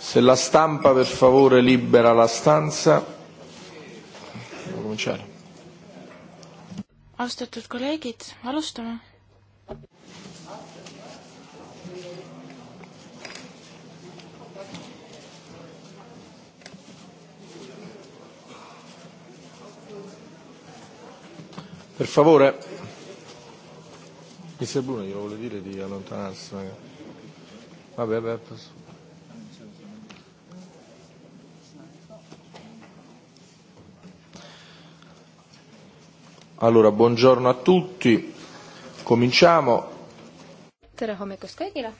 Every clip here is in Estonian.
Se la stampa per favore libera la stanza. Cominciare. Austatud kolleegid, alustame. Per favore, mister Bruno glielo vuole dire di allontanarsi magari. Vabbè, vabbè. Allora, buongiorno a tutti. Cominciamo. Tere hommikust kõigile.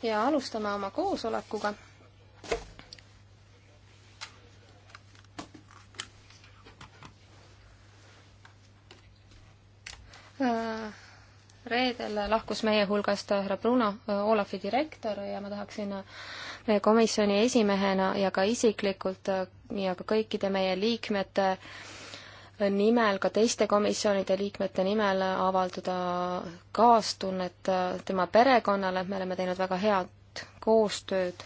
Ja alustame oma koosolekuga reedel lahkus meie hulgast härra Bruno, äh, Olafi direktor ja ma tahaksin äh, meie komisjoni esimehena ja ka isiklikult äh, ja ka kõikide meie liikmete nimel, ka teiste komisjonide liikmete nimel avaldada kaastunnet tema perekonnale, me oleme teinud väga head koostööd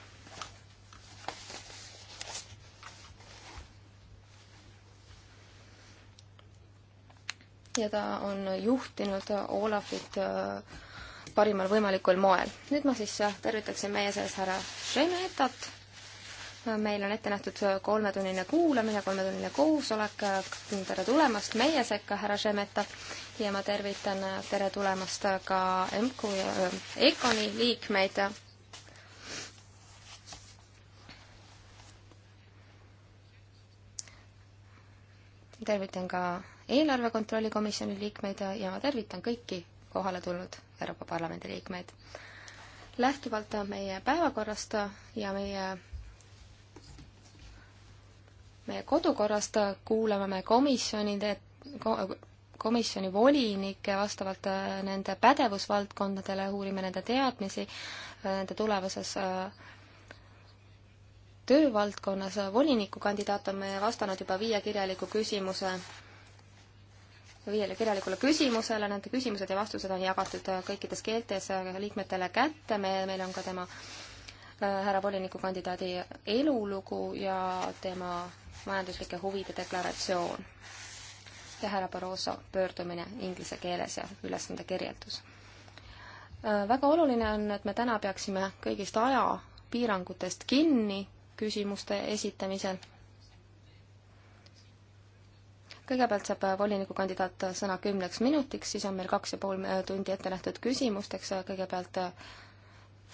ja ta on juhtinud Olafit äh, parimal võimalikul moel. nüüd ma siis äh, tervitaksin meie sees härra Šemetat. Äh, meil on ette nähtud kolmetunnine kuulamine, kolmetunnine koosolek. tere tulemast meie sekka, härra Šemeta. ja ma tervitan tere tulemast ka EMKU ja EKONi liikmeid. tervitan ka eelarve kontrolli komisjoni liikmeid ja ma tervitan kõiki kohale tulnud Euroopa Parlamendi liikmeid. lähtuvalt meie päevakorrast ja meie meie kodukorrast kuulame me komisjonide ko,, komisjoni volinikke vastavalt äh, nende pädevusvaldkondadele, uurime nende teadmisi äh, nende tulevases äh, töövaldkonnas. volinikukandidaat on meie vastanud juba viie kirjaliku küsimuse viiele kirjalikule küsimusele, nende küsimused ja vastused on jagatud äh, kõikides keeltes äh, liikmetele kätte, me, meil on ka tema äh, härra volinikukandidaadi elulugu ja tema majanduslike huvide deklaratsioon ja härra Barroso pöördumine inglise keeles ja ülesande kirjeldus. väga oluline on, et me täna peaksime kõigist ajapiirangutest kinni küsimuste esitamisel kõigepealt saab äh, volinikukandidaat äh, sõna kümneks minutiks, siis on meil kaks ja pool äh, tundi ette nähtud küsimusteks, kõigepealt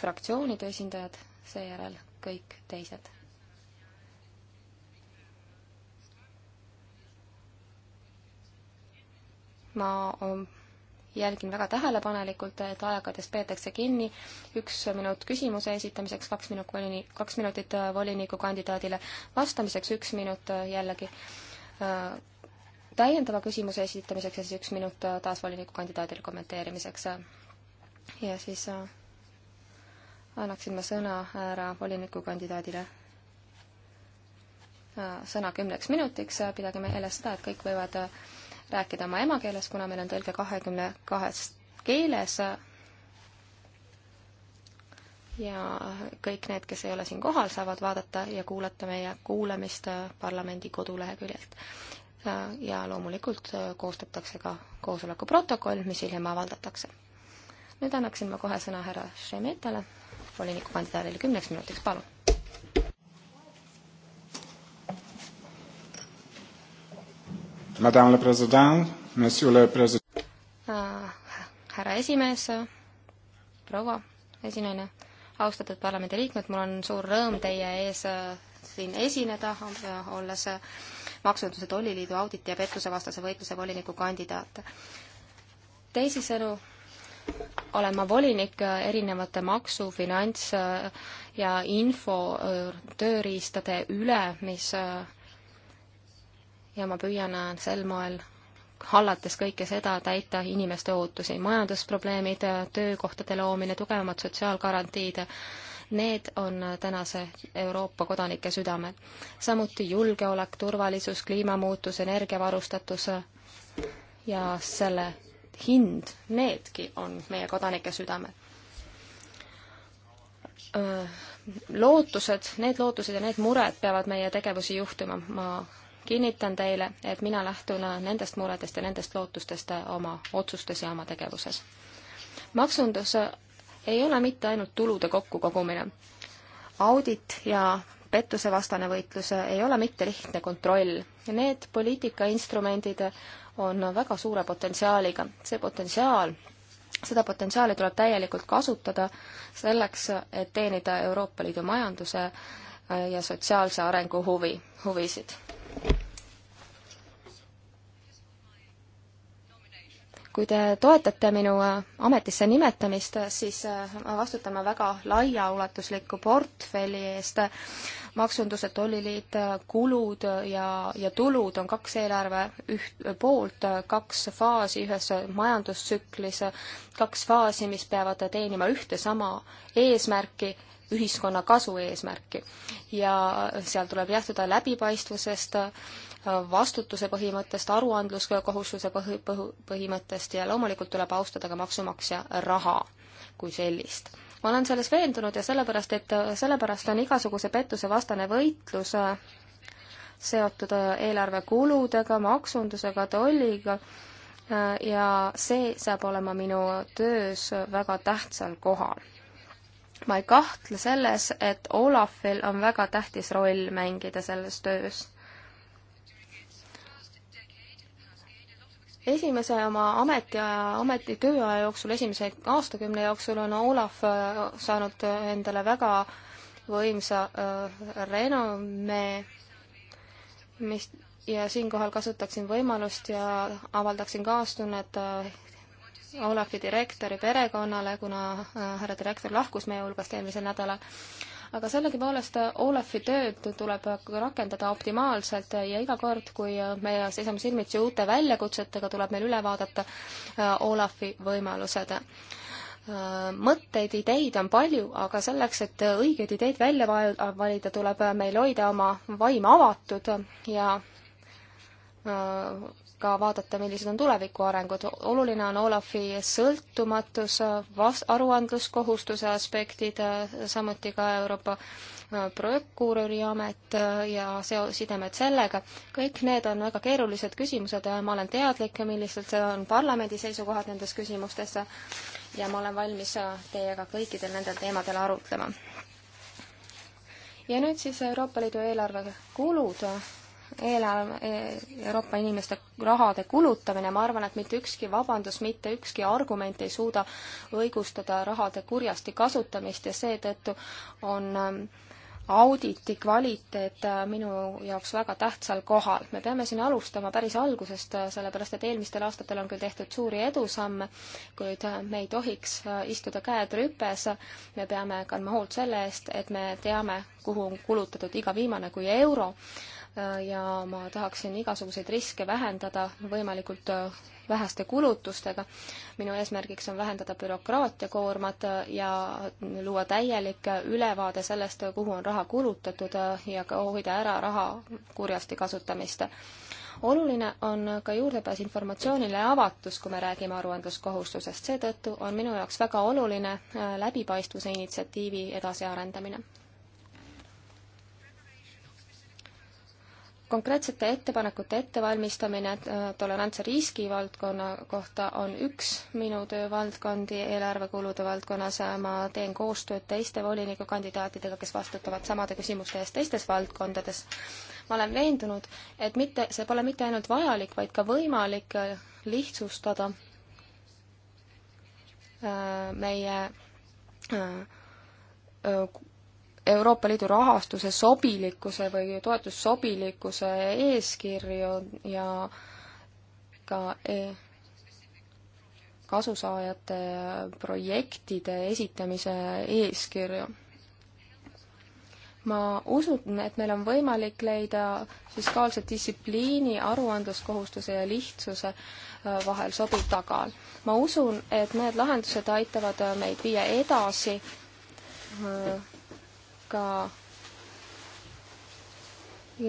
fraktsioonide esindajad, seejärel kõik teised. ma um, jälgin väga tähelepanelikult, et aegadest peetakse kinni, üks minut küsimuse esitamiseks, kaks minut volini-, kaks minutit volinikukandidaadile vastamiseks, üks minut jällegi täiendava küsimuse esitamiseks ja siis üks minut äh, taas volinikukandidaadile kommenteerimiseks. ja siis äh, annaksin ma sõna härra volinikukandidaadile. Äh, sõna kümneks minutiks, pidage meeles seda, et kõik võivad rääkida oma emakeeles, kuna meil on tõlge kahekümne kahes keeles ja kõik need, kes ei ole siin kohal, saavad vaadata ja kuulata meie kuulamist parlamendi koduleheküljelt. Äh, ja loomulikult äh, koostatakse ka koosoleku protokoll, mis hiljem avaldatakse. nüüd annaksin ma kohe sõna härra Šemetale, volinikukandidaadile kümneks minutiks, palun. Madame la President, Monsieur le President. Äh, härra esimees, proua esinaine, austatud parlamendiliikmed, mul on suur rõõm teie ees siin esineda, olles Maksunduse Tolliliidu auditi ja pettusevastase võitluse voliniku kandidaat. teisisõnu, olen ma volinik erinevate maksu, finants ja info tööriistade üle, mis ja ma püüan sel moel hallates kõike seda täita inimeste ootusi, majandusprobleemid, töökohtade loomine, tugevamad sotsiaalgarantiid Need on tänase Euroopa kodanike südamed. samuti julgeolek, turvalisus, kliimamuutus, energiavarustatus ja selle hind, needki on meie kodanike südamed. Lootused, need lootused ja need mured peavad meie tegevusi juhtima. ma kinnitan teile, et mina lähtun nendest muredest ja nendest lootustest oma otsustes ja oma tegevuses. maksundus ei ole mitte ainult tulude kokkukogumine. audit ja pettusevastane võitlus ei ole mitte lihtne kontroll. Need poliitikainstrumendid on väga suure potentsiaaliga. see potentsiaal, seda potentsiaali tuleb täielikult kasutada selleks, et teenida Euroopa Liidu majanduse ja sotsiaalse arengu huvi, huvisid kui te toetate minu äh, ametisse nimetamist, äh, siis äh, ma vastutan ma väga laiaulatusliku portfelli eest. maksunduse tolliliit, kulud ja, ja tulud on kaks eelarve üht poolt, kaks faasi ühes majandustsüklis, kaks faasi, mis peavad teenima ühte sama eesmärki ühiskonna kasu eesmärki. ja seal tuleb lähtuda läbipaistvusest, vastutuse põhimõttest, aruandluskohustuse põhi, põhu, põhimõttest ja loomulikult tuleb austada ka maksumaksja raha kui sellist ma olen selles veendunud ja sellepärast, et sellepärast on igasuguse pettuse vastane võitlus seotud eelarve kuludega, maksundusega, tolliga ja see saab olema minu töös väga tähtsal kohal ma ei kahtle selles, et Olafil on väga tähtis roll mängida selles töös. esimese oma ametiaja, ameti tööaja jooksul, esimese aastakümne jooksul on Olav äh, saanud endale väga võimsa äh, renomee, mis ja siinkohal kasutaksin võimalust ja avaldaksin kaastunnet äh, Olafi direktori perekonnale, kuna äh, härra direktor lahkus meie hulgast eelmisel nädalal. aga sellegipoolest Olafi tööd tuleb rakendada optimaalselt ja iga kord, kui me seisame silmitsi uute väljakutsetega, tuleb meil üle vaadata äh, Olafi võimalused äh, mõtteid, ideid on palju, aga selleks, et õigeid ideid välja valida, tuleb meil hoida oma vaim avatud ja ka vaadata, millised on tuleviku arengud. oluline on Olafi sõltumatus, vas-, aruandluskohustuse aspektid, samuti ka Euroopa äh, prokuröri amet äh, ja seo-, sidemed sellega. kõik need on väga keerulised küsimused ja ma olen teadlik, millised on parlamendi seisukohad nendes küsimustes ja ma olen valmis äh, teiega kõikidel nendel teemadel arutlema. ja nüüd siis Euroopa Liidu eelarve kulud eelarve, e, Euroopa inimeste rahade kulutamine, ma arvan, et mitte ükski vabandus, mitte ükski argument ei suuda õigustada rahade kurjasti kasutamist ja seetõttu on ähm, auditi kvaliteet äh, minu jaoks väga tähtsal kohal. me peame siin alustama päris algusest, äh, sellepärast et eelmistel aastatel on küll tehtud suuri edusamme, kuid äh, me ei tohiks istuda käed rüpes. me peame kandma hoolt selle eest, et me teame, kuhu on kulutatud iga viimane kui euro ja ma tahaksin igasuguseid riske vähendada võimalikult äh, väheste kulutustega. minu eesmärgiks on vähendada bürokraatiakoormat äh, ja luua täielik äh, ülevaade sellest, kuhu on raha kulutatud ja ka hoida ära raha kurjasti kasutamist. oluline on ka juurdepääs informatsioonile ja avatus, kui me räägime aruandluskohustusest, seetõttu on minu jaoks väga oluline läbipaistvuse initsiatiivi edasiarendamine. konkreetsete ettepanekute ettevalmistamine äh, tolerantse riski valdkonna kohta on üks minu töövaldkondi eelarvekulude valdkonnas. ma teen koostööd teiste volinikukandidaatidega, kes vastutavad samade küsimuste eest teistes valdkondades. ma olen veendunud, et mitte, see pole mitte ainult vajalik, vaid ka võimalik äh, lihtsustada äh, meie Euroopa Liidu rahastuse sobilikkuse või toetussobilikkuse eeskirju ja ka e-, kasusaajate projektide esitamise eeskirju. ma usun, et meil on võimalik leida fiskaalse distsipliini, aruandluskohustuse ja lihtsuse äh, vahel sobiv tagal. ma usun, et need lahendused aitavad äh, meid viia edasi äh, ka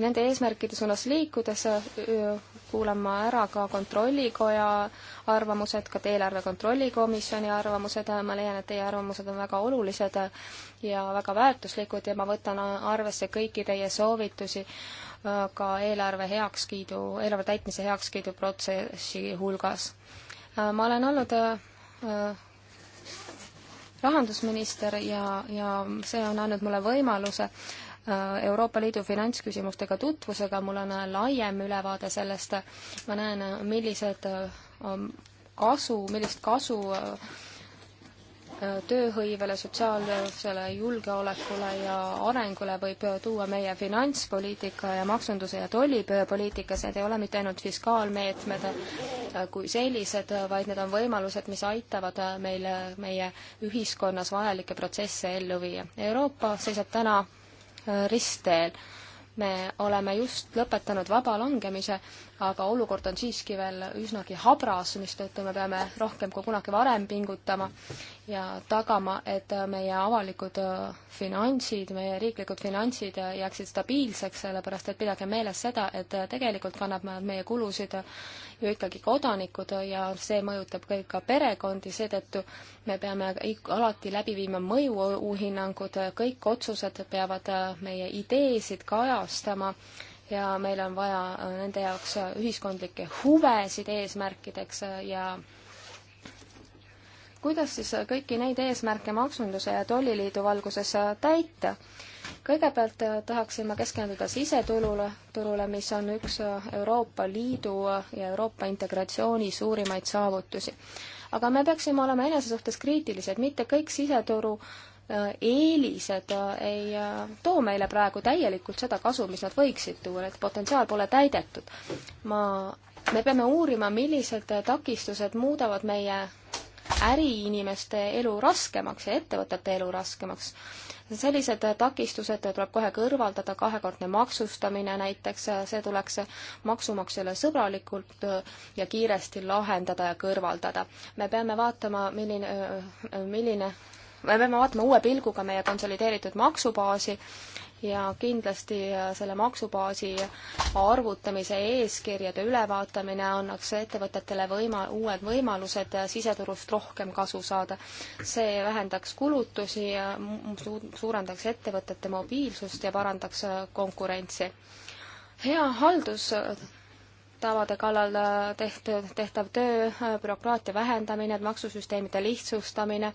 nende eesmärkide suunas liikudes kuulan ma ära ka Kontrollikoja arvamused, ka eelarve kontrollikomisjoni arvamused, ma leian, et teie arvamused on väga olulised ja väga väärtuslikud ja ma võtan arvesse kõiki teie soovitusi ka eelarve heakskiidu, eelarve täitmise heakskiidu protsessi hulgas. ma olen olnud rahandusminister ja, ja see on andnud mulle võimaluse äh, Euroopa Liidu finantsküsimustega tutvusega, mul on laiem ülevaade sellest, ma näen, millised äh, kasu, millist kasu äh, tööhõivele, sotsiaalsele julgeolekule ja arengule võib tuua meie finantspoliitika ja maksunduse ja tollipoliitika, see ei ole mitte ainult fiskaalmeetmed äh, kui sellised, äh, vaid need on võimalused, mis aitavad äh, meil meie ühiskonnas vajalikke protsesse ellu viia. Euroopa seisab täna ristteel me oleme just lõpetanud vaba langemise aga olukord on siiski veel üsnagi habras, mistõttu me peame rohkem kui kunagi varem pingutama ja tagama, et meie avalikud äh, finantsid, meie riiklikud finantsid jääksid stabiilseks, sellepärast et pidage meeles seda, et äh, tegelikult kannab meie kulusid ju ikkagi kodanikud ja see mõjutab kõik ka perekondi, seetõttu me peame alati läbi viima mõjuhinnangud, kõik otsused peavad äh, meie ideesid kajastama ka ja meil on vaja äh, nende jaoks äh, ühiskondlikke huvesid eesmärkideks äh, ja kuidas siis kõiki neid eesmärke Maksunduse ja Tolliliidu valguses täita? kõigepealt tahaksin ma keskenduda siseturule, turule, mis on üks Euroopa Liidu ja Euroopa integratsiooni suurimaid saavutusi. aga me peaksime olema enese suhtes kriitilised, mitte kõik siseturu äh, Äh, eelised äh, ei äh, too meile praegu täielikult seda kasu, mis nad võiksid tuua, et potentsiaal pole täidetud. ma, me peame uurima, millised takistused muudavad meie äriinimeste elu raskemaks ja ettevõtete elu raskemaks. sellised takistused tuleb kohe kõrvaldada, kahekordne maksustamine näiteks, see tuleks maksumaksjale sõbralikult ja kiiresti lahendada ja kõrvaldada. me peame vaatama, milline, milline me peame vaatama uue pilguga meie konsolideeritud maksubaasi ja kindlasti äh, selle maksubaasi arvutamise eeskirjade ülevaatamine annaks ettevõtetele võima-, uued võimalused äh, siseturust rohkem kasu saada. see vähendaks kulutusi ja suurendaks ettevõtete mobiilsust ja parandaks äh, konkurentsi. hea haldus tavade kallal tehtud, tehtav töö, bürokraatia vähendamine, maksusüsteemide lihtsustamine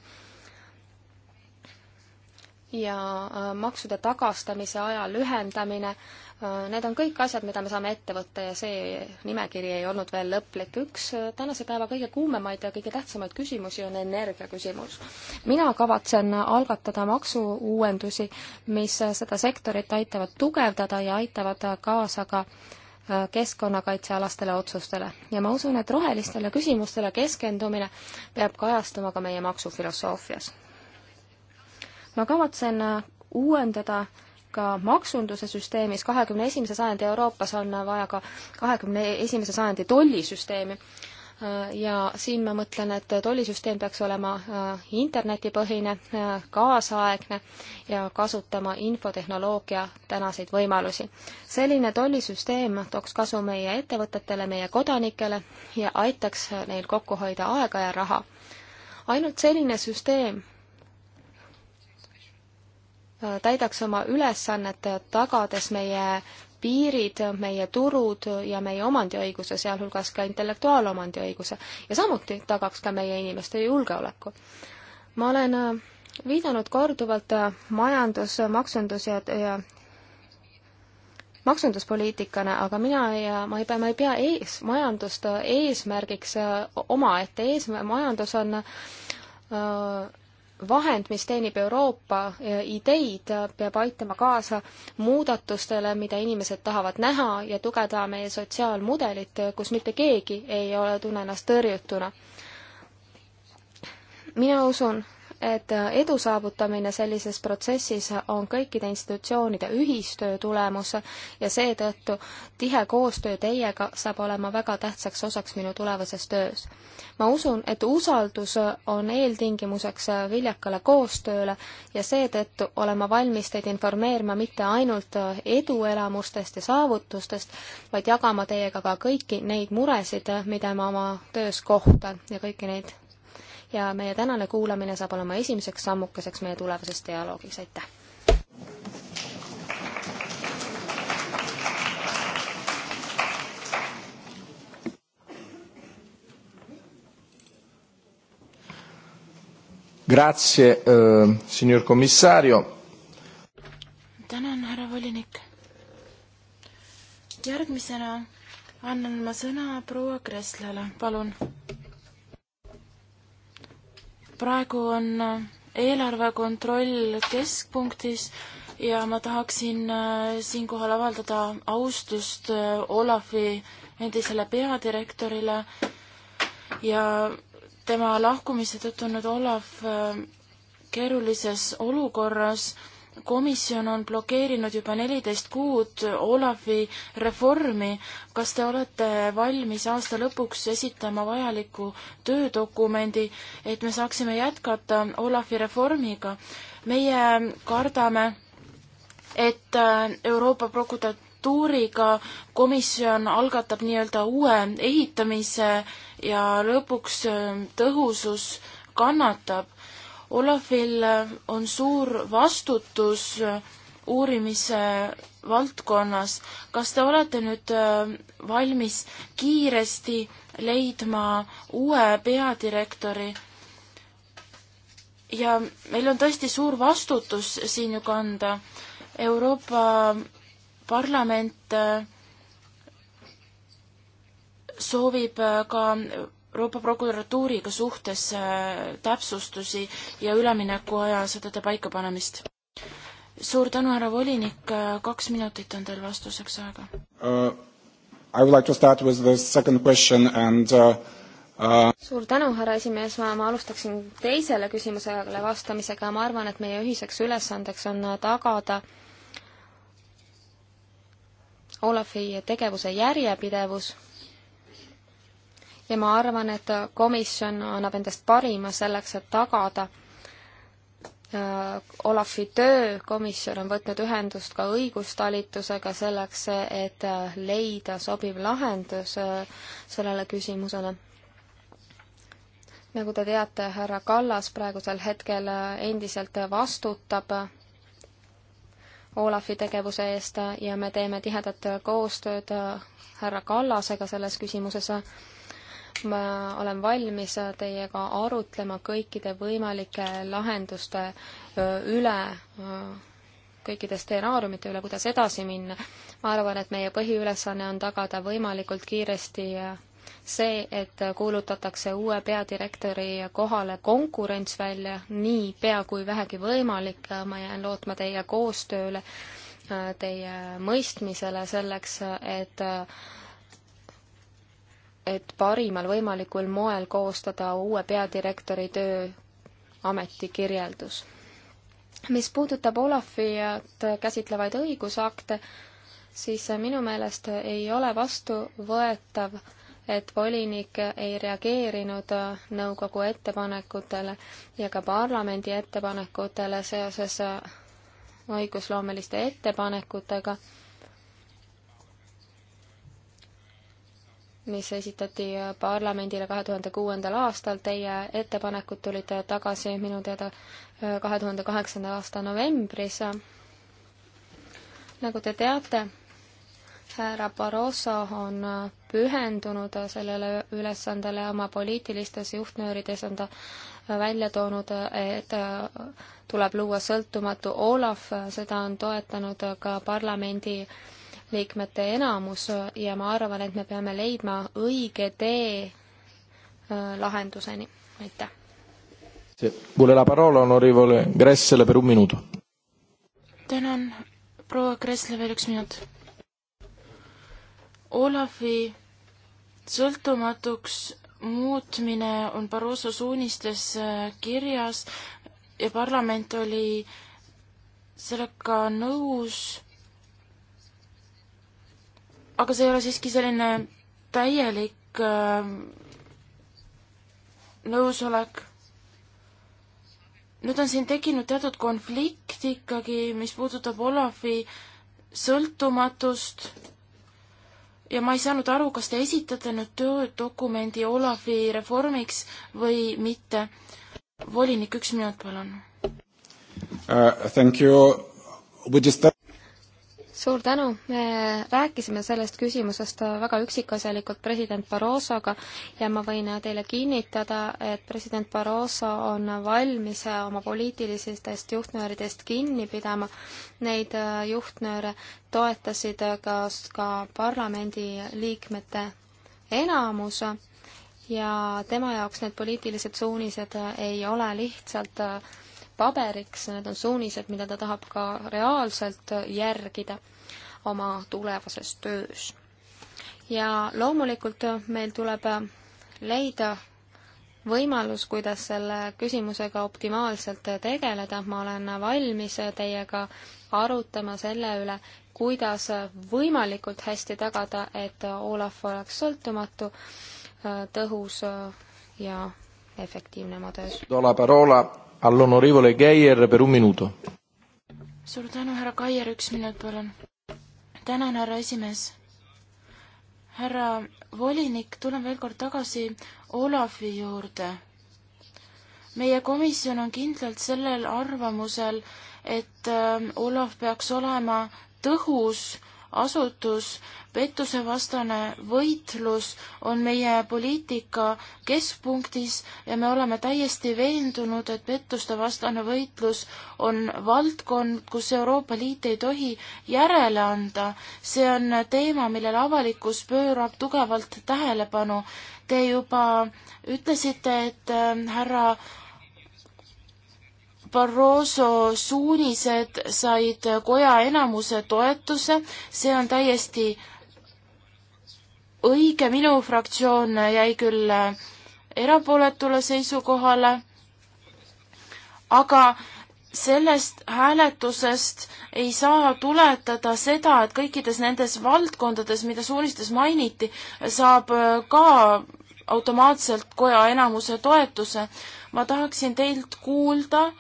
ja äh, maksude tagastamise aja lühendamine, äh, need on kõik asjad, mida me saame ette võtta ja see nimekiri ei olnud veel lõplik. üks äh, tänase päeva kõige kuumemaid ja kõige tähtsamaid küsimusi on energia küsimus. mina kavatsen algatada maksuuuendusi, mis seda sektorit aitavad tugevdada ja aitavad kaasa ka keskkonnakaitsealastele otsustele ja ma usun, et rohelistele küsimustele keskendumine peab kajastuma ka meie maksufilosoofias ma kavatsen äh, uuendada ka maksunduse süsteemis, kahekümne esimese sajandi Euroopas on vaja ka kahekümne esimese sajandi tollisüsteemi äh, ja siin ma mõtlen, et tollisüsteem peaks olema äh, internetipõhine, kaasaegne ja kasutama infotehnoloogia tänaseid võimalusi. selline tollisüsteem tooks kasu meie ettevõtetele, meie kodanikele ja aitaks neil kokku hoida aega ja raha. ainult selline süsteem Äh, täidaks oma ülesannet, tagades meie piirid, meie turud ja meie omandiõiguse, sealhulgas ka intellektuaalomandiõiguse ja samuti tagaks ka meie inimeste julgeoleku. ma olen äh, viidanud korduvalt äh, majandus, maksundus ja, ja maksunduspoliitikana, aga mina ei, ma ei pea, ma ei pea ees, majandust eesmärgiks omaette eesmärk, majandus on öö, vahend, mis teenib Euroopa e, ideid, peab aitama kaasa muudatustele, mida inimesed tahavad näha ja tugevda meie sotsiaalmudelit, kus mitte keegi ei ole, tunne ennast tõrjutuna. mina usun, et edu saavutamine sellises protsessis on kõikide institutsioonide ühistöö tulemus ja seetõttu tihe koostöö teiega saab olema väga tähtsaks osaks minu tulevases töös. ma usun, et usaldus on eeltingimuseks viljakale koostööle ja seetõttu olen ma valmis teid informeerima mitte ainult eduelamustest ja saavutustest, vaid jagama teiega ka kõiki neid muresid, mida ma oma töös kohtan ja kõiki neid ja meie tänane kuulamine saab olema esimeseks sammukeseks meie tulevases dialoogis, aitäh! Grazie, eh, signor commissario. Tänan, härra volinik. Järgmisena annan ma sõna proua Kresslale, palun praegu on äh, eelarve kontroll keskpunktis ja ma tahaksin äh, siinkohal avaldada austust äh, Olafi endisele peadirektorile ja tema lahkumise tõttu on nüüd Olav keerulises olukorras komisjon on blokeerinud juba neliteist kuud Olavi reformi. kas te olete valmis aasta lõpuks esitama vajaliku töödokumendi, et me saaksime jätkata Olavi reformiga? meie kardame, et äh, Euroopa prokuratuuriga komisjon algatab nii-öelda uue ehitamise ja lõpuks äh, tõhusus kannatab Olafil äh, on suur vastutus äh, uurimise valdkonnas. kas te olete nüüd äh, valmis kiiresti leidma uue peadirektori? ja meil on tõesti suur vastutus siin ju kanda. Euroopa Parlament soovib ka Euroopa prokuratuuriga suhtes äh, täpsustusi ja üleminekuaja sõdade paikapanemist. suur tänu, härra volinik, äh, kaks minutit on teil vastuseks aega uh,. I would like to start with the second question and uh, Uh... suur tänu, härra esimees, ma, ma alustaksin teisele küsimusele vastamisega, ma arvan, et meie ühiseks ülesandeks on tagada Olafi tegevuse järjepidevus ja ma arvan, et komisjon annab endast parima selleks, et tagada äh, Olafi töö, komisjon on võtnud ühendust ka õigustalitusega selleks, et äh, leida sobiv lahendus äh, sellele küsimusele. nagu te teate, härra Kallas praegusel hetkel endiselt vastutab Olafi tegevuse eest ja me teeme tihedat koostööd härra Kallasega selles küsimuses ma olen valmis teiega arutlema kõikide võimalike lahenduste üle, kõikide stsenaariumite üle, kuidas edasi minna. ma arvan, et meie põhiülesanne on tagada võimalikult kiiresti see, et kuulutatakse uue peadirektori kohale konkurents välja nii pea kui vähegi võimalik, ma jään lootma teie koostööle, teie mõistmisele selleks, et et parimal võimalikul moel koostada uue peadirektori töö ametikirjeldus. mis puudutab Olafit käsitlevaid õigusakte, siis minu meelest ei ole vastuvõetav, et volinik ei reageerinud nõukogu ettepanekutele ja ka parlamendi ettepanekutele seoses õigusloomeliste ettepanekutega mis esitati parlamendile kahe tuhande kuuendal aastal, teie ettepanekud tulid tagasi minu teada kahe tuhande kaheksanda aasta novembris. nagu te teate, härra Barroso on pühendunud sellele ülesandele ja oma poliitilistes juhtnöörides on ta välja toonud, et tuleb luua sõltumatu Olav, seda on toetanud ka parlamendi äh, liikmete enamus ja ma arvan, et me peame leidma õige tee äh, lahenduseni, aitäh. Vuole la parola onorevole Gressele per un minuto. tänan, proua Gressle veel üks minut. Olavi sõltumatuks muutmine on Barroso suunistes äh, kirjas ja parlament oli sellega nõus aga see ei ole siiski selline täielik äh, nõusolek. nüüd on siin tekkinud teatud konflikt ikkagi, mis puudutab Olavi sõltumatust ja ma ei saanud aru, kas te esitate nüüd töödokumendi Olavi reformiks või mitte. volinik, üks minut, palun uh,. Thank you. We just suur tänu, me rääkisime sellest küsimusest väga üksikasjalikult president Barrosoga ja ma võin teile kinnitada, et president Barroso on valmis oma poliitilistest juhtnööridest kinni pidama. Neid äh, juhtnööre toetasid ka, ka parlamendiliikmete enamus ja tema jaoks need poliitilised suunised ei ole lihtsalt äh, paberiks, need on suunised, mida ta tahab ka reaalselt järgida oma tulevases töös. ja loomulikult meil tuleb leida võimalus, kuidas selle küsimusega optimaalselt tegeleda, ma olen valmis teiega arutama selle üle, kuidas võimalikult hästi tagada, et Olav oleks sõltumatu, tõhus ja efektiivne oma töös all'onorevole Geier per un minuto. suur tänu, härra Kaier, üks minut, palun. tänan, härra esimees. härra volinik, tulen veel kord tagasi Olavi juurde. meie komisjon on kindlalt sellel arvamusel, et äh, Olav peaks olema tõhus asutus, pettusevastane võitlus on meie poliitika keskpunktis ja me oleme täiesti veendunud, et pettustevastane võitlus on valdkond, kus Euroopa Liit ei tohi järele anda. see on teema, millele avalikkus pöörab tugevalt tähelepanu. Te juba ütlesite, et äh, härra Barroso suunised said koja enamuse toetuse, see on täiesti õige, minu fraktsioon jäi küll erapooletule seisukohale, aga sellest hääletusest ei saa tuletada seda, et kõikides nendes valdkondades, mida suunistes mainiti, saab ka automaatselt koja enamuse toetuse. ma tahaksin teilt kuulda äh,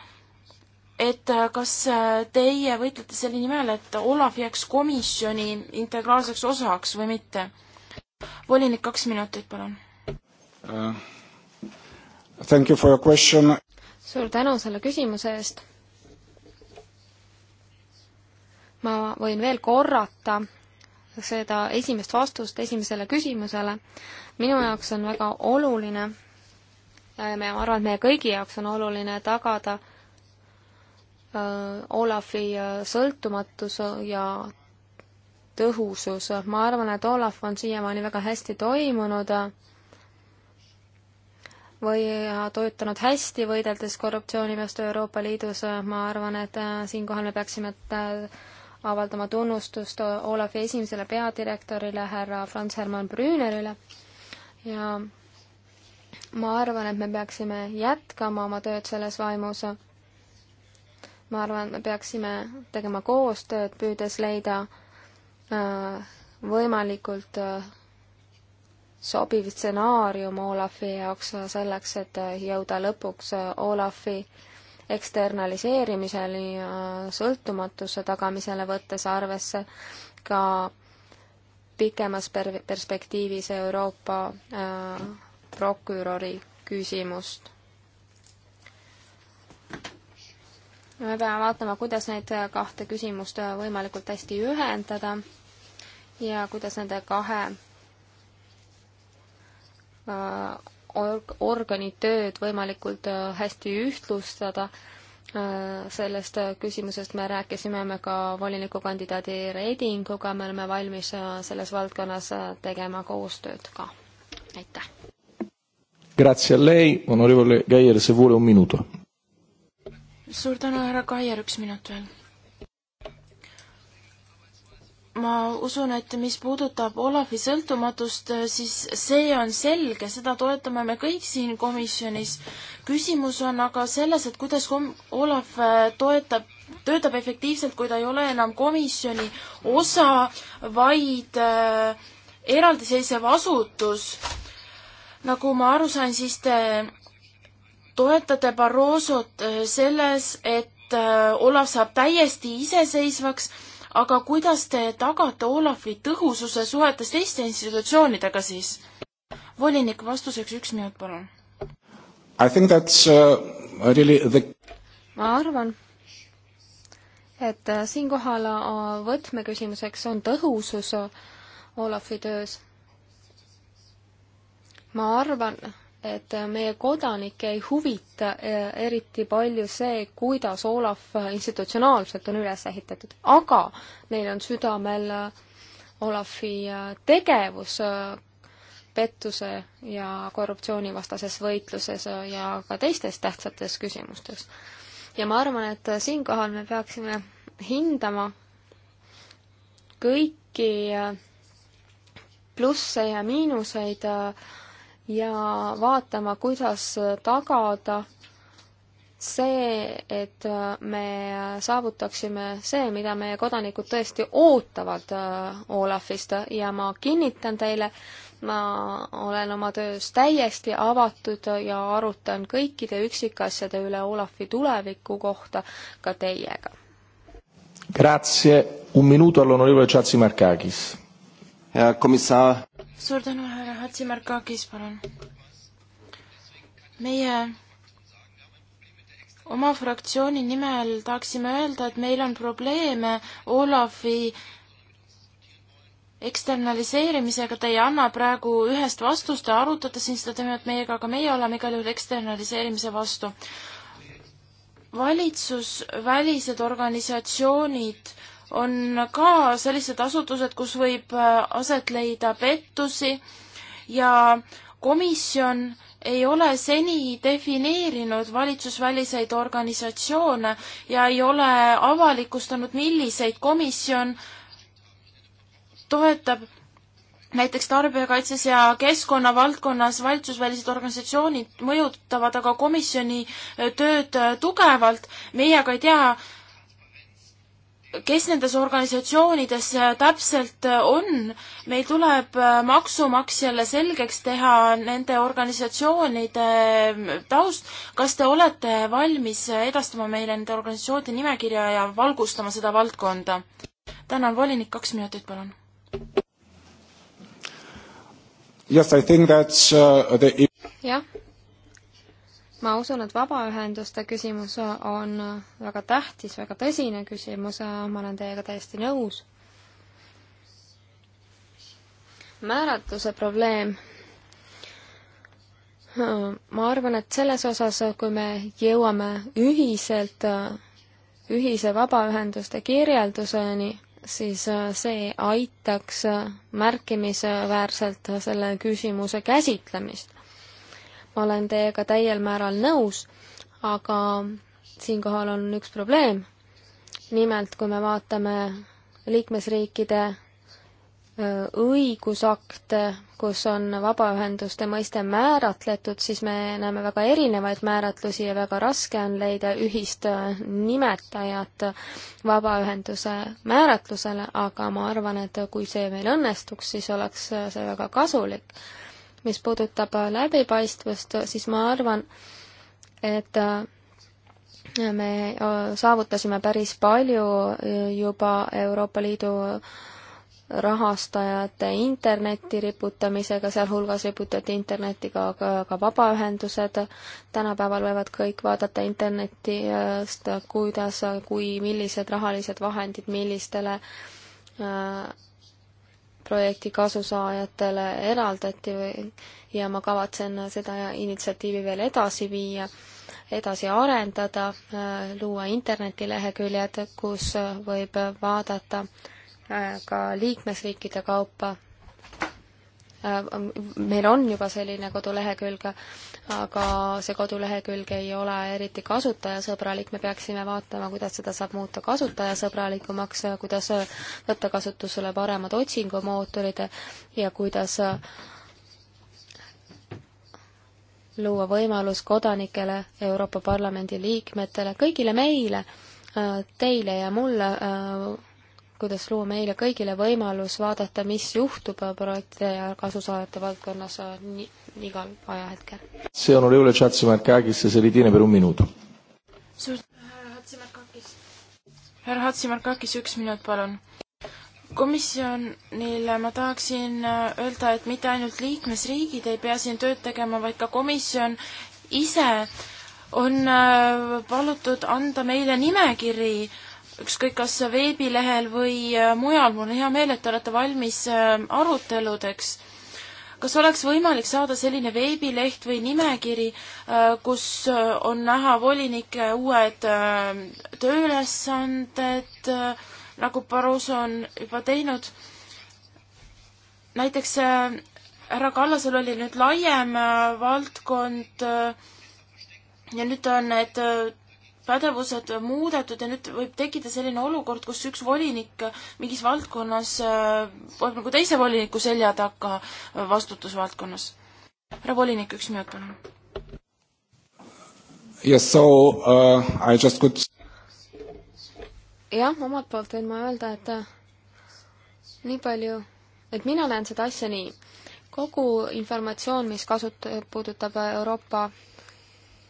et äh, kas äh, teie võitlete selle nimel, et Olav jääks komisjoni integraalseks osaks või mitte? volinik, kaks minutit, palun uh,. Thank you for your question. suur tänu selle küsimuse eest. ma võin veel korrata seda esimest vastust esimesele küsimusele. minu jaoks on väga oluline ja ma arvan, et meie kõigi jaoks on oluline tagada äh, Äh, Olafi äh, sõltumatus ja tõhusus. ma arvan, et Olaf on siiamaani väga hästi toimunud või töötanud hästi, võideldes korruptsiooni vastu Euroopa Liidus. ma arvan, et äh, siinkohal me peaksime avaldama tunnustust Olavi esimesele peadirektorile, härra Franz Hermann Brünerile ja ma arvan, et me peaksime jätkama oma tööd selles vaimus ma arvan, me peaksime tegema koostööd, püüdes leida äh, võimalikult äh, sobiv stsenaarium Olafi jaoks selleks, et äh, jõuda lõpuks Olafi eksternaliseerimiseni ja sõltumatuse tagamisele, võttes arvesse ka pikemas per-, perspektiivis Euroopa äh, prokuröri küsimust me peame vaatama, kuidas neid kahte küsimust võimalikult hästi ühendada ja kuidas nende kahe äh, org-, organi tööd võimalikult äh, hästi ühtlustada. Äh, sellest küsimusest me rääkisime me ka volinikukandidaadi Redinguga, me oleme valmis selles valdkonnas tegema koostööd ka. aitäh! Grazie a lei, onorevole Gaier, se vuole un minuto suur tänu, härra Kaier, üks minut veel. ma usun, et mis puudutab Olavi sõltumatust, siis see on selge, seda toetame me kõik siin komisjonis. küsimus on aga selles, et kuidas Olav äh, toetab töötab efektiivselt, kui ta ei ole enam komisjoni osa, vaid äh, eraldiseisev asutus. nagu ma aru sain, siis te toetate Barrosot äh, selles, et äh, Olav saab täiesti iseseisvaks, aga kuidas te tagate Olavi tõhususe suhetes teiste institutsioonidega siis? volinik, vastuseks üks minut, palun. I think that's uh, really the ma arvan, et äh, siinkohal võtmeküsimuseks on tõhusus Olafi töös. ma arvan, et meie kodanikke ei huvita eh, eriti palju see, kuidas Olav institutsionaalselt on üles ehitatud, aga neil on südamel eh, Olavi eh, tegevus pettuse ja korruptsioonivastases võitluses ja ka teistes tähtsates küsimustes. ja ma arvan, et siinkohal me peaksime hindama kõiki plusse ja miinuseid äh, ja vaatama, kuidas tagada see, et me saavutaksime see, mida meie kodanikud tõesti ootavad äh, Olafist ja ma kinnitan teile, ma olen oma töös täiesti avatud ja arutan kõikide üksikasjade üle Olafi tuleviku kohta ka teiega. Grazie, un minuto all'onorevole Tšatsi Markakis. Herr Kommissar suur tänu, härra Hatsimarkakis, palun. meie oma fraktsiooni nimel tahaksime öelda, et meil on probleeme Olavi eksternaliseerimisega, te ei anna praegu ühest vastust, te arutate siin seda teemat meiega, aga meie oleme igal juhul eksternaliseerimise vastu. valitsusvälised organisatsioonid on ka sellised asutused, kus võib äh, aset leida pettusi ja komisjon ei ole seni defineerinud valitsusväliseid organisatsioone ja ei ole avalikustanud, milliseid komisjon toetab näiteks tarbijakaitses ja keskkonna valdkonnas valitsusvälised organisatsioonid mõjutavad aga komisjoni äh, tööd äh, tugevalt. meie aga ei tea, kes nendes organisatsioonides äh, täpselt äh, on, meil tuleb äh, maksumaksjale selgeks teha nende organisatsioonide taust. kas te olete valmis edastama meile nende organisatsioonide nimekirja ja valgustama seda valdkonda? tänan, volinik, kaks minutit, palun. Uh, jah, ma usun, et vabaühenduste küsimus on väga tähtis, väga tõsine küsimus, ma olen teiega täiesti nõus. määratuse probleem. ma arvan, et selles osas, kui me jõuame ühiselt, ühise vabaühenduste kirjelduseni, siis see aitaks märkimisväärselt selle küsimuse käsitlemist olen teiega täiel määral nõus, aga siinkohal on üks probleem. nimelt, kui me vaatame liikmesriikide õigusakte, kus on vabaühenduste mõiste määratletud, siis me näeme väga erinevaid määratlusi ja väga raske on leida ühist nimetajat vabaühenduse määratlusele, aga ma arvan, et kui see meil õnnestuks, siis oleks see väga kasulik mis puudutab äh, läbipaistvust, siis ma arvan, et äh, me äh, saavutasime päris palju juba Euroopa Liidu rahastajate interneti riputamisega, sealhulgas riputati internetti ka, ka, ka vabaühendused. tänapäeval võivad kõik vaadata internetist, kuidas, kui, millised rahalised vahendid millistele äh, projekti kasusaajatele eraldati ja ma kavatsen seda initsiatiivi veel edasi viia, edasi arendada, luua internetileheküljed, kus võib vaadata äh, ka liikmesriikide kaupa Äh, meil on juba selline kodulehekülg, aga see kodulehekülg ei ole eriti kasutajasõbralik, me peaksime vaatama, kuidas seda saab muuta kasutajasõbralikumaks, kuidas võtta kasutusele paremad otsingumootorid ja kuidas luua võimalus kodanikele, Euroopa Parlamendi liikmetele, kõigile meile, äh, teile ja mulle äh, kuidas luua meile kõigile võimalus vaadata, mis juhtub projektide ja kasusaajate valdkonnas äh, nii, igal ajahetkel. see on Olivia Tšatsimärkakis ja see oli Tiine Peru um minut. suur tänu, härra Hatsimärkakis. härra Hatsimärkakis, üks minut, palun. komisjonile ma tahaksin äh, öelda, et mitte ainult liikmesriigid ei pea siin tööd tegema, vaid ka komisjon ise on äh, palutud anda meile nimekiri äh, ükskõik kas veebilehel või äh, mujal, mul on hea meel, et te olete valmis äh, aruteludeks. kas oleks võimalik saada selline veebileht või nimekiri, äh, kus on näha volinike uued tööülesanded, nagu Barroso on juba teinud? näiteks härra Kallasel oli nüüd laiem valdkond ja nüüd on need pädevused muudetud ja nüüd võib tekkida selline olukord, kus üks volinik mingis valdkonnas võib nagu teise voliniku selja taga vastutusvaldkonnas. härra volinik, üks minut palun. Yes, so uh, I just could jah, omalt poolt võin ma öelda, et äh, nii palju, et mina näen seda asja nii. kogu informatsioon, mis kasut-, puudutab Euroopa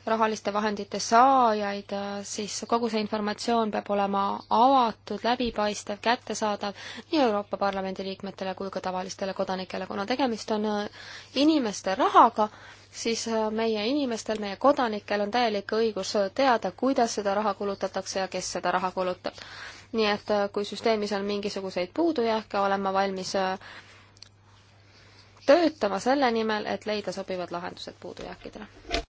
rahaliste vahendite saajaid, äh, siis kogu see informatsioon peab olema avatud, läbipaistev, kättesaadav nii Euroopa Parlamendi liikmetele kui ka tavalistele kodanikele. kuna tegemist on äh, inimeste rahaga, siis äh, meie inimestel, meie kodanikel on täielik õigus teada, kuidas seda raha kulutatakse ja kes seda raha kulutab. nii et kui süsteemis on mingisuguseid puudujääke, olen ma valmis töötama selle nimel, et leida sobivad lahendused puudujääkidele.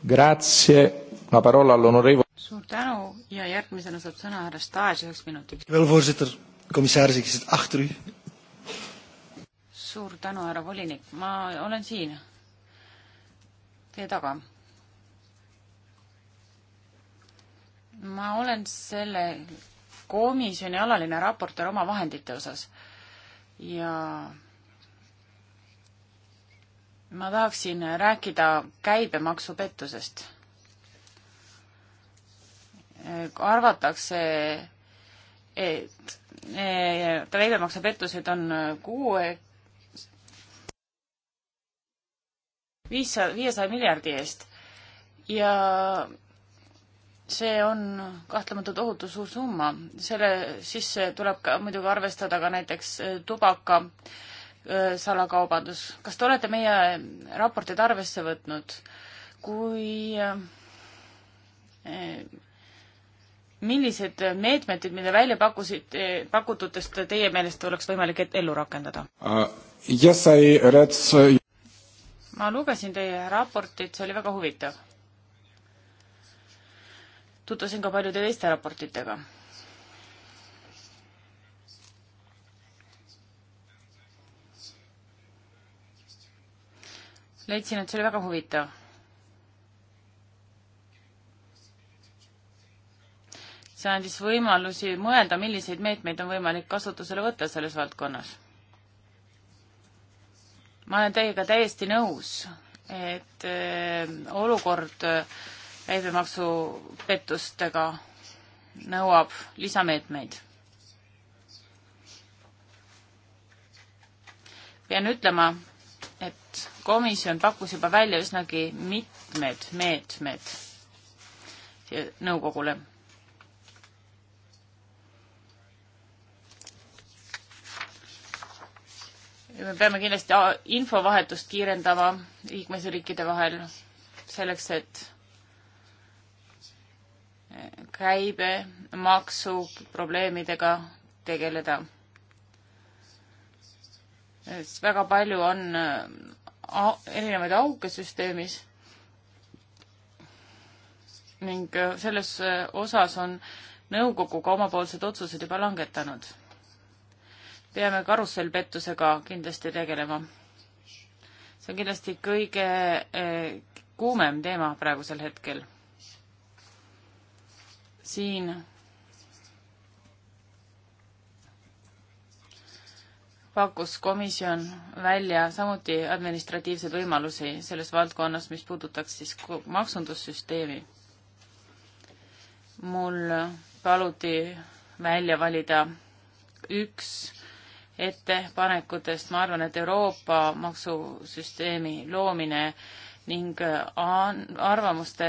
Grazie, ma parola all'onorevo. suur tänu ja järgmisena saab sõna härra Staes üheks minutiks. suur tänu, härra volinik, ma olen siin teie taga. ma olen selle komisjoni alaline raportöör omavahendite osas ja ma tahaksin rääkida käibemaksupettusest. arvatakse, et käibemaksupettused on kuue, viissada, viiesaja miljardi eest ja see on kahtlemata tohutu suur summa. selle sisse tuleb ka muidugi arvestada ka näiteks tubaka äh, Äh, salakaubandus. kas te olete meie raporteid arvesse võtnud? kui äh, äh, millised meetmed, mida välja pakkusid, pakututest teie meelest oleks võimalik ellu rakendada uh,? Yes, I read uh, ma lugesin teie raportit, see oli väga huvitav. tutvusin ka paljude teiste raportitega leidsin, et see oli väga huvitav. see andis võimalusi mõelda, milliseid meetmeid on võimalik kasutusele võtta selles valdkonnas. ma olen teiega täiesti nõus, et äh, olukord äh, käibemaksupettustega nõuab lisameetmeid pean ütlema, et komisjon pakkus juba välja üsnagi mitmed meetmed nõukogule. me peame kindlasti infovahetust kiirendama liikmesriikide vahel selleks, et käibemaksu probleemidega tegeleda väga palju on erinevaid auke süsteemis ning äh, selles äh, osas on nõukogu ka omapoolsed otsused juba langetanud. peame karussellpettusega kindlasti tegelema. see on kindlasti kõige äh, kuumem teema praegusel hetkel. siin pakkus komisjon välja samuti administratiivseid võimalusi selles valdkonnas, mis puudutaks siis maksundussüsteemi. mul paluti välja valida üks ettepanekutest, ma arvan, et Euroopa maksusüsteemi loomine ning arvamuste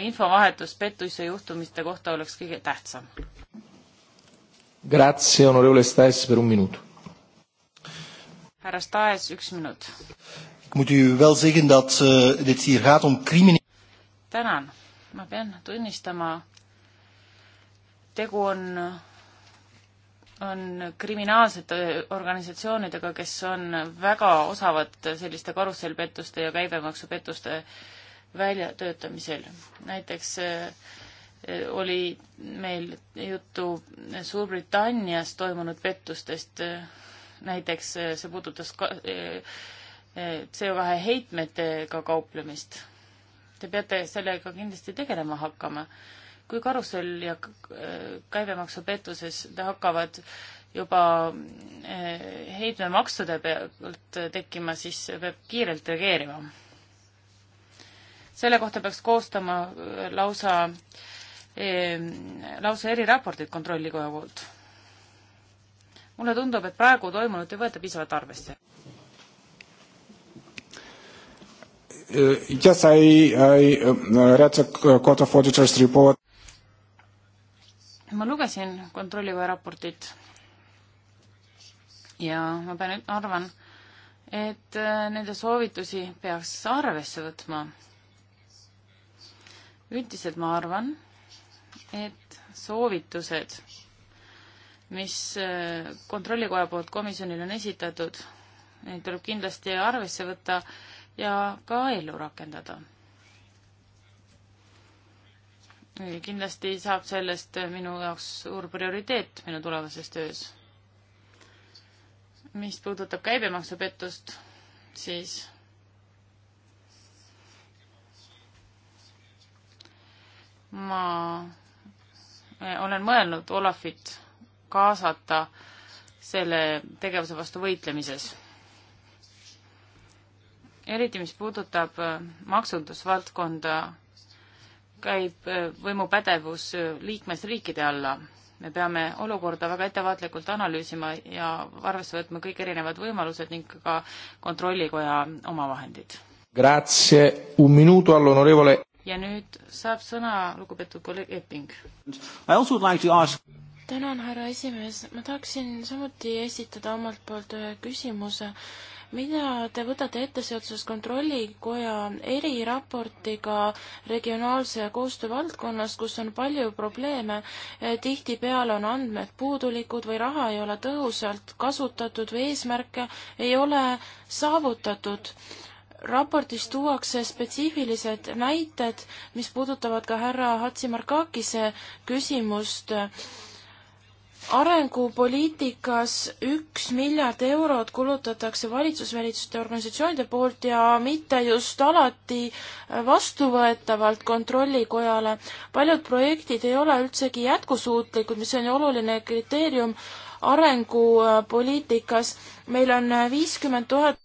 infovahetus pettuse juhtumiste kohta oleks kõige tähtsam. Grazie, onorevole Stes, per un minuto härra Staes, üks minut. Eh, tänan, ma pean tunnistama, tegu on, on kriminaalsete organisatsioonidega, kes on väga osavad selliste karussellpettuste ja käibemaksupettuste väljatöötamisel. näiteks eh, oli meil juttu Suurbritannias toimunud pettustest, eh, näiteks eh, see puudutas ka, eh, eh, CO2 heitmetega kauplemist. Te peate sellega kindlasti tegelema hakkama. kui karussell ja käibemaksupettuses hakkavad juba heitmemaksude pealt tekkima, siis peab kiirelt reageerima. selle kohta peaks koostama lausa, lausa eriraportid kontrollikoja poolt mulle tundub, et praegu toimunut ei võeta piisavalt arvesse. Uh, yes, I, I uh, read the Court of Auditors report. ma lugesin kontrollikoja raportit ja ma pean, arvan, et uh, nende soovitusi peaks arvesse võtma. üldiselt ma arvan, et soovitused mis äh, Kontrollikoja poolt komisjonile on esitatud, neid tuleb kindlasti arvesse võtta ja ka ellu rakendada. kindlasti saab sellest minu jaoks suur prioriteet minu tulevases töös. mis puudutab käibemaksupettust, siis ma eh, olen mõelnud Olafit kaasata selle tegevuse vastu võitlemises. eriti, mis puudutab äh, maksundusvaldkonda, käib äh, võimupädevus äh, liikmesriikide alla. me peame olukorda väga ettevaatlikult analüüsima ja arvesse võtma kõik erinevad võimalused ning ka kontrollikoja omavahendid. Grazie, un minuto all'onorevole ja nüüd saab sõna lugupeetud kolleeg Epping. Like ask tänan, härra esimees, ma tahaksin samuti esitada omalt poolt ühe küsimuse. mida te võtate ette seoses Kontrollikoja eriraportiga regionaalse koostöö valdkonnas, kus on palju probleeme, eh, tihtipeale on andmed puudulikud või raha ei ole tõhusalt kasutatud või eesmärke ei ole saavutatud? raportis tuuakse spetsiifilised näited, mis puudutavad ka härra Hatsimarkakise küsimust arengupoliitikas üks miljard eurot kulutatakse valitsusvälitsuste organisatsioonide poolt ja mitte just alati äh, vastuvõetavalt Kontrollikojale. paljud projektid ei ole üldsegi jätkusuutlikud, mis on ju oluline kriteerium arengupoliitikas. meil on äh, viiskümmend tuhat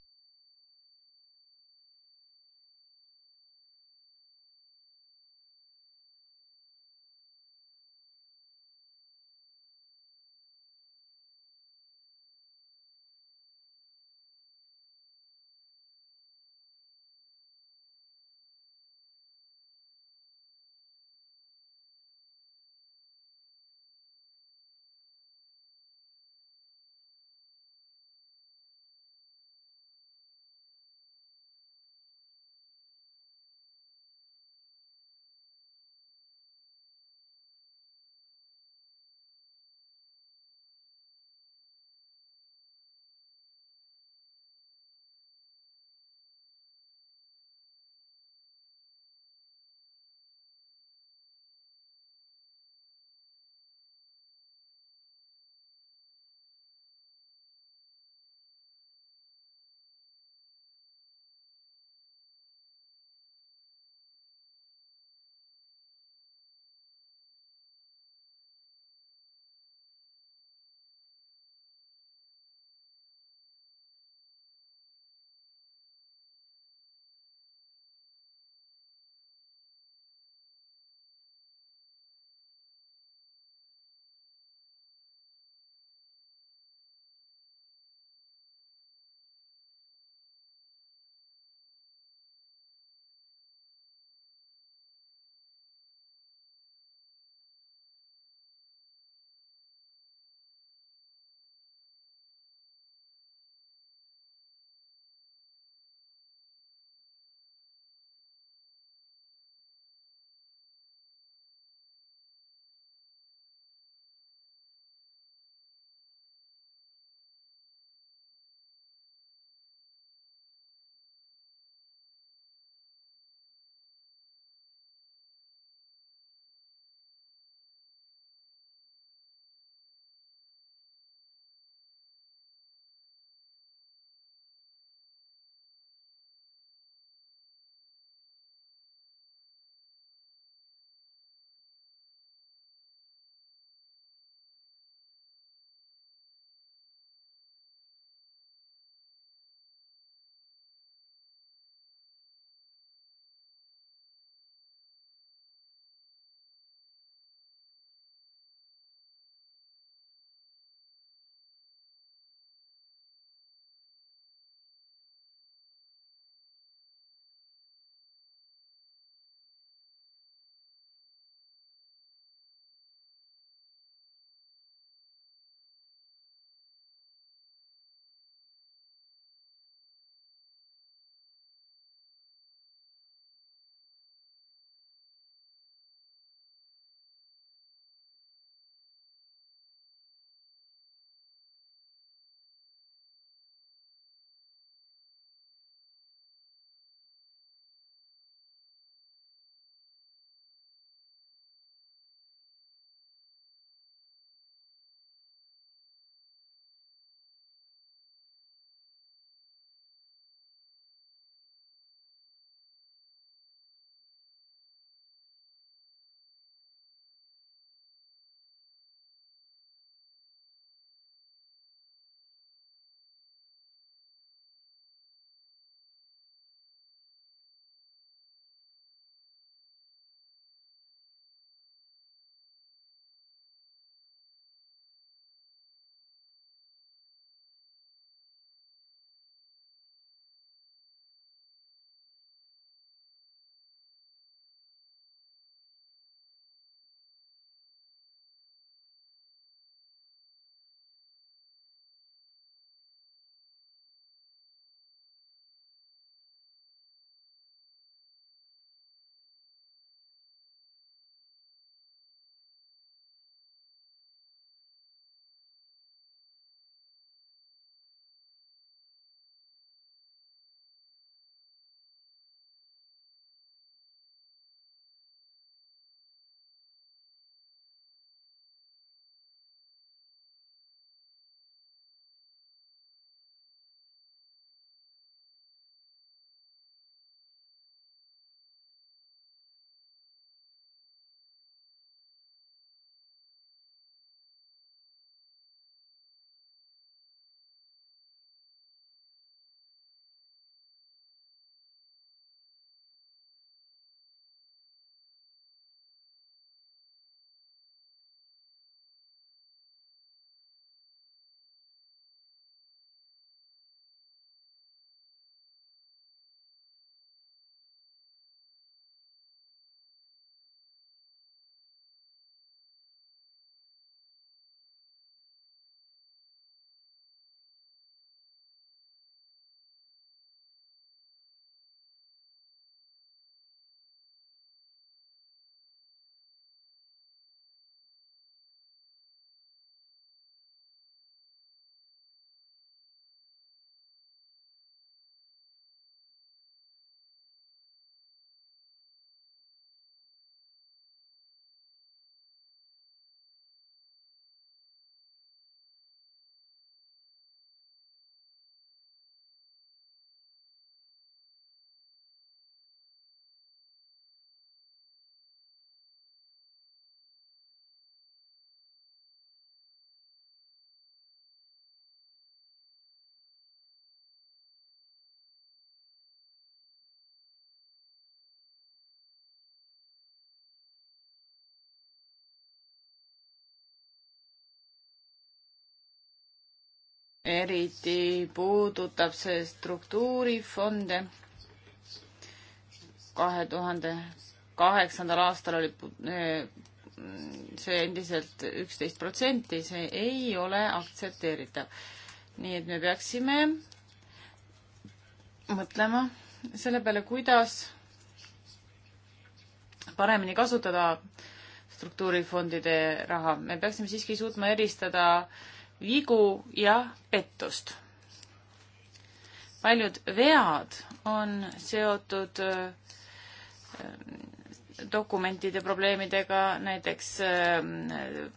eriti puudutab see struktuurifonde. kahe tuhande kaheksandal aastal oli äh, see endiselt üksteist protsenti, see ei ole aktsepteeritav. nii et me peaksime mõtlema selle peale, kuidas paremini kasutada struktuurifondide raha. me peaksime siiski suutma eristada äh, vigu ja pettust. paljud vead on seotud äh, dokumentide probleemidega, näiteks äh,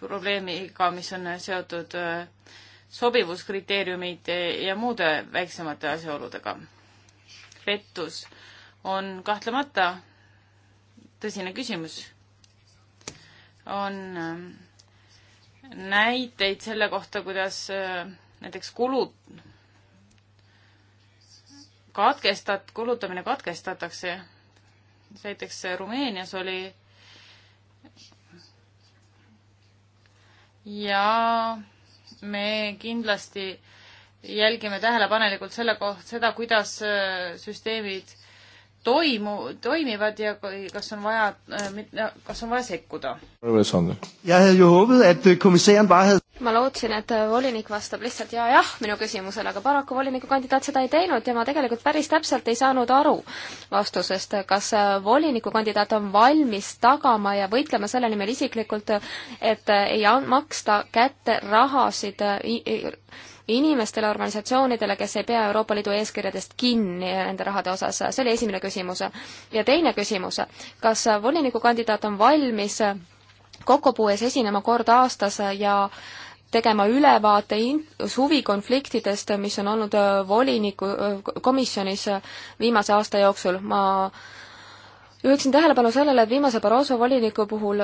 probleemiga, mis on seotud äh, sobivuskriteeriumite ja muude väiksemate asjaoludega. pettus on kahtlemata tõsine küsimus. on näiteid selle kohta, kuidas äh, näiteks kulud katkestat-, kulutamine katkestatakse. näiteks äh, Rumeenias oli ja me kindlasti jälgime tähelepanelikult selle koht-, seda, kuidas äh, süsteemid toimu, toimivad ja kas on vaja, äh, kas on vaja sekkuda? Øh, ma lootsin, et äh, volinik vastab lihtsalt ja-jah minu küsimusele, aga paraku volinikukandidaat seda ei teinud ja ma tegelikult päris täpselt ei saanud aru vastusest, kas äh, volinikukandidaat on valmis tagama ja võitlema selle nimel isiklikult, et ei maksta kätte rahasid inimestele, organisatsioonidele, kes ei pea Euroopa Liidu eeskirjadest kinni nende rahade osas, see oli esimene küsimus. ja teine küsimus, kas volinikukandidaat on valmis kokkupuues esinema kord aastas ja tegema ülevaate in-, huvikonfliktidest, mis on olnud voliniku komisjonis viimase aasta jooksul, ma juhiksin tähelepanu sellele, et viimase Barroso voliniku puhul,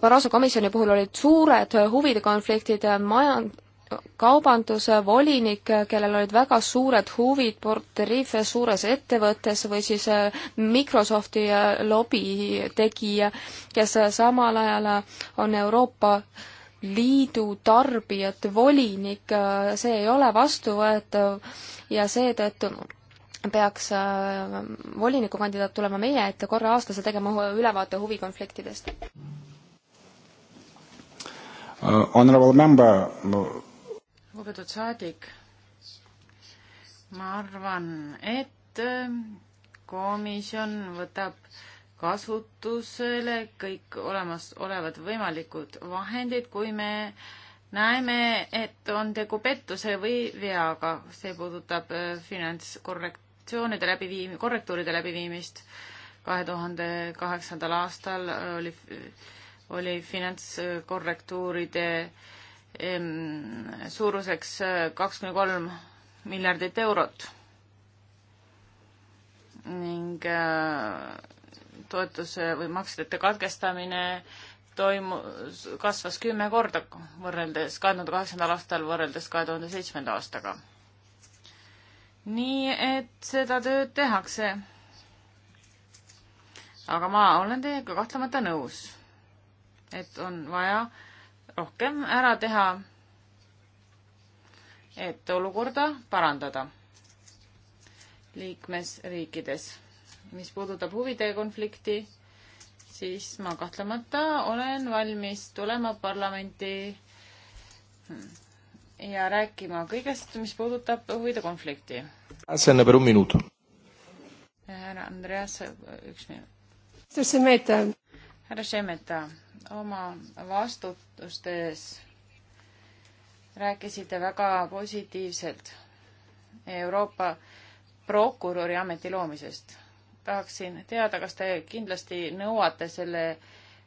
Barroso komisjoni puhul olid suured huvide konfliktid maja-, kaubanduse volinik, kellel olid väga suured huvid Port Rife suures ettevõttes või siis eh, Microsofti eh, lobi tegija, kes eh, samal ajal on Euroopa Liidu tarbijate volinik, see ei ole vastuvõetav ja seetõttu peaks volinikukandidaat tulema meie ette korra aastas ja tegema ülevaate huvikonfliktidest uh,. Honorable member uh, lugupeetud saadik, ma arvan, et äh, komisjon võtab kasutusele kõik olemasolevad võimalikud vahendid, kui me näeme, et on tegu pettuse või veaga. see puudutab äh, finantskorrektsioonide läbiviim-, korrektuuride läbiviimist. kahe tuhande kaheksandal aastal oli, oli finantskorrektuuride äh, suuruseks äh, kaks kuni kolm miljardit eurot. ning äh, toetuse või maksete katkestamine toimu-, kasvas kümme korda võrreldes kahe tuhande kaheksandal aastal võrreldes kahe tuhande seitsmenda aastaga. nii et seda tööd tehakse. aga ma olen teiega kahtlemata nõus, et on vaja äh, rohkem ära teha, et olukorda parandada liikmesriikides. mis puudutab huvide konflikti, siis ma kahtlemata olen valmis tulema parlamenti ja rääkima kõigest, mis puudutab huvide konflikti. see annab ruumi minutu. härra Andreas, üks minut härra Šemeta, oma vastutustes rääkisite väga positiivselt Euroopa prokuröri ameti loomisest. tahaksin teada, kas te kindlasti nõuate selle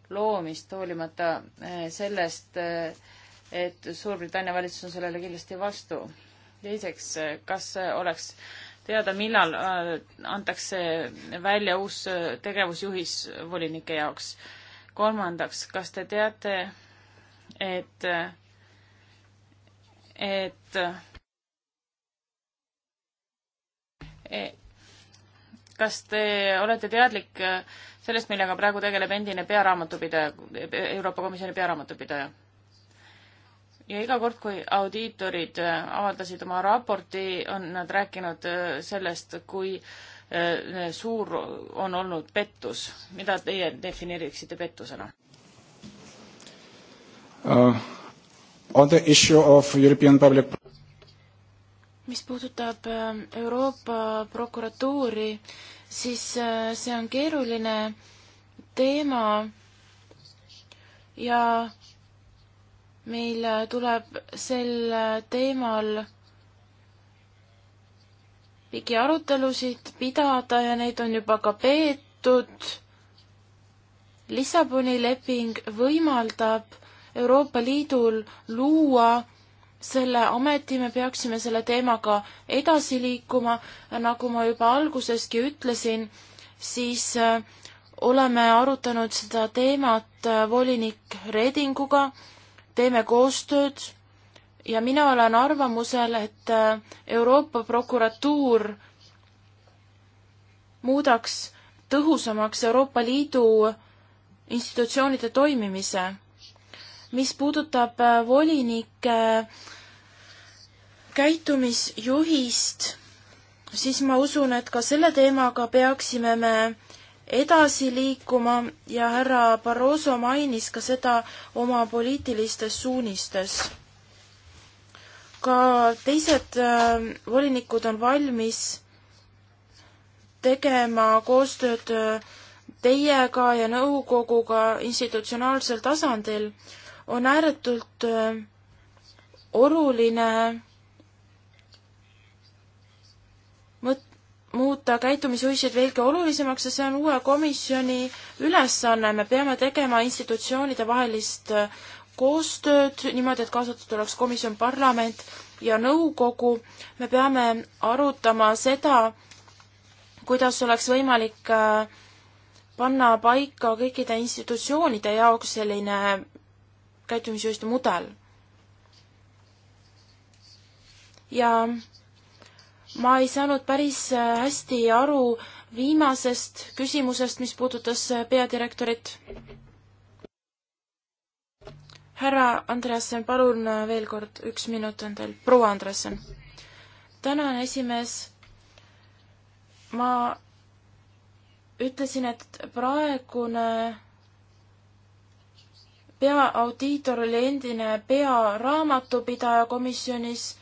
loomist, hoolimata eh, sellest, eh, et Suurbritannia valitsus on sellele kindlasti vastu. teiseks, eh, kas oleks teada, millal äh, antakse välja uus äh, tegevusjuhis volinike jaoks. kolmandaks, kas te teate, et, et, et kas te olete teadlik äh, sellest, millega praegu tegeleb endine pearaamatupidaja, Euroopa Komisjoni pearaamatupidaja? ja iga kord, kui audiitorid äh, avaldasid oma raporti, on nad rääkinud äh, sellest, kui äh, suur on olnud pettus. mida teie defineeriksite pettusena uh,? On the issue of European public mis puudutab Euroopa prokuratuuri, siis see on keeruline teema ja meil tuleb sel teemal pikki arutelusid pidada ja neid on juba ka peetud. Lissaboni leping võimaldab Euroopa Liidul luua selle ameti, me peaksime selle teemaga edasi liikuma, nagu ma juba alguseski ütlesin, siis äh, oleme arutanud seda teemat äh, volinik Redinguga teeme koostööd ja mina olen arvamusel, et äh, Euroopa prokuratuur muudaks tõhusamaks Euroopa Liidu institutsioonide toimimise. mis puudutab äh, volinike äh, käitumisjuhist, siis ma usun, et ka selle teemaga peaksime me edasi liikuma ja härra Barroso mainis ka seda oma poliitilistes suunistes. ka teised äh, volinikud on valmis tegema koostööd äh, teiega ja nõukoguga institutsionaalsel tasandil. on ääretult äh, oluline muuta käitumisjuhised veelgi olulisemaks ja see on uue komisjoni ülesanne, me peame tegema institutsioonide vahelist äh, koostööd niimoodi, et kaasatud oleks komisjon, parlament ja nõukogu, me peame arutama seda, kuidas oleks võimalik äh, panna paika kõikide institutsioonide jaoks selline käitumisjuhiste mudel. ja ma ei saanud päris äh, hästi aru viimasest küsimusest, mis puudutas äh, peadirektorit. härra Andreasen, palun äh, veel kord, üks minut on teil, proua Andreasen. tänan, esimees. ma ütlesin, et praegune peaaudiitor oli endine pearaamatupidaja komisjonis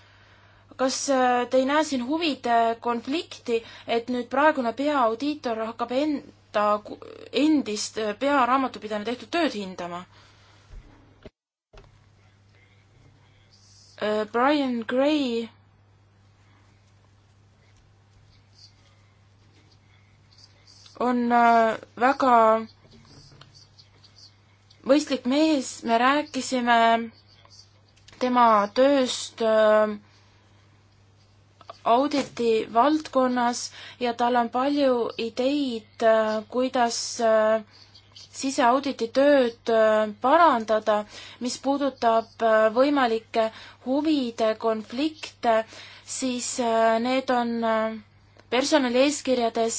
kas äh, te ei näe siin huvide äh, konflikti, et nüüd praegune peaaudiitor hakkab enda, endist äh, pearaamatupidajana tehtud tööd hindama? Brian Gray on väga mõistlik mees, me rääkisime tema tööst äh, auditi valdkonnas ja tal on palju ideid, kuidas äh, siseauditi tööd äh, parandada, mis puudutab äh, võimalikke huvide konflikte, siis need on personalieeskirjades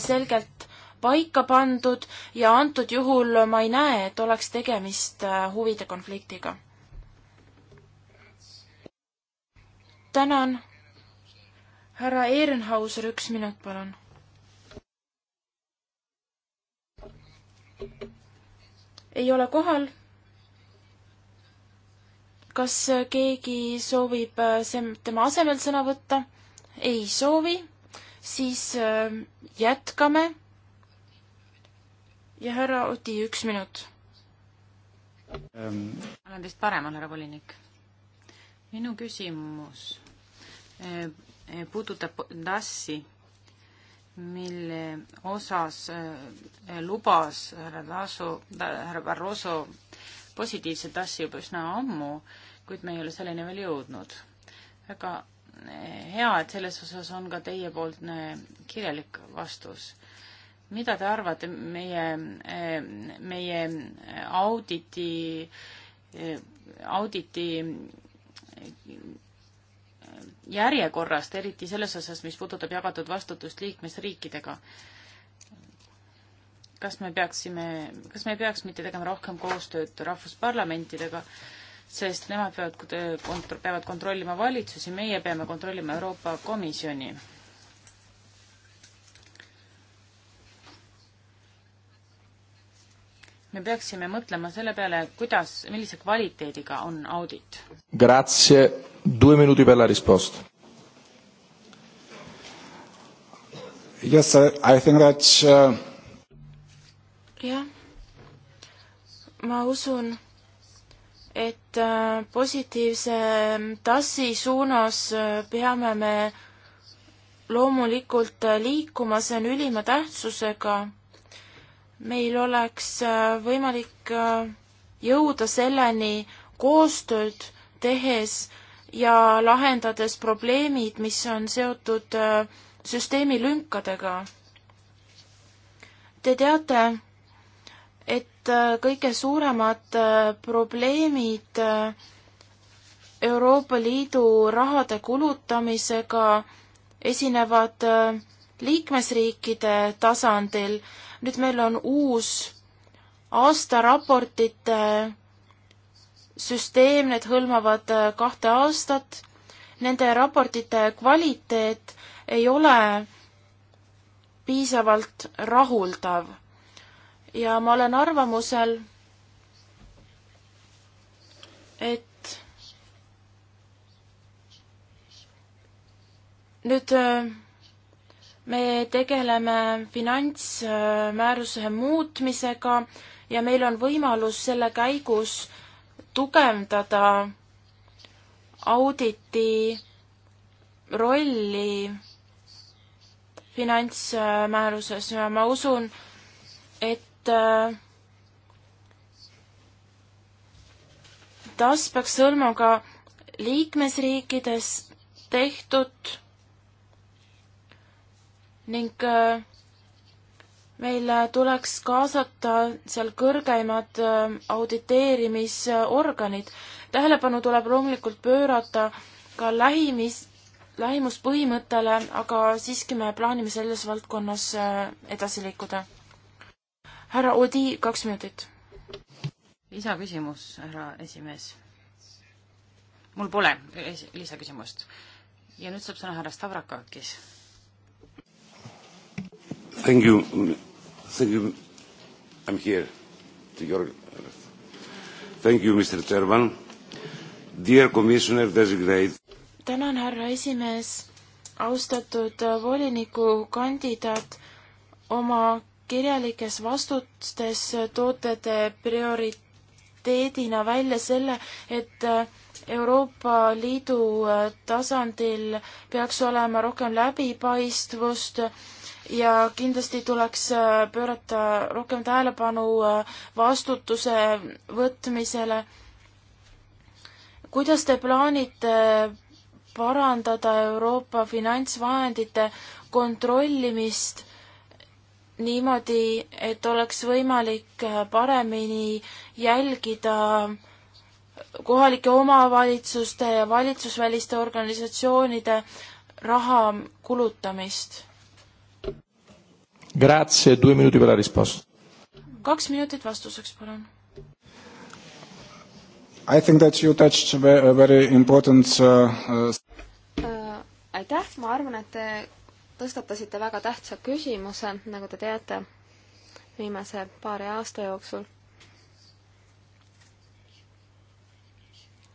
selgelt paika pandud ja antud juhul ma ei näe, et oleks tegemist huvide konfliktiga. tänan härra Ehrenhauser, üks minut, palun. ei ole kohal. kas keegi soovib äh, tema asemel sõna võtta? ei soovi, siis äh, jätkame. ja härra Oti, üks minut ähm.. olen teist paremal, härra volinik. minu küsimus äh, puudutab DAS-i, mille osas äh, lubas härra Laso, äh, härra Barroso positiivse DAS-i juba üsna ammu, kuid me ei ole selleni veel jõudnud. väga äh, hea, et selles osas on ka teiepoolne kirjalik vastus mida te arvate meie, meie auditi, auditi järjekorrast, eriti selles osas, mis puudutab jagatud vastutust liikmesriikidega. kas me peaksime, kas me ei peaks mitte tegema rohkem koostööd rahvusparlamentidega, sest nemad peavad, peavad kontrollima valitsusi, meie peame kontrollima Euroopa Komisjoni me peaksime mõtlema selle peale, kuidas, millise kvaliteediga on audit. Grazie, due minuti per la risposta. Yes, I think that uh... jah, ma usun, et äh, positiivse um, tassi suunas uh, peame me loomulikult uh, liikuma, see on ülima tähtsusega meil oleks äh, võimalik äh, jõuda selleni koostööd tehes ja lahendades probleemid, mis on seotud äh, süsteemi lünkadega. Te teate, et kõige suuremad probleemid Euroopa Liidu rahade kulutamisega esinevad liikmesriikide tasandil nüüd meil on uus aastaraportite süsteem, need hõlmavad äh, kahte aastat. Nende raportite kvaliteet ei ole piisavalt rahuldav ja ma olen arvamusel, et nüüd äh, me tegeleme finantsmääruse muutmisega ja meil on võimalus selle käigus tugevdada auditi rolli finantsmääruses ja ma usun, et äh, TAS peaks hõlmama ka liikmesriikides tehtud ning äh, meil äh, tuleks kaasata seal kõrgeimad äh, auditeerimisorganid. tähelepanu tuleb loomulikult pöörata ka lähimis, lähimuspõhimõttele, aga siiski me plaanime selles valdkonnas edasi liikuda. härra Odi, kaks minutit. lisaküsimus, härra esimees. mul pole lisaküsimust. ja nüüd saab sõna härra Stavrakakis Thank you. Thank you. I'm here to your. Thank you, Mr Chairman. Dear Commissioner Designate. tänan, härra esimees. austatud volinikukandidaat, oma kirjalikes vastustes toote te prioriteedina välja selle, et Euroopa Liidu tasandil peaks olema rohkem läbipaistvust ja kindlasti tuleks äh, pöörata rohkem tähelepanu äh, vastutuse võtmisele. kuidas te plaanite äh, parandada Euroopa finantsvahendite kontrollimist niimoodi, et oleks võimalik paremini jälgida kohalike omavalitsuste ja valitsusväliste organisatsioonide raha kulutamist? Grazie, due minuti per la risposta. kaks minutit vastuseks, palun. I think that you touched a very important uh, uh... Äh, aitäh, ma arvan, et te tõstatasite väga tähtsa küsimuse, nagu te teate, viimase paari aasta jooksul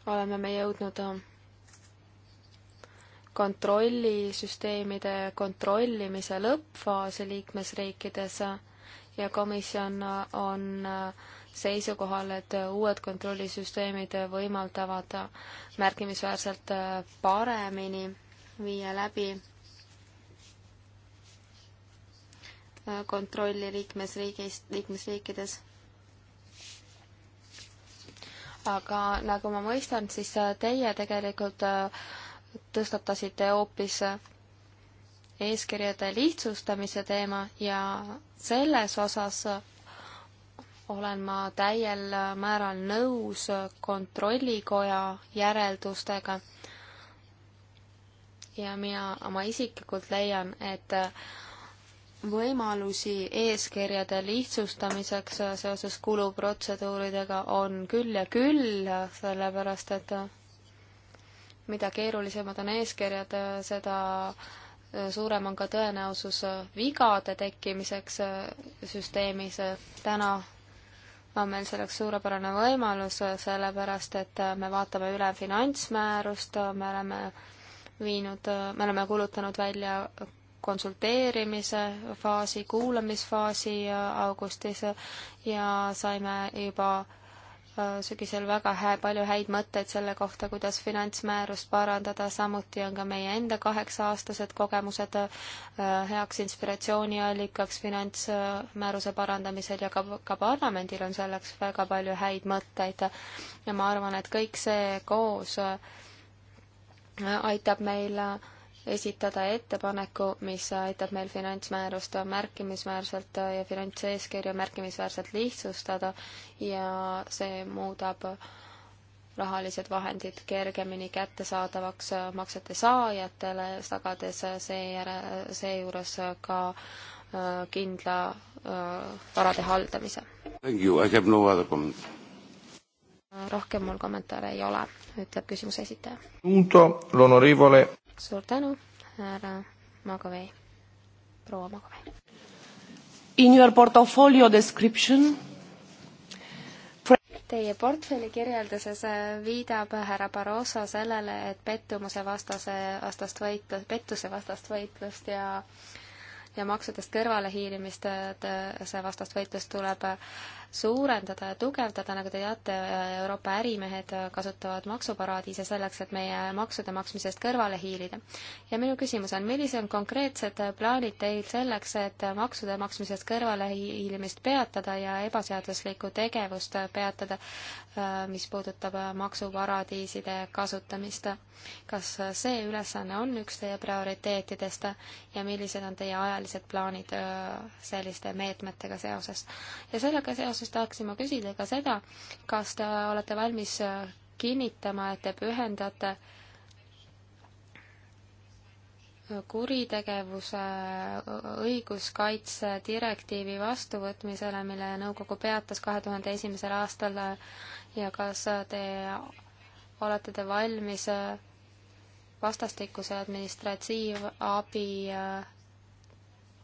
oleme me jõudnud äh, kontrollisüsteemide kontrollimise lõppfaasi liikmesriikides ja komisjon on seisukohal, et uued kontrollisüsteemid võimaldavad märkimisväärselt paremini viia läbi kontrolli liikmesriigis, liikmesriikides. aga nagu ma mõistan, siis teie tegelikult äh, tõstatasite hoopis eeskirjade lihtsustamise teema ja selles osas olen ma täiel määral nõus kontrollikoja järeldustega. ja mina oma isiklikult leian, et võimalusi eeskirjade lihtsustamiseks seoses kuluprotseduuridega on küll ja küll, sellepärast et mida keerulisemad on eeskirjad, seda äh, suurem on ka tõenäosus äh, vigade tekkimiseks äh, süsteemis. täna on meil selleks suurepärane võimalus, sellepärast et me vaatame üle finantsmäärust, me oleme viinud, me oleme kulutanud välja konsulteerimise faasi, kuulamisfaasi augustis ja saime juba Äh, sügisel väga hää, palju häid mõtteid selle kohta, kuidas finantsmäärust parandada, samuti on ka meie enda kaheksa-aastased kogemused äh, heaks inspiratsiooniallikaks finantsmääruse parandamisel ja ka, ka parlamendil on selleks väga palju häid mõtteid. ja ma arvan, et kõik see koos äh, aitab meil esitada ettepaneku, mis aitab meil finantsmäärust märkimisväärselt ja finantseeskirja märkimisväärselt lihtsustada ja see muudab rahalised vahendid kergemini kättesaadavaks maksete saajatele, tagades seejärel, seejuures ka äh, kindla äh, varade haldamise. No rohkem mul kommentaare ei ole, ütleb küsimuse esitaja suur tänu, härra Magovei, proua Magovei. In your portfolio description Teie portfelli kirjelduses äh, viidab härra Barroso sellele, et pettumuse vastase, vastast võitlust, pettuse vastast võitlust ja ja maksudest kõrvalehiilimist äh, see vastast võitlust tuleb äh, suurendada ja tugevdada, nagu te teate, Euroopa ärimehed kasutavad maksuparadiise selleks, et meie maksude maksmisest kõrvale hiilida. ja minu küsimus on, millised on konkreetsed plaanid teil selleks, et maksude maksmisest kõrvale hiilimist peatada ja ebaseaduslikku tegevust peatada, mis puudutab maksuparadiiside kasutamist? kas see ülesanne on üks teie prioriteetidest ja millised on teie ajalised plaanid äh, selliste meetmetega seoses? ja sellega seoses seoses tahaksin ma küsida ka seda, kas te olete valmis äh, kinnitama, et te pühendate äh, kuritegevuse äh, õiguskaitse direktiivi vastuvõtmisele, mille nõukogu peatas kahe tuhande esimesel aastal ja kas te olete te valmis vastastikuse administratiivabi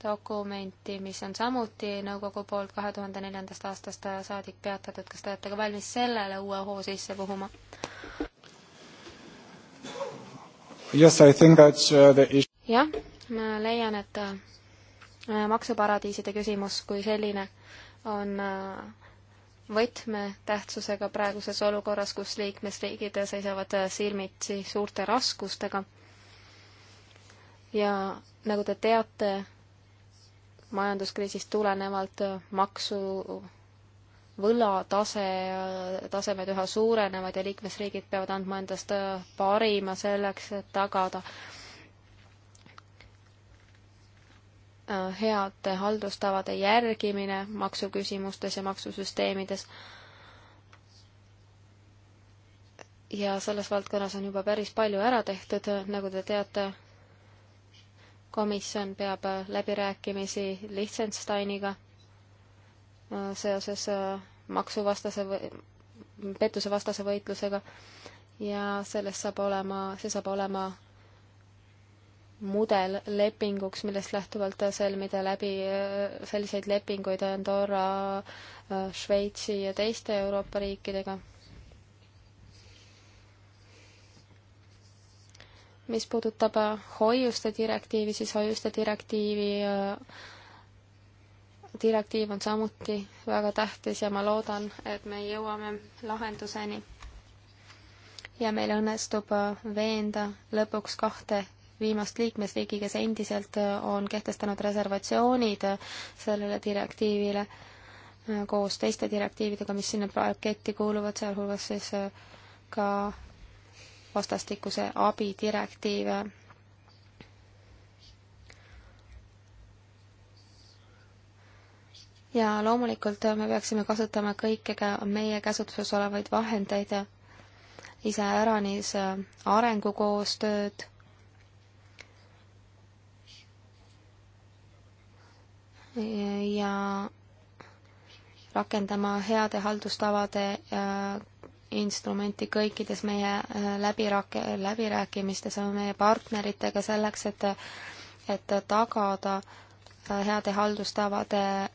dokumenti, mis on samuti nõukogu poolt kahe tuhande neljandast aastast saadik peatatud. kas te olete ka valmis sellele uue UH hoo sisse puhuma? Uh, jah, ma leian, et äh, maksuparadiiside küsimus kui selline on äh, võtmetähtsusega praeguses olukorras, kus liikmesriigid seisavad äh, silmitsi suurte raskustega. ja nagu te teate, majanduskriisist tulenevalt äh, maksu võlatase, äh, tasemed üha suurenevad ja liikmesriigid peavad andma endast äh, parima selleks, et tagada head haldustavade järgimine maksuküsimustes ja maksusüsteemides. ja selles valdkonnas on juba päris palju ära tehtud, nagu te teate, komisjon peab äh, läbirääkimisi Liechtensteiniga äh, seoses äh, maksuvastase või pettusevastase võitlusega ja sellest saab olema, see saab olema mudellepinguks, millest lähtuvalt sõlmida läbi selliseid lepinguid Andorra, Šveitsi ja teiste Euroopa riikidega mis puudutab äh, hoiuste direktiivi, siis hoiuste direktiivi äh, direktiiv on samuti väga tähtis ja ma loodan, et me jõuame lahenduseni. ja meil õnnestub äh, veenda lõpuks kahte viimast liikmesriigi, kes endiselt on kehtestanud reservatsioonid sellele direktiivile koos teiste direktiividega, mis sinna paketti kuuluvad, sealhulgas siis ka vastastikuse abi direktiiv ja loomulikult me peaksime kasutama kõiki ka meie käsutuses olevaid vahendeid, iseäranis äh, arengukoostööd, ja rakendama heade haldustavade äh, instrumenti kõikides meie äh, läbirak-, läbirääkimistes meie partneritega selleks, et et tagada äh, heade haldustavade äh,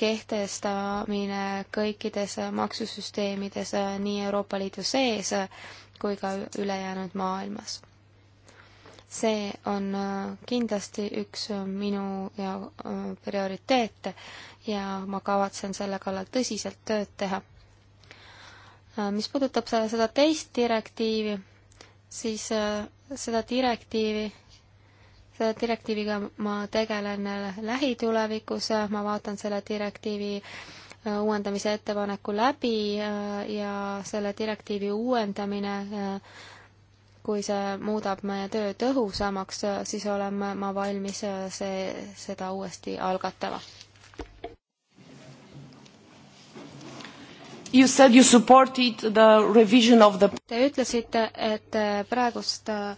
kehtestamine kõikides maksusüsteemides nii Euroopa Liidu sees kui ka ülejäänud maailmas. see on kindlasti üks minu ja prioriteete ja ma kavatsen selle kallal tõsiselt tööd teha. Äh, mis puudutab seda teist direktiivi, siis äh, seda direktiivi, selle direktiiviga ma tegelen lähitulevikus, äh, ma vaatan selle direktiivi uuendamise ettepaneku läbi ja selle direktiivi uuendamine, kui see muudab meie töö tõhusamaks, siis olen ma valmis see, seda uuesti algatama. You said you supported the revision of the Te ütlesite, et eh, praegust eh,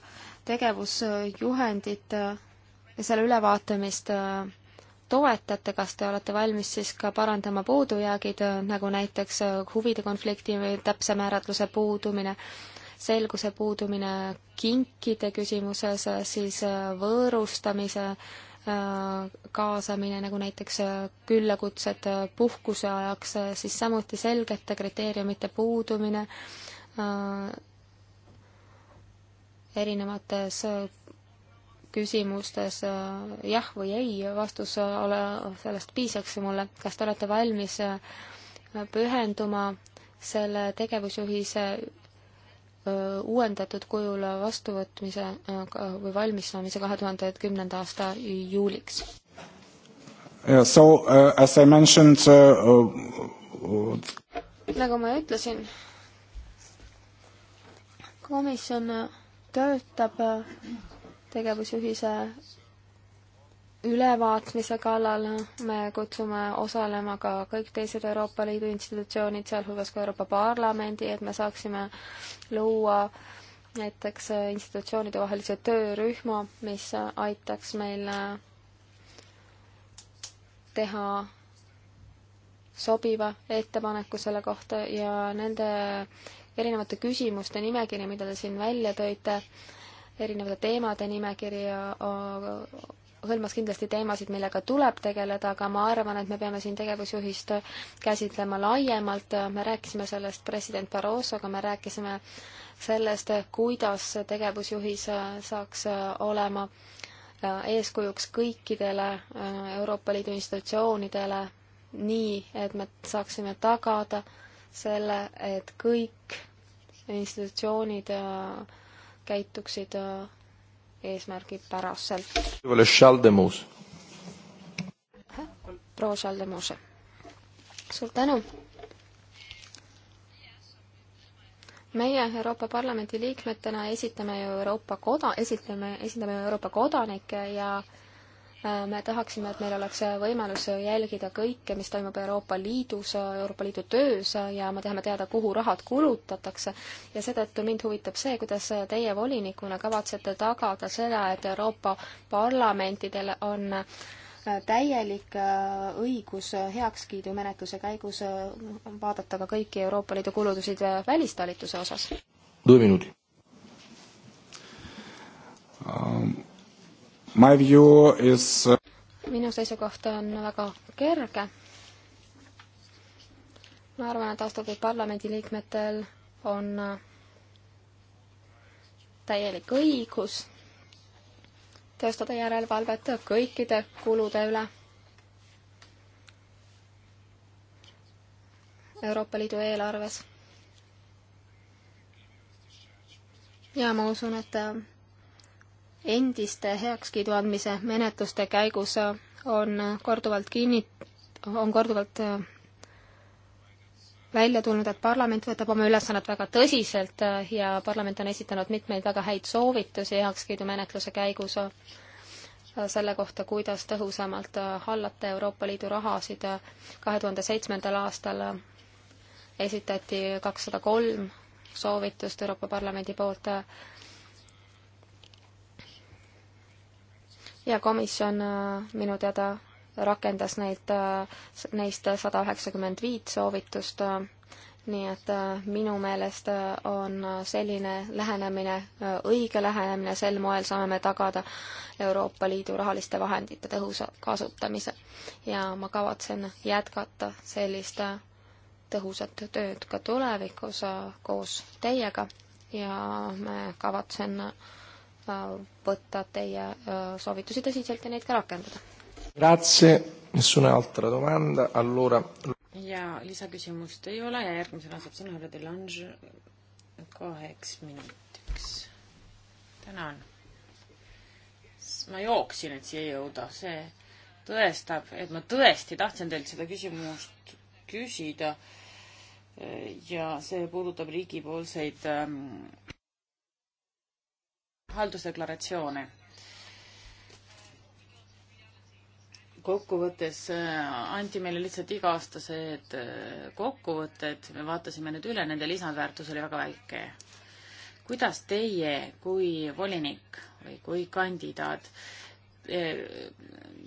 tegevusjuhendit eh, ja selle ülevaatamist toetate, kas te olete valmis siis ka parandama puudujäägid, nagu näiteks huvide konflikti või täpse määratluse puudumine, selguse puudumine kinkide küsimuses, siis võõrustamise äh, Äh, kaasamine, nagu näiteks äh, küllakutsed äh, puhkuse ajaks, siis samuti selgete kriteeriumite puudumine erinevates küsimustes jah või ei vastus ole, sellest piisaks mulle, kas te olete valmis pühenduma selle tegevusjuhise uuendatud kujul vastuvõtmise äh, või valmis saamise kahe tuhande kümnenda aasta juuliks. Yeah, so uh, as I mentioned uh, uh, nagu ma ütlesin, komisjon töötab äh, tegevusjuhise ülevaatmise kallal me kutsume osalema ka kõik teised Euroopa Liidu institutsioonid, sealhulgas ka Euroopa Parlamendi, et me saaksime luua näiteks institutsioonide vahelise töörühma, mis aitaks meil teha sobiva ettepaneku selle kohta ja nende erinevate küsimuste nimekiri, mida te siin välja tõite, erinevate teemade nimekiri ja hõlmas kindlasti teemasid, millega tuleb tegeleda, aga ma arvan, et me peame siin tegevusjuhist käsitlema laiemalt, me rääkisime sellest president Barrosoga, me rääkisime sellest, kuidas see tegevusjuhis saaks olema eeskujuks kõikidele Euroopa Liidu institutsioonidele, nii et me saaksime tagada selle, et kõik institutsioonid käituksid eesmärgipäraselt. proua Šaldemuse, suur tänu! meie Euroopa Parlamendi liikmetena esitame ju Euroopa koda-, esitame, esindame Euroopa kodanikke ja äh, Äh, me tahaksime, et meil oleks võimalus jälgida kõike, mis toimub Euroopa Liidus, Euroopa Liidu töös ja me tahame teada, kuhu rahad kulutatakse. ja seetõttu mind huvitab see, kuidas teie volinikuna kavatsete tagada seda, et Euroopa parlamentidel on äh, täielik äh, õigus heakskiidumenetluse käigus vaadata ka kõiki Euroopa Liidu kulutusid välistalituse osas? Deux minutes. Um, My view is uh, minu seisukoht on väga kerge. ma arvan, et austatud parlamendiliikmetel on uh, täielik õigus teostada järelevalvet kõikide kulude üle. Euroopa Liidu eelarves. ja ma usun, et uh, endiste heakskiidu andmise menetluste käigus on korduvalt kinni, on korduvalt äh, välja tulnud, et parlament võtab oma ülesannet väga tõsiselt äh, ja parlament on esitanud mitmeid väga häid soovitusi heakskiidumenetluse käigus äh, selle kohta, kuidas tõhusamalt hallata Euroopa Liidu rahasid. kahe tuhande seitsmendal aastal esitati kakssada kolm soovitust Euroopa Parlamendi poolt ja komisjon äh, minu teada rakendas neid, äh, neist sada üheksakümmend viit soovitust, äh, nii et minu meelest on selline lähenemine õige lähenemine, sel moel saame me tagada Euroopa Liidu rahaliste vahendite tõhusa kasutamise. ja ma kavatsen jätkata sellist tõhusat tööd ka tulevikus koos teiega ja me kavatsen võtta teie soovitusi tõsiselt ja neid ka rakendada. Grazie, nessuna altra domanda, allora. ja lisaküsimust ei ole ja järgmisena saab sõna härra Delange kaheks minutiks. tänan. ma jooksin, et siia jõuda, see tõestab, et ma tõesti tahtsin teilt seda küsimust küsida ja see puudutab riigipoolseid ähm, haldusdeklaratsioone. kokkuvõttes äh, anti meile lihtsalt iga-aastased äh, kokkuvõtted, me vaatasime need üle, nende lisandväärtus oli väga väike. kuidas teie kui volinik või kui kandidaat äh,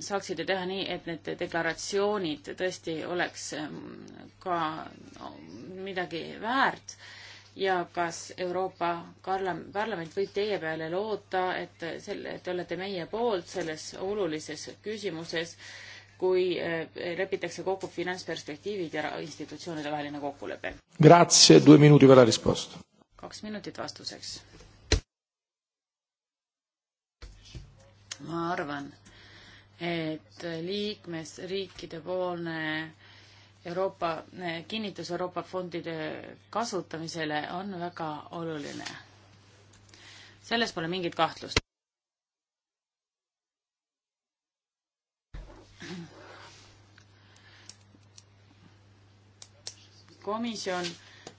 saaksite teha nii, et need deklaratsioonid tõesti oleks ähm, ka midagi väärt ja kas Euroopa Parlament võib teie peale loota, et selle, te olete meie poolt selles olulises küsimuses, kui eh, lepitakse kokku finantsperspektiivid ja institutsioonide vaheline kokkulepe? kaks minutit vastuseks. ma arvan, et liikmesriikide poolne äh, Euroopa, eh, kinnitus Euroopa fondide kasutamisele on väga oluline. selles pole mingit kahtlust. komisjon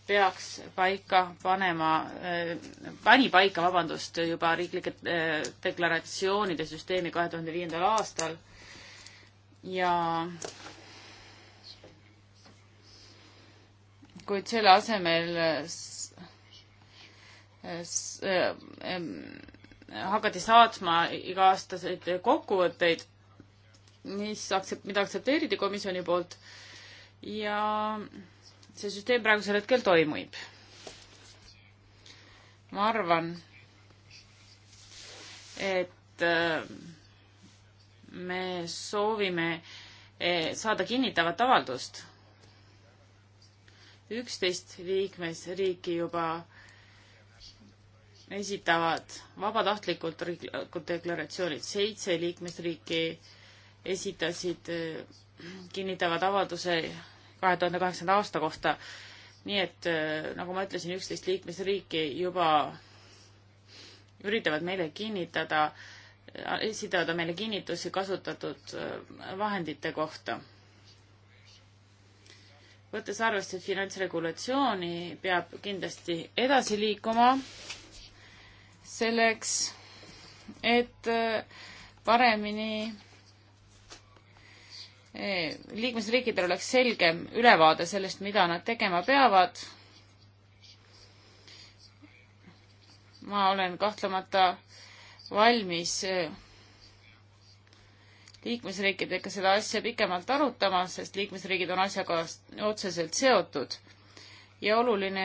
peaks paika panema, eh, pani paika, vabandust, juba riiklike eh, deklaratsioonide süsteemi kahe tuhande viiendal aastal ja kuid selle asemel hakati saatma iga-aastaseid kokkuvõtteid, mis aktsept-, mida aktsepteeriti komisjoni poolt ja see süsteem praegusel hetkel toimib. ma arvan, et äh, me soovime eh, saada kinnitavat avaldust üksteist liikmesriiki juba esitavad vabatahtlikult deklaratsioonid, seitse liikmesriiki esitasid, äh, kinnitavad avalduse kahe tuhande kaheksanda aasta kohta. nii et äh, nagu ma ütlesin, üksteist liikmesriiki juba üritavad meile kinnitada, äh, esitavad meile kinnitusi kasutatud vahendite kohta võttes arvesse, et finantsregulatsiooni peab kindlasti edasi liikuma selleks, et äh, paremini äh, liikmesriikidel oleks selgem ülevaade sellest, mida nad tegema peavad. ma olen kahtlemata valmis äh, liikmesriikidega seda asja pikemalt arutama, sest liikmesriigid on asjaga otseselt seotud. ja oluline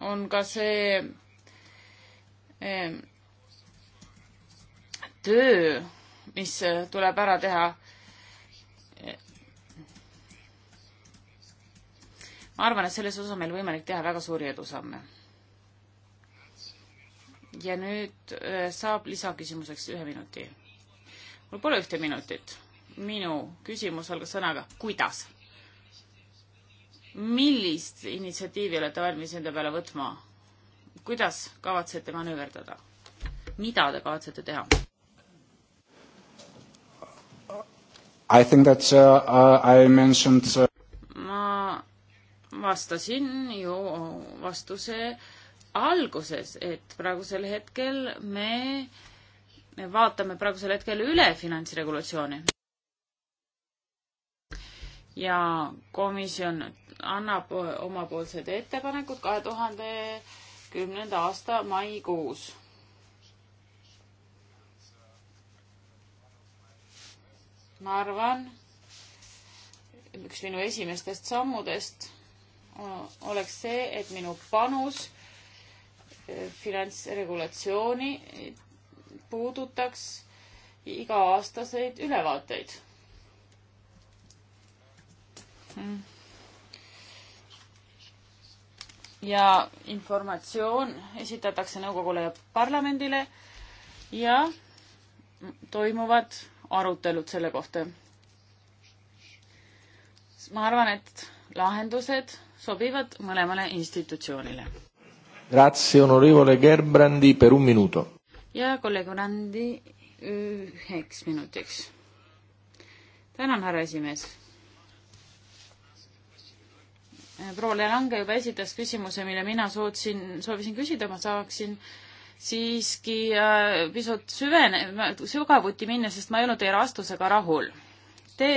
on ka see eh, töö, mis tuleb ära teha. ma arvan, et selles osas on meil võimalik teha väga suuri edusamme. ja nüüd eh, saab lisaküsimuseks ühe minuti mul pole ühte minutit. minu küsimus algas sõnaga kuidas. millist initsiatiivi olete valmis enda peale võtma? kuidas kavatsete manööverdada? mida te kavatsete teha? I think that uh, uh, I mentioned uh... ma vastasin ju vastuse alguses, et praegusel hetkel me uh, me vaatame praegusel hetkel üle finantsregulatsiooni. ja komisjon annab omapoolsed ettepanekud kahe tuhande kümnenda aasta maikuus. ma arvan, üks minu esimestest sammudest oleks see, et minu panus finantsregulatsiooni puudutaks iga-aastaseid ülevaateid mm.. ja informatsioon esitatakse nõukogule ja parlamendile ja toimuvad arutelud selle kohta. ma arvan, et lahendused sobivad mõlemale institutsioonile. Grazie onorevole Gerbrandi per un minuto ja kolleeg Orandi üheks minutiks. tänan, härra esimees. proua Lelange juba esitas küsimuse, mille mina sootsin, soovisin küsida, ma saaksin siiski äh, pisut süvene, sügavuti minna, sest ma ei olnud teie vastusega rahul. Te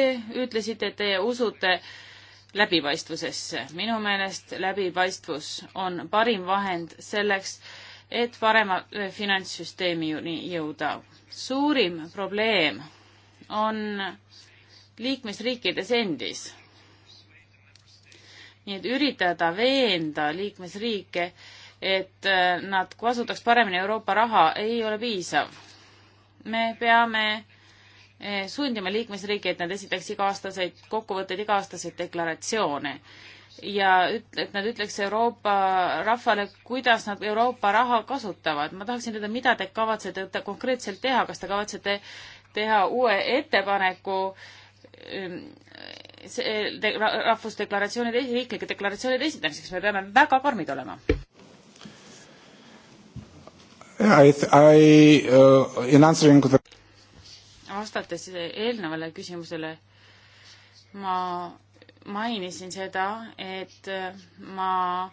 ütlesite, et teie usute läbipaistvusesse. minu meelest läbipaistvus on parim vahend selleks, et parema eh, finantssüsteemini jõuda. suurim probleem on liikmesriikides endis. nii et üritada veenda liikmesriike, et eh, nad kasutaks paremini Euroopa raha, ei ole piisav. me peame eh, sundima liikmesriike, et nad esitaks iga-aastaseid kokkuvõtteid, iga-aastaseid deklaratsioone ja ütle, et nad ütleks Euroopa rahvale, kuidas nad Euroopa raha kasutavad. ma tahaksin teada, mida te kavatsete konkreetselt teha, kas te kavatsete teha uue ettepaneku see rahvusdeklaratsioonide, riiklike deklaratsioonide esitamiseks, me peame väga karmid olema. I, I uh, in answering the vastates eelnevale küsimusele, ma mainisin seda, et ma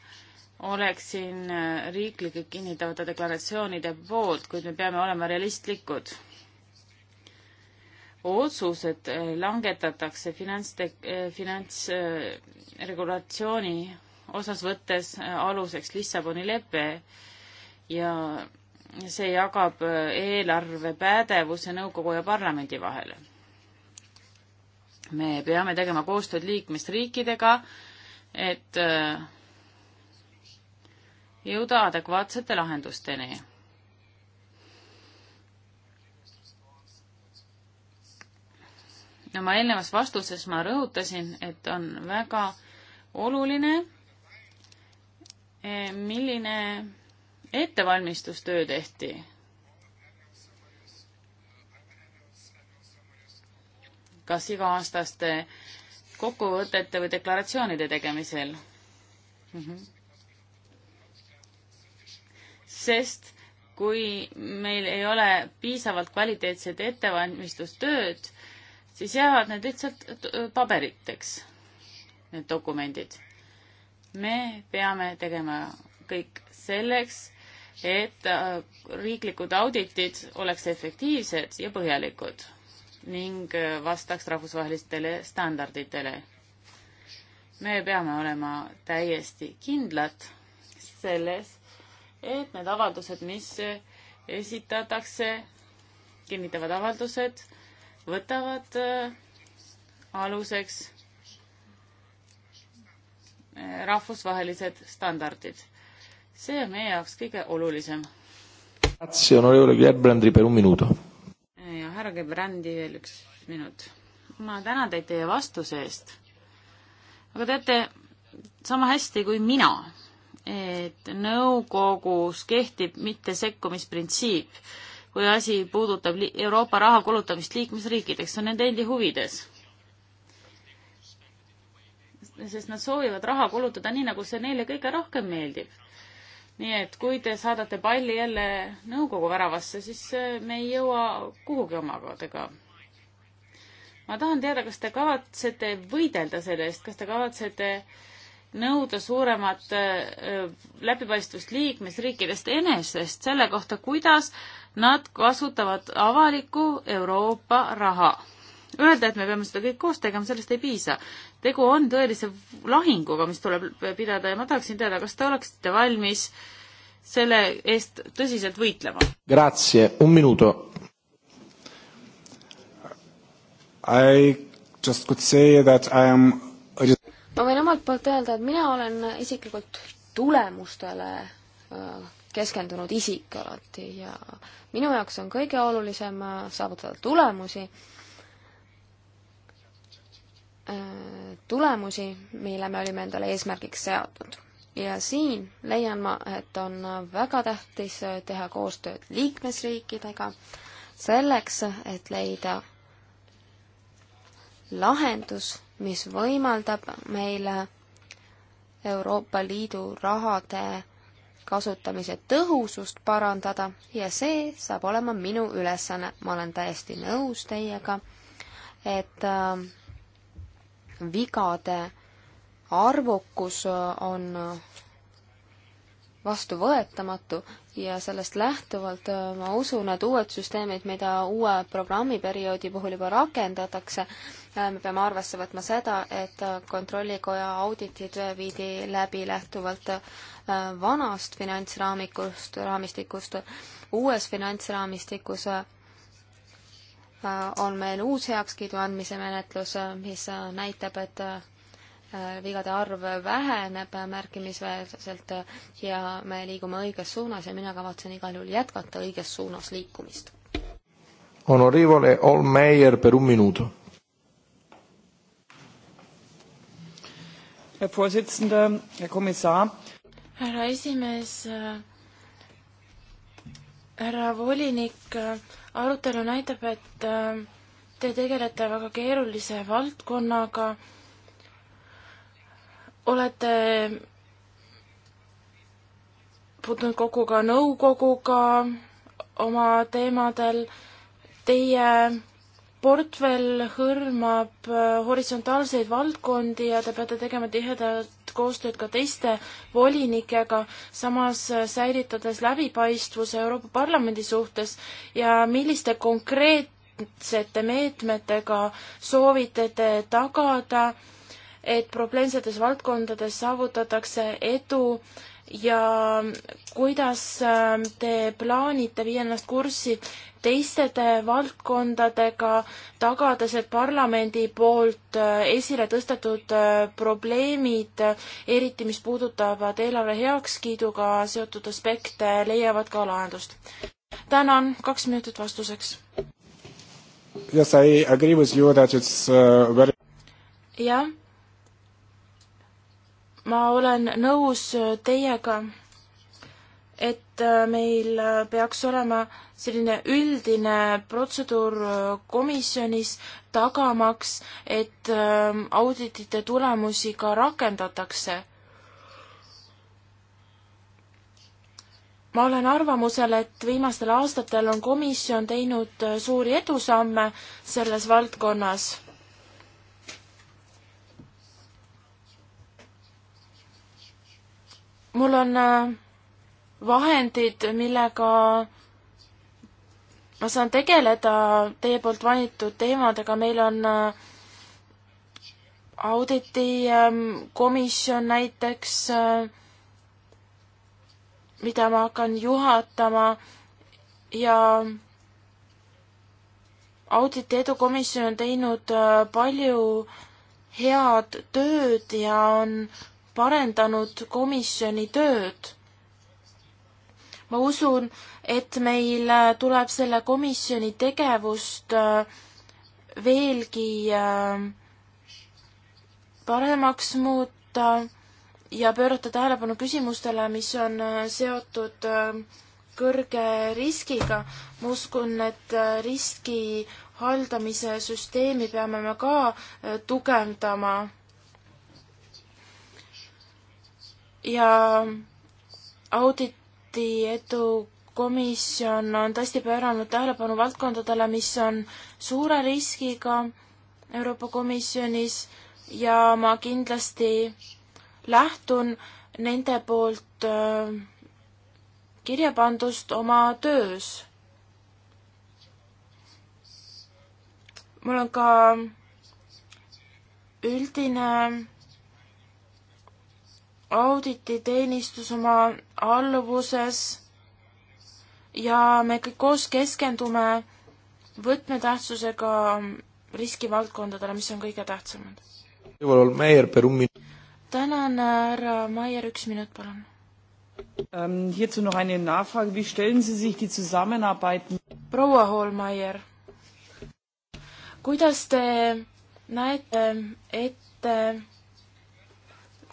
oleksin riiklike kinnitavate deklaratsioonide poolt, kuid me peame olema realistlikud. otsused langetatakse finants, finantsregulatsiooni osas võttes aluseks Lissaboni lepe ja see jagab eelarve pädevuse nõukogu ja parlamendi vahel me peame tegema koostööd liikmesriikidega, et äh, jõuda adekvaatsete lahendusteni. oma eelnevas vastuses ma rõhutasin, et on väga oluline, eh, milline ettevalmistustöö tehti kas iga-aastaste kokkuvõtete või deklaratsioonide tegemisel mm. -hmm. sest kui meil ei ole piisavalt kvaliteetset ettevalmistustööd, siis jäävad need lihtsalt paberiteks, need dokumendid. me peame tegema kõik selleks, et äh, riiklikud auditid oleks efektiivsed ja põhjalikud ning äh, vastaks rahvusvahelistele standarditele. me peame olema täiesti kindlad selles, et need avaldused, mis äh, esitatakse, kinnitavad avaldused, võtavad äh, aluseks rahvusvahelised standardid. see on meie jaoks kõige olulisem. Grazie onorevole Gerbrandi per un minuto härra Gebrandi veel üks minut. ma tänan teid teie vastuse eest. aga teate, sama hästi kui mina, et nõukogus kehtib mittesekkumisprintsiip, kui asi puudutab Euroopa raha kulutamist liikmesriikideks, see on nende endi huvides sest nad soovivad raha kulutada nii, nagu see neile kõige rohkem meeldib nii et kui te saadate palli jälle nõukogu väravasse, siis äh, me ei jõua kuhugi omakordadega. ma tahan teada, kas te kavatsete võidelda selle eest, kas te kavatsete nõuda suuremat äh, läbipaistvust liikmesriikidest enesest selle kohta, kuidas nad kasutavad avalikku Euroopa raha Öelda, et me peame seda kõik koos tegema, sellest ei piisa. tegu on tõelise lahinguga, mis tuleb pidada ja ma tahaksin teada, kas te oleksite valmis selle eest tõsiselt võitlema? Grazie, un minuto. I just could say that I am ma võin omalt poolt öelda, et mina olen isiklikult tulemustele keskendunud isik alati ja minu jaoks on kõige olulisem äh, saavutada tulemusi tulemusi, mille me olime endale eesmärgiks seadnud. ja siin leian ma, et on väga tähtis teha koostööd liikmesriikidega selleks, et leida lahendus, mis võimaldab meile Euroopa Liidu rahade kasutamise tõhusust parandada ja see saab olema minu ülesanne. ma olen täiesti nõus teiega, et äh, vigade arvukus on vastuvõetamatu ja sellest lähtuvalt äh, ma usun, et uued süsteemid, mida uue programmiperioodi puhul juba rakendatakse, äh, me peame arvesse võtma seda, et äh, Kontrollikoja auditid viidi läbi lähtuvalt vanast finantsraamikust, raamistikust, uues finantsraamistikus on meil uus heakskiidu andmise menetlus, mis näitab, et äh, vigade arv väheneb märkimisväärselt ja me liigume õiges suunas ja mina kavatsen igal juhul jätkata õiges suunas liikumist. Honorevole Olmeier per un minuto. Herr Vorsitzender, Herr Kommissar. härra esimees, äh, härra volinik äh, arutelu näitab, et äh, te tegelete väga keerulise valdkonnaga, olete puutunud kokku ka nõukoguga oma teemadel, teie portfell hõlmab äh, horisontaalseid valdkondi ja te peate tegema tihedat koostööd ka teiste volinikega, samas äh, säilitades läbipaistvuse Euroopa Parlamendi suhtes ja milliste konkreetsete meetmetega soovite te tagada, et probleemsetes valdkondades saavutatakse edu ja kuidas ähm, te plaanite viia ennast kurssi teiste valdkondadega, tagades, et parlamendi poolt äh, esile tõstetud äh, probleemid, äh, eriti mis puudutavad eelarve heakskiiduga seotud aspekte, leiavad ka lahendust? tänan, kaks minutit vastuseks. Yes, I agree with you that it's uh, very jah ma olen nõus äh, teiega, et äh, meil äh, peaks olema selline üldine protseduur komisjonis tagamaks, et auditite tulemusi ka rakendatakse. ma olen arvamusel, et viimastel aastatel on komisjon teinud suuri edusamme selles valdkonnas mul on äh, vahendid, millega ma saan tegeleda teie poolt mainitud teemadega, meil on äh, auditikomisjon ähm, näiteks, äh, mida ma hakkan juhatama ja auditi edukomisjon on teinud palju head tööd ja on parendanud komisjoni tööd. ma usun, et meil tuleb selle komisjoni tegevust äh, veelgi äh, paremaks muuta ja pöörata tähelepanu küsimustele, mis on äh, seotud kõrge riskiga. ma uskun, et riski haldamise süsteemi peame me ka tugevdama ja auditi edukomisjon on tõesti pööranud tähelepanu valdkondadele, mis on suure riskiga Euroopa Komisjonis ja ma kindlasti lähtun nende poolt äh, kirja pandust oma töös. mul on ka üldine audititeenistus oma alluvuses ja me kõik koos keskendume võtmetähtsusega riskivaldkondadele, mis on kõige tähtsamad. tänan, härra Maier, üks minut, palun. Ähm, hierzu noch eine Nachfrage, wie stellen Sie sich die Zusammenarbeit proua Hoolmeier, kuidas te näete ette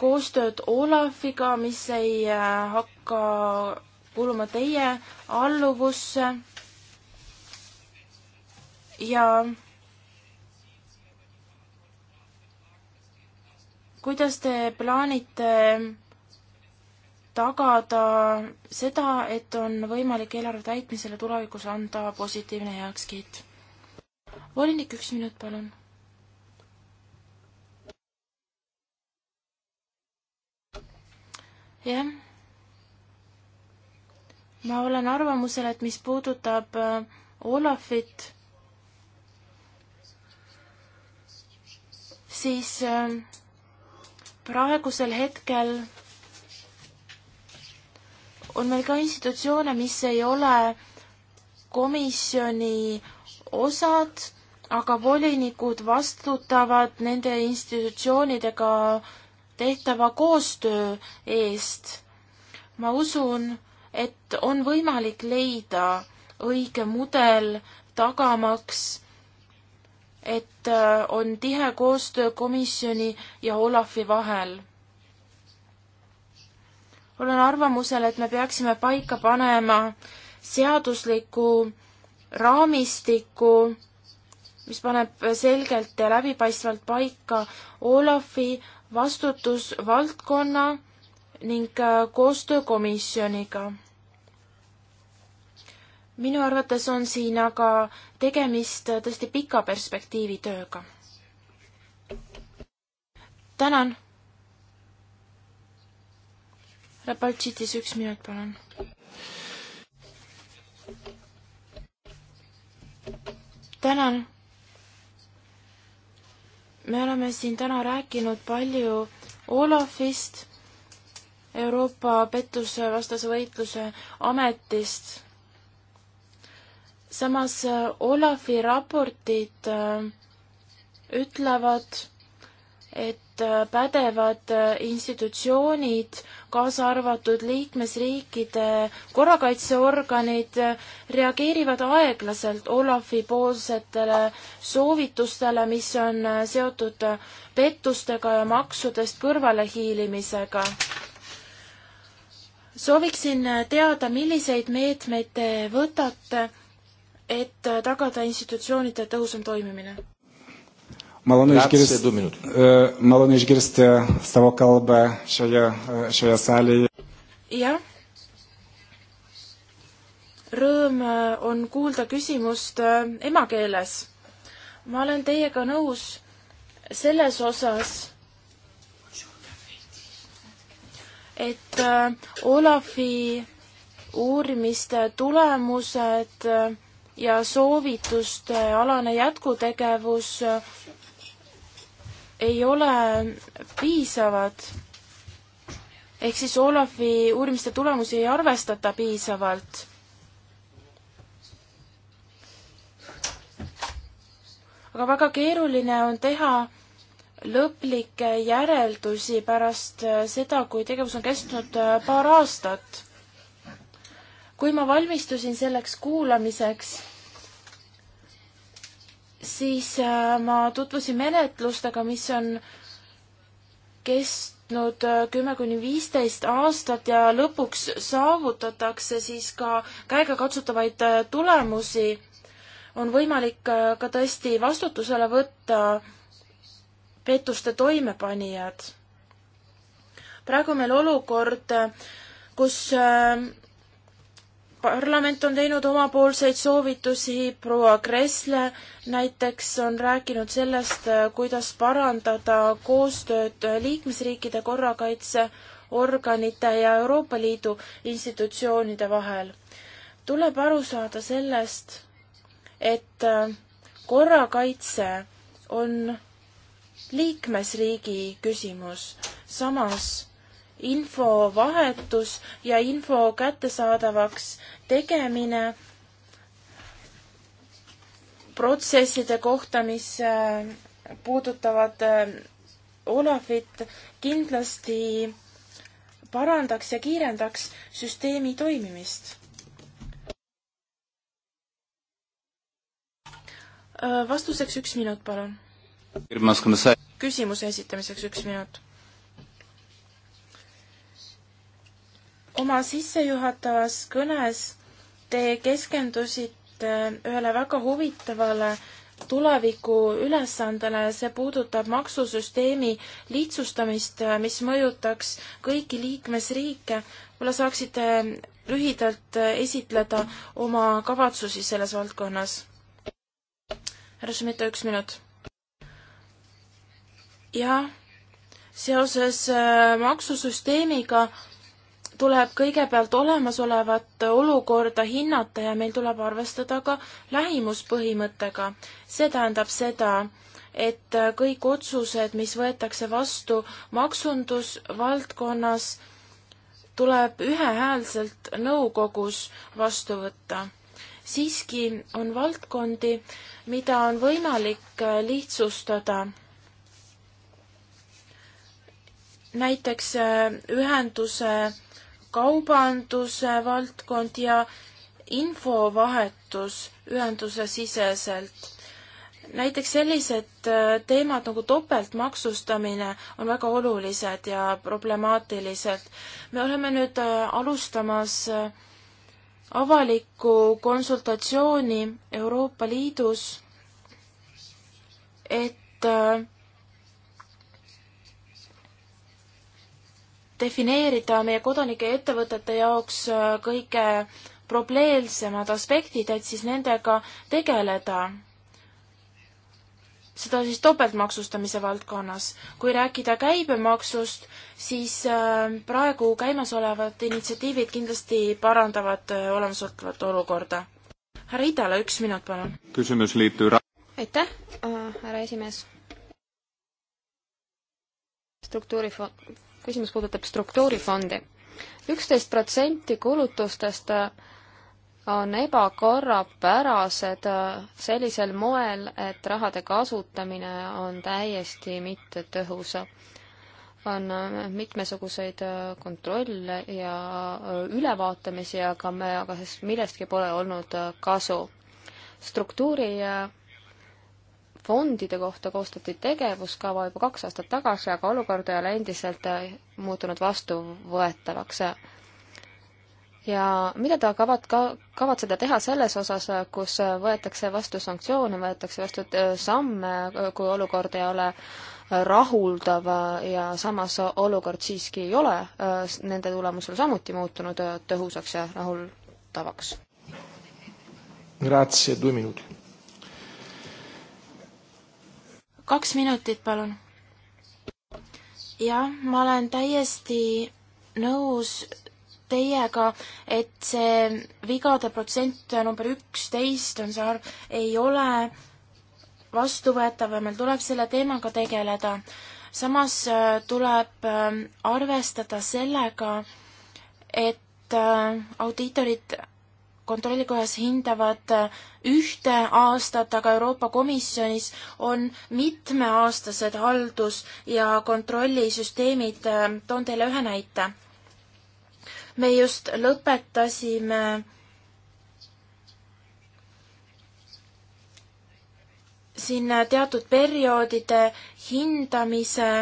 koostööd Olafiga, mis ei äh, hakka kuuluma teie alluvusse. ja kuidas te plaanite tagada seda, et on võimalik eelarve täitmisele tulevikus anda positiivne heakskiit? volinik, üks minut, palun jah. ma olen arvamusel, et mis puudutab äh, Olafit, siis äh, praegusel hetkel on meil ka institutsioone, mis ei ole komisjoni osad, aga volinikud vastutavad nende institutsioonidega tehtava koostöö eest. ma usun, et on võimalik leida õige mudel tagamaks, et äh, on tihe koostöö komisjoni ja Olafi vahel. olen arvamusel, et me peaksime paika panema seadusliku raamistiku, mis paneb selgelt ja läbipaistvalt paika Olafi, vastutusvaldkonna ning äh, koostöökomisjoniga. minu arvates on siin aga tegemist äh, tõesti pika perspektiivi tööga. tänan. härra Baltšitis, üks minut, palun. tänan me oleme siin täna rääkinud palju Olafist, Euroopa pettusevastase võitluse ametist. samas äh, Olafi raportid äh, ütlevad, et Äh, pädevad äh, institutsioonid, kaasa arvatud liikmesriikide korrakaitseorganid, äh, reageerivad aeglaselt Olafi poolsetele soovitustele, mis on seotud pettustega ja maksudest kõrvalehiilimisega. sooviksin teada, milliseid meetmeid te võtate, et tagada institutsioonide tõhusam toimimine? Malonu išgirsti, malonu išgirsti savo kalbą šioje, šioje salėje. Jah. Rõõm e, on kuulda küsimust e, emakeeles. ma olen teiega nõus selles osas, et e, Olafi uurimiste tulemused ja soovituste alane jätkutegevus ei ole piisavad. ehk siis Olavi uurimiste tulemusi ei arvestata piisavalt. aga väga keeruline on teha lõplikke järeldusi pärast seda, kui tegevus on kestnud äh, paar aastat. kui ma valmistusin selleks kuulamiseks siis äh, ma tutvusin menetlustega, mis on kestnud äh, kümme kuni viisteist aastat ja lõpuks saavutatakse siis ka käegakatsutavaid äh, tulemusi. on võimalik ka tõesti vastutusele võtta pettuste toimepanijad. praegu on meil olukord, kus parlament on teinud omapoolseid soovitusi, proua Kressle näiteks on rääkinud sellest, kuidas parandada koostööd liikmesriikide korrakaitseorganite ja Euroopa Liidu institutsioonide vahel. tuleb aru saada sellest, et korrakaitse on liikmesriigi küsimus, samas infovahetus ja info kättesaadavaks tegemine protsesside kohta, mis äh, puudutavad äh, Olafit, kindlasti parandaks ja kiirendaks süsteemi toimimist. Äh, vastuseks üks minut, palun. küsimuse esitamiseks üks minut oma sissejuhatavas kõnes te keskendusite äh, ühele väga huvitavale tuleviku ülesandele, see puudutab maksusüsteemi lihtsustamist, äh, mis mõjutaks kõiki liikmesriike. võib-olla saaksite äh, lühidalt esitleda oma kavatsusi selles valdkonnas? härra Schmidt, üks minut. jah, seoses maksusüsteemiga tuleb kõigepealt olemasolevat olukorda hinnata ja meil tuleb arvestada ka lähimuspõhimõttega. see tähendab seda, et kõik otsused, mis võetakse vastu maksundusvaldkonnas, tuleb ühehäälselt nõukogus vastu võtta. siiski on valdkondi, mida on võimalik lihtsustada. näiteks ühenduse kaubanduse valdkond ja infovahetus ühenduse siseselt. näiteks sellised äh, teemad nagu topeltmaksustamine on väga olulised ja problemaatilised. me oleme nüüd äh, alustamas äh, avalikku konsultatsiooni Euroopa Liidus, et defineerida meie kodanike ja ettevõtete jaoks äh, kõige probleemsemad aspektid, et siis nendega tegeleda. seda siis topeltmaksustamise valdkonnas. kui rääkida käibemaksust, siis äh, praegu käimasolevad initsiatiivid kindlasti parandavad äh, olemasolevat olukorda. härra Idala, üks minut, palun. küsimus liitub aitäh, härra esimees struktuurifondi küsimus puudutab struktuurifondi. üksteist protsenti kulutustest äh, on ebakorrapärased äh, sellisel moel, et rahade kasutamine on täiesti mittetõhus. on äh, mitmesuguseid kontrolle ja ülevaatamisi, aga me, aga millestki pole olnud kasu. struktuuri fondide kohta koostati tegevuskava juba kaks aastat tagasi, aga olukord ei ole endiselt äh, muutunud vastuvõetavaks. ja mida ta kavat-, ka-, kavatseda teha selles osas, kus võetakse vastu sanktsioone, võetakse vastu äh, samme, kui olukord ei ole äh, rahuldav ja samas olukord siiski ei ole nende tulemusel samuti muutunud tõhusaks ja rahuldavaks? Grazie, due minuti kaks minutit, palun. jah, ma olen täiesti nõus teiega, et see vigade protsent number üksteist on see arv, ei ole vastuvõetav ja meil tuleb selle teemaga tegeleda. samas äh, tuleb äh, arvestada sellega, et äh, audiitorid kontrollikojas hindavad äh, ühte aastat, aga Euroopa Komisjonis on mitmeaastased haldus- ja kontrollisüsteemid. Äh, toon teile ühe näite. me just lõpetasime siin äh, teatud perioodide hindamise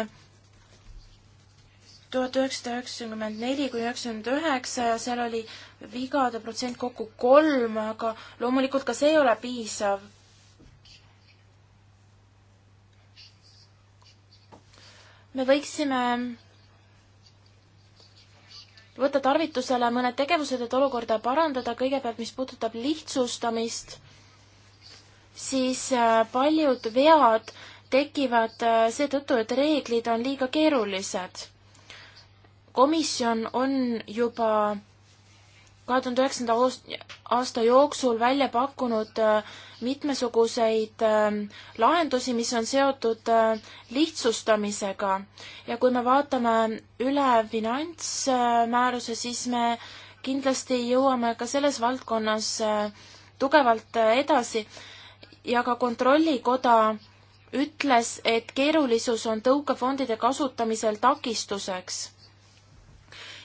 tuhat üheksasada üheksakümmend neli kuni üheksakümmend üheksa ja seal oli vigade protsent kokku kolm, aga loomulikult ka see ei ole piisav. me võiksime võtta tarvitusele mõned tegevused, et olukorda parandada, kõigepealt mis puudutab lihtsustamist, siis äh, paljud vead tekivad äh, seetõttu, et reeglid on liiga keerulised komisjon on juba kahe tuhande üheksanda aasta jooksul välja pakkunud äh, mitmesuguseid ähm, lahendusi, mis on seotud äh, lihtsustamisega. ja kui me vaatame üle finantsmääruse, siis me kindlasti jõuame ka selles valdkonnas äh, tugevalt edasi ja ka Kontrollikoda ütles, et keerulisus on tõukefondide kasutamisel takistuseks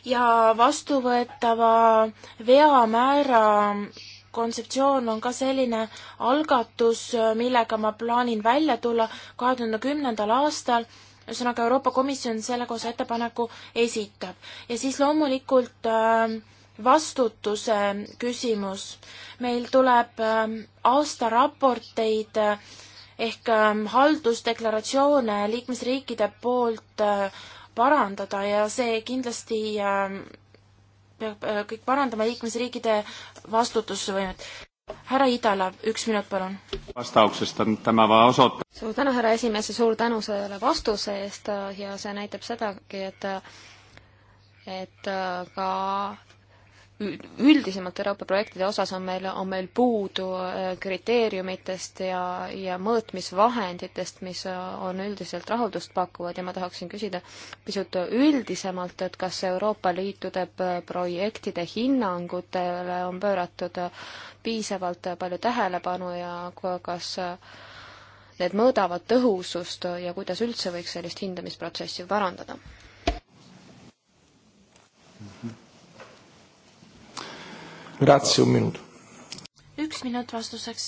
ja vastuvõetava veamäära kontseptsioon on ka selline algatus, millega ma plaanin välja tulla kahe tuhande kümnendal aastal, ühesõnaga Euroopa Komisjon sellekohase ettepaneku esitab. ja siis loomulikult ähm, vastutuse küsimus. meil tuleb ähm, aastaraporteid äh, ehk ähm, haldusdeklaratsioone liikmesriikide poolt äh, parandada ja see kindlasti ähm, peab äh, kõik parandama liikmesriikide vastutusvõimet. härra Idala, üks minut palun. vastauksest on tänava osot-. suur tänu, härra esimees ja suur tänu selle vastuse eest äh, ja see näitab sedagi, et et äh, ka üldisemalt Euroopa projektide osas on meil, on meil puudu äh, kriteeriumitest ja, ja mõõtmisvahenditest, mis äh, on üldiselt rahuldust pakuvad ja ma tahaksin küsida pisut üldisemalt, et kas Euroopa Liitude äh, projektide hinnangutele on pööratud piisavalt palju tähelepanu ja kas need mõõdavad tõhusust ja kuidas üldse võiks sellist hindamisprotsessi parandada mm? -hmm Grazie, un minut. üks minut vastuseks.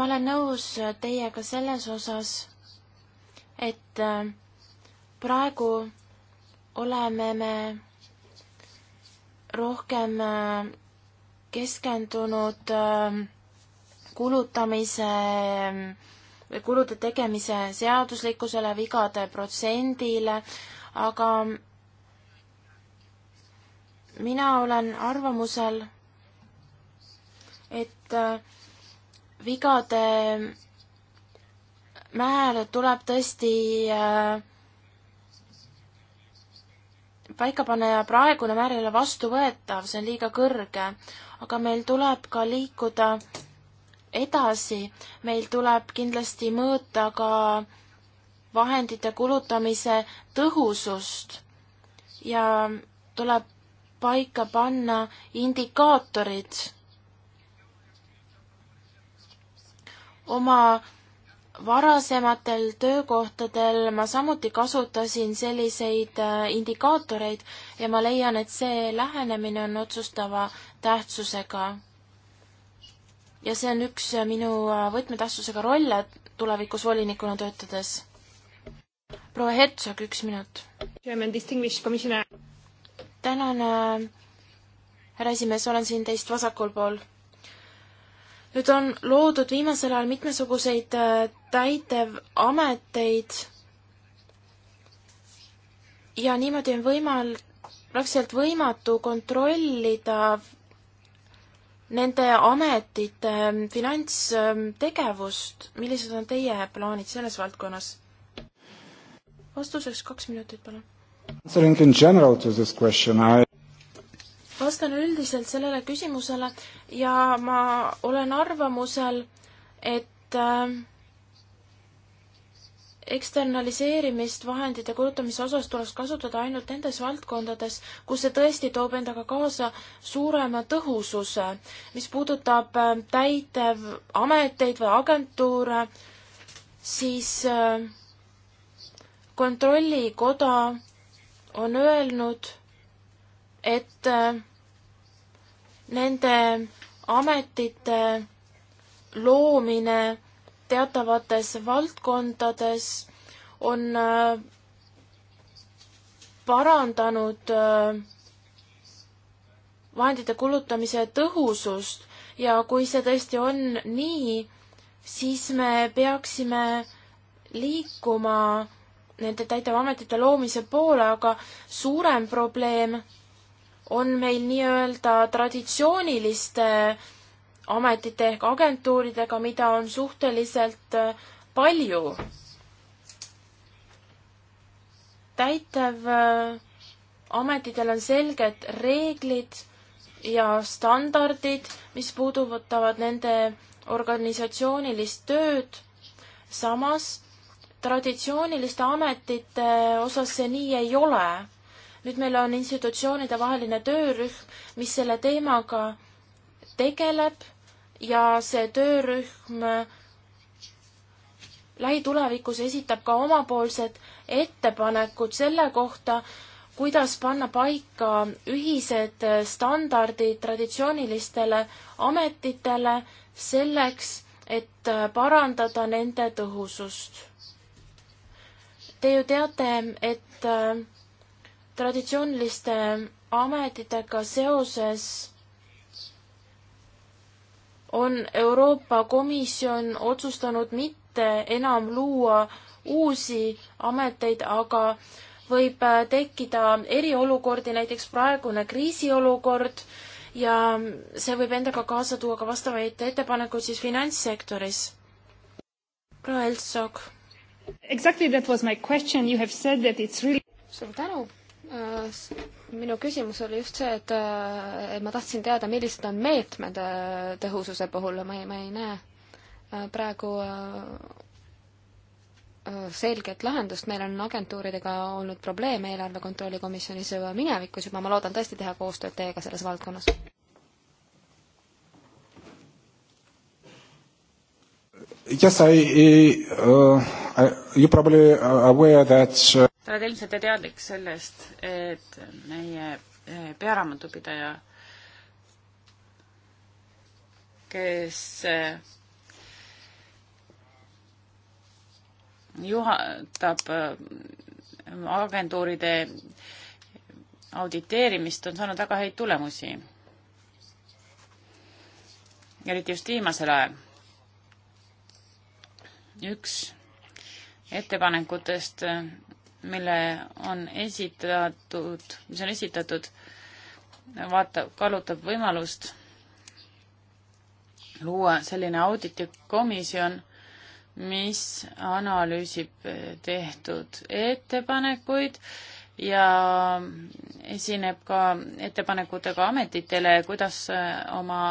ma olen nõus teiega selles osas, et äh, praegu oleme me rohkem äh, keskendunud äh, kulutamise või kulude tegemise seaduslikkusele, vigade protsendile, aga mina olen arvamusel, et äh, vigade määr tuleb tõesti äh, paika panna ja praegune määr ei ole vastuvõetav, see on liiga kõrge, aga meil tuleb ka liikuda edasi, meil tuleb kindlasti mõõta ka vahendite kulutamise tõhusust ja tuleb paika panna indikaatorid oma varasematel töökohtadel ma samuti kasutasin selliseid äh, indikaatoreid ja ma leian, et see lähenemine on otsustava tähtsusega. ja see on üks äh, minu äh, võtmetähtsusega rolle tulevikus volinikuna töötades. proua Hertsog, üks minut tänan, äh, härra esimees, olen siin teist vasakul pool nüüd on loodud viimasel ajal mitmesuguseid äh, täitevameteid ja niimoodi on võimal-, praktiliselt võimatu kontrollida nende ametite ähm, finantstegevust. millised on teie plaanid selles valdkonnas? vastuseks kaks minutit, palun vastan üldiselt sellele küsimusele ja ma olen arvamusel, et äh, eksternaliseerimist vahendite kulutamise osas tuleks kasutada ainult nendes valdkondades, kus see tõesti toob endaga kaasa suurema tõhususe. mis puudutab äh, täitevameteid või agentuure, siis äh, kontrollikoda on öelnud, et äh, nende ametite loomine teatavates valdkondades on äh, parandanud äh, vahendite kulutamise tõhusust ja kui see tõesti on nii, siis me peaksime liikuma nende täitevametite loomise poole, aga suurem probleem on meil nii-öelda traditsiooniliste ametite ehk agentuuridega, mida on suhteliselt äh, palju. täitev äh, ametitel on selged reeglid ja standardid, mis puudutavad nende organisatsioonilist tööd. samas traditsiooniliste ametite osas see nii ei ole. nüüd meil on institutsioonide vaheline töörühm, mis selle teemaga tegeleb ja see töörühm lähitulevikus esitab ka omapoolsed ettepanekud selle kohta, kuidas panna paika ühised standardid traditsioonilistele ametitele selleks, et parandada nende tõhusust Te ju teate, et äh, traditsiooniliste ametitega seoses on Euroopa Komisjon otsustanud mitte enam luua uusi ameteid, aga võib äh, tekkida eriolukordi, näiteks praegune kriisiolukord ja see võib endaga kaasa tuua ka vastavaid ettepanekuid siis finantssektoris. proua Eltsog Exactly that was my question, you have said that it's really suur tänu! Äh, minu küsimus oli just see, et, äh, et ma tahtsin teada, millised on meetmed äh, tõhususe puhul, ma ei, ma ei näe praegu selget lahendust, meil on agentuuridega olnud probleeme eelarve kontrolli komisjonis juba minevikus juba, ma loodan tõesti teha koostööd teiega selles valdkonnas. Yes, I, uh, I, you probably aware that uh... te olete ilmselt teadlik sellest, et meie eh, pearaamatupidaja, kes eh, juhatab eh, agentuuride auditeerimist, on saanud väga häid tulemusi. eriti just viimasel ajal üks ettepanekutest, mille on esitatud, mis on esitatud, vaatab, kaalutab võimalust luua selline auditikomisjon, mis analüüsib tehtud ettepanekuid ja esineb ka ettepanekutega ametitele, kuidas oma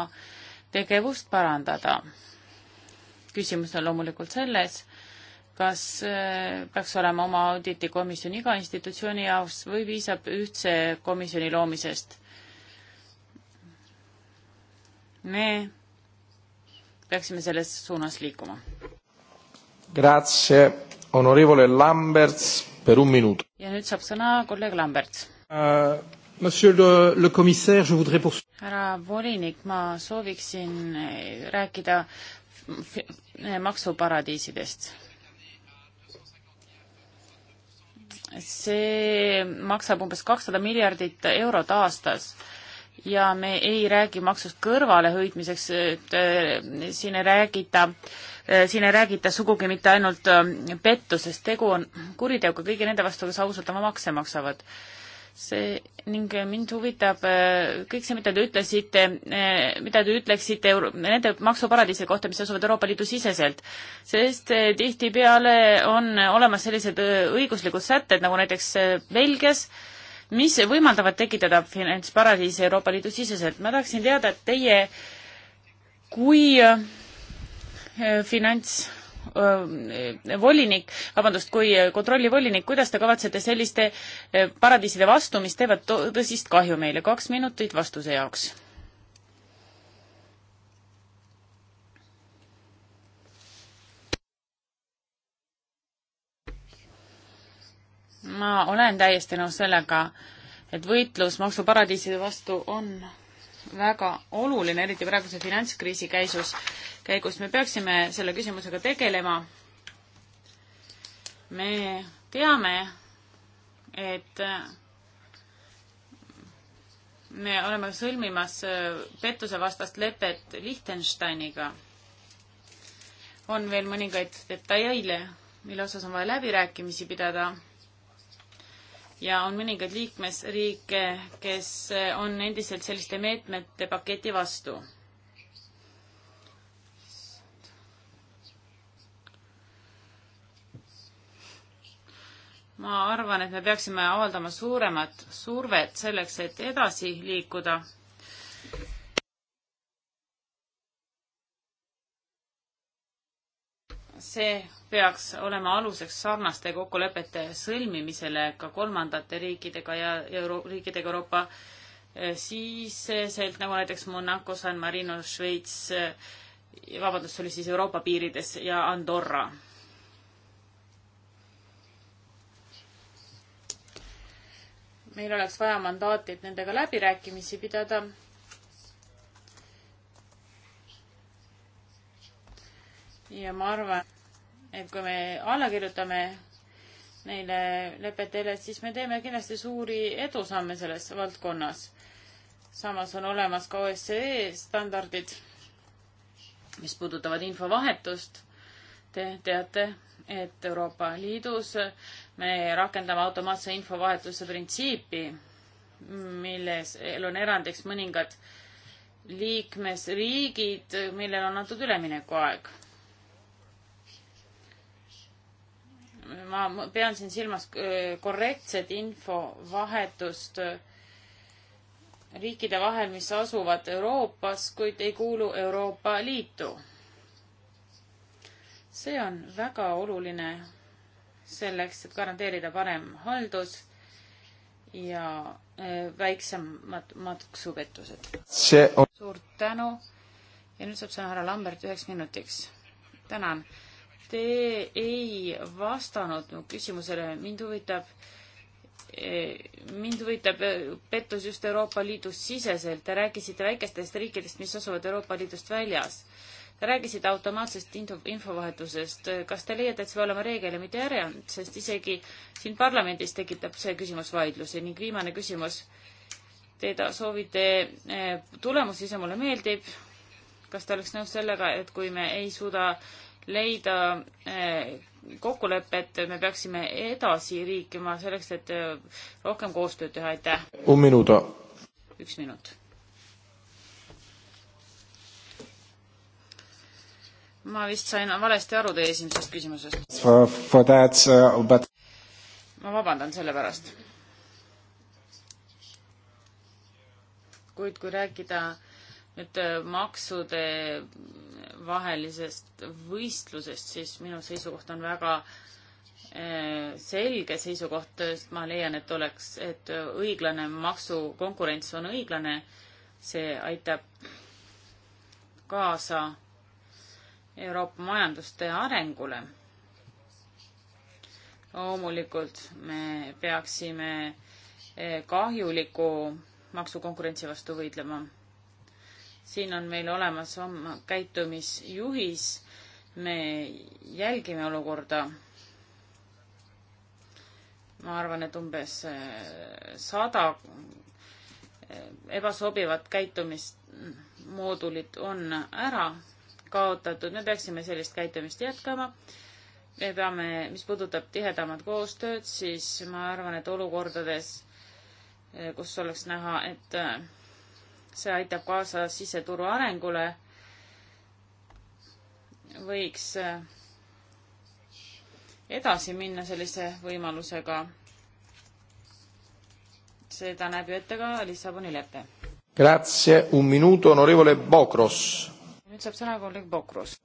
tegevust parandada küsimus on loomulikult selles, kas äh, peaks olema oma auditikomisjon iga institutsiooni jaoks või piisab ühtse komisjoni loomisest? me peaksime selles suunas liikuma. Grazie, onorevole Lamberts, per un minut. ja nüüd saab sõna kolleeg Lamberts uh,. Monsieur le, le commissaire, je voudrais pour... härra volinik, ma sooviksin äh, rääkida maksuparadiisidest. see maksab umbes kakssada miljardit eurot aastas ja me ei räägi maksust kõrvalehoidmiseks, et eh, siin ei räägita, eh, siin ei räägita sugugi mitte ainult eh, pettusest, tegu on kuriteoga kõigi nende vastu, kes ausalt oma makse maksavad see ning mind huvitab äh, kõik see, mida te ütlesite, äh, mida te ütleksite nende maksuparadiise kohta, mis asuvad Euroopa Liidu siseselt. sest äh, tihtipeale on olemas sellised õiguslikud sätted, nagu näiteks Belgias, mis võimaldavad tekitada finantsparadiise Euroopa Liidu siseselt. ma tahaksin teada, et teie kui finants Äh, volinik, vabandust, kui kontrollivolinik, kuidas te kavatsete selliste äh, paradiiside vastu, mis teevad tõsist kahju meile? kaks minutit vastuse jaoks. ma olen täiesti nõus sellega, et võitlus maksuparadiiside vastu on väga oluline, eriti praeguse finantskriisi käisus, käigus me peaksime selle küsimusega tegelema. me teame, et me oleme sõlmimas pettusevastast lepet Liechtensteiniga. on veel mõningaid detaile, mille osas on vaja läbirääkimisi pidada ja on mõningaid liikmesriike, kes on endiselt selliste meetmete paketi vastu. ma arvan, et me peaksime avaldama suuremat survet selleks, et edasi liikuda see peaks olema aluseks sarnaste kokkulepete sõlmimisele ka kolmandate riikidega ja euro, riikidega Euroopa eh, siseselt, nagu näiteks Monaco, San Marino, Šveits, eh, vabandust, see oli siis Euroopa piirides ja Andorra. meil oleks vaja mandaati, et nendega läbirääkimisi pidada ja ma arvan, et kui me alla kirjutame neile lepetele, siis me teeme kindlasti suuri edusamme selles valdkonnas. samas on olemas ka OSCE standardid, mis puudutavad infovahetust. Te teate, et Euroopa Liidus me rakendame automaatse infovahetuse printsiipi, milles on erandiks mõningad liikmesriigid, millel on antud üleminekuaeg ma pean siin silmas äh, korrektset infovahetust äh, riikide vahel, mis asuvad Euroopas, kuid ei kuulu Euroopa Liitu. see on väga oluline selleks, et garanteerida parem haldus ja äh, väiksemad maksupettused. On... suur tänu ja nüüd saab sõna härra Lambert üheks minutiks. tänan Te ei vastanud mu küsimusele, mind huvitab, eh, mind huvitab eh, pettus just Euroopa Liidu siseselt. Te rääkisite väikestest riikidest, mis asuvad Euroopa Liidust väljas. Te rääkisite automaatsest info, infovahetusest. kas te leiate, et see peab olema reegel ja mitte järjand, sest isegi siin parlamendis tekitab see küsimus vaidlusi ning viimane küsimus. Te soovite eh, tulemusi, see mulle meeldib. kas te oleks nõus sellega, et kui me ei suuda leida eh, kokkulepet, me peaksime edasi liikuma selleks, et eh, rohkem koostööd teha, aitäh! un minuto. üks minut. ma vist sain valesti aru teie esimesest küsimusest. For that uh,, but ma vabandan selle pärast. kuid kui rääkida nüüd eh, maksude vahelisest võistlusest, siis minu seisukoht on väga eh, selge seisukoht, sest ma leian, et oleks, et õiglane maksukonkurents on õiglane, see aitab kaasa Euroopa majanduste arengule. loomulikult me peaksime eh, kahjuliku maksukonkurentsi vastu võidlema siin on meil olemas oma käitumisjuhis, me jälgime olukorda. ma arvan, et umbes äh, sada äh, ebasobivat käitumismoodulit on ära kaotatud, me peaksime sellist käitumist jätkama. me peame, mis puudutab tihedamat koostööd, siis ma arvan, et olukordades, äh, kus oleks näha, et see aitab kaasa siseturu arengule, võiks eh, edasi minna sellise võimalusega. seda näeb ju ette ka Lissaboni lepe. Grazie, un minuto, onorevole Bokros. nüüd saab sõna kolleeg Bokros.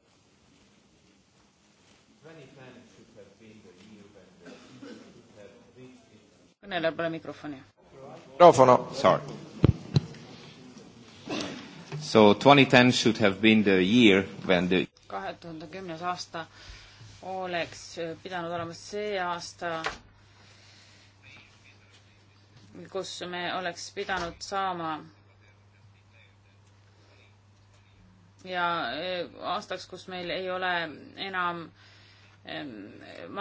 kõnelejal pole mikrofoni. mikrofon, sorry So 2010 should have been the year when the kahe tuhande kümnes aasta oleks äh, pidanud olema see aasta, kus me oleks pidanud saama ja äh, aastaks, kus meil ei ole enam ähm,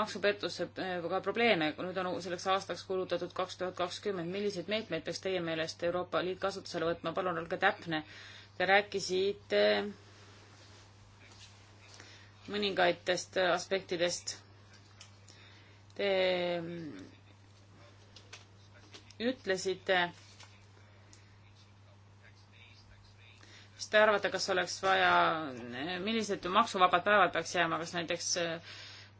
maksupettusega äh, probleeme, nüüd on selleks aastaks kulutatud kaks tuhat kakskümmend, milliseid meetmeid peaks teie meelest Euroopa Liit kasutusele võtma, palun olge täpne Te rääkisite mõningatest aspektidest. Te ütlesite, mis te arvate, kas oleks vaja, millised maksuvabad päevad peaks jääma, kas näiteks,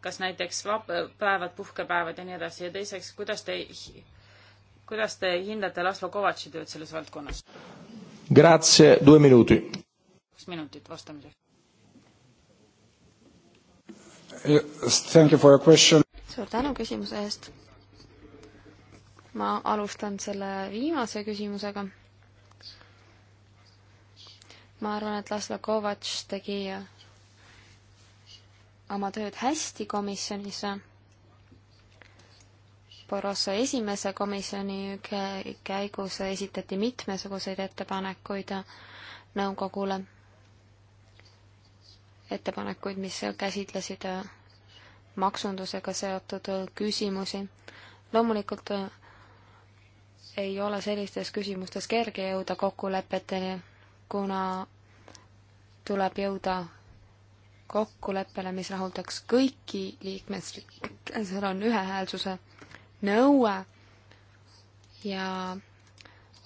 kas näiteks vab-, päevad, puhkepäevad ja nii edasi ja teiseks, kuidas te, kuidas te hindate Laslo Kovatši tööd selles valdkonnas? Grazie, due minuti. kaks minutit vastamiseks. Eh, thank you for your question. suur tänu küsimuse eest. ma alustan selle viimase küsimusega. ma arvan, et Laslo Kovatš tegi oma tööd hästi komisjonis Barroso esimese komisjoni käigus esitati mitmesuguseid ettepanekuid nõukogule, ettepanekuid, mis käsitlesid maksundusega seotud küsimusi. loomulikult ei ole sellistes küsimustes kerge jõuda kokkulepeteni, kuna tuleb jõuda kokkuleppele, mis rahuldaks kõiki liikmesriike, seal on ühehäälsuse nõue ja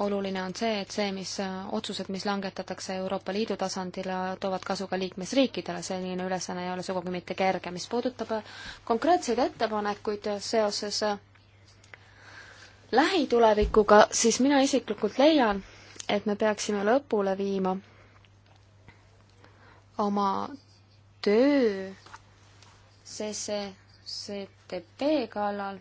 oluline on see, et see, mis äh, otsused, mis langetatakse Euroopa Liidu tasandil, äh, toovad kasu ka liikmesriikidele, selline ülesanne ei ole sugugi mitte kerge. mis puudutab äh, konkreetseid ettepanekuid seoses lähitulevikuga, siis mina isiklikult leian, et me peaksime lõpule viima oma töö CCCTP kallal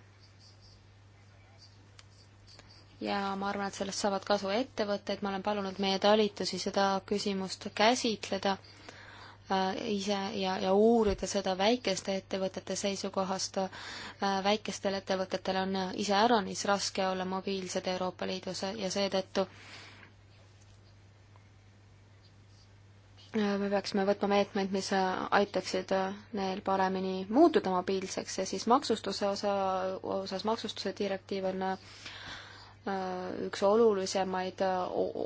ja ma arvan, et sellest saavad kasu ettevõtted, ma olen palunud meie talitusi seda küsimust käsitleda äh, ise ja, ja uurida seda väikeste ettevõtete seisukohast. Äh, väikestel ettevõtetel on iseäranis raske olla mobiilsed Euroopa Liidus ja seetõttu äh, me peaksime võtma meetmeid, mis aitaksid neil paremini muutuda mobiilseks ja siis maksustuse osa, osas maksustuse direktiiv on Äh, üks olulisemaid äh,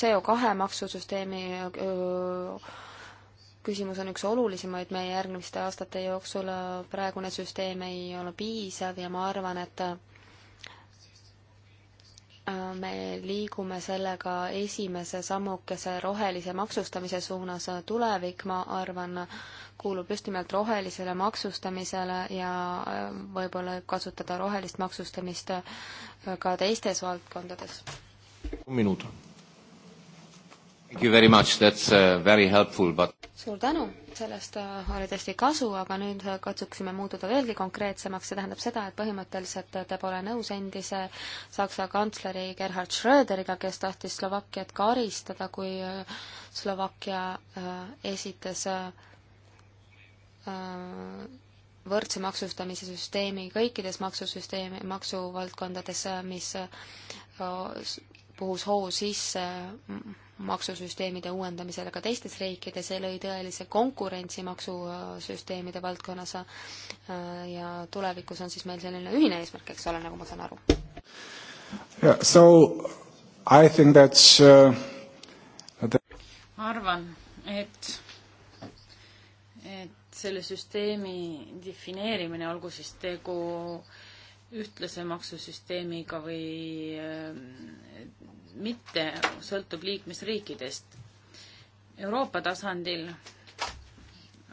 CO2 maksusüsteemi äh, küsimus on üks olulisemaid meie järgmiste aastate jooksul, praegune süsteem ei ole piisav ja ma arvan, et me liigume sellega esimese sammukese rohelise maksustamise suunas. tulevik, ma arvan, kuulub just nimelt rohelisele maksustamisele ja äh, võib-olla kasutada rohelist maksustamist äh, ka teistes valdkondades. minut on Thank you very much, that's uh, very helpful, but suur tänu, sellest äh, oli tõesti kasu, aga nüüd äh, katsuksime muutuda veelgi konkreetsemaks, see tähendab seda, et põhimõtteliselt äh, te pole nõus endise Saksa kantsleri Gerhard Schröderiga, kes tahtis Slovakkiat karistada, kui Slovakkia esitas võrdse maksustamise süsteemi kõikides maksusüsteemi, maksuvaldkondades, mis puhus hoo sisse maksusüsteemide uuendamisele ka teistes riikides ja lõi tõelise konkurentsi maksusüsteemide valdkonnas. Äh, ja tulevikus on siis meil selline ühine eesmärk, eks ole, nagu ma saan aru yeah,. So I think that's uh, that... ma arvan, et, et selle süsteemi defineerimine, olgu siis tegu ühtlase maksusüsteemiga või äh, mitte sõltub liikmesriikidest. Euroopa tasandil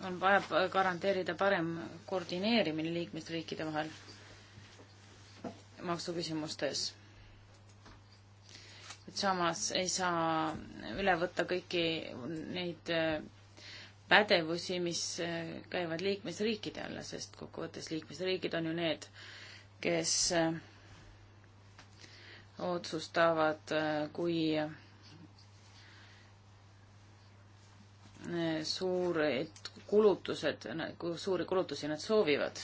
on vaja garanteerida parem koordineerimine liikmesriikide vahel maksuküsimustes. kuid samas ei saa üle võtta kõiki neid äh, pädevusi, mis äh, käivad liikmesriikide alla, sest kokkuvõttes liikmesriigid on ju need, kes äh, otsustavad, kui suured kulutused, kui suuri kulutusi nad soovivad.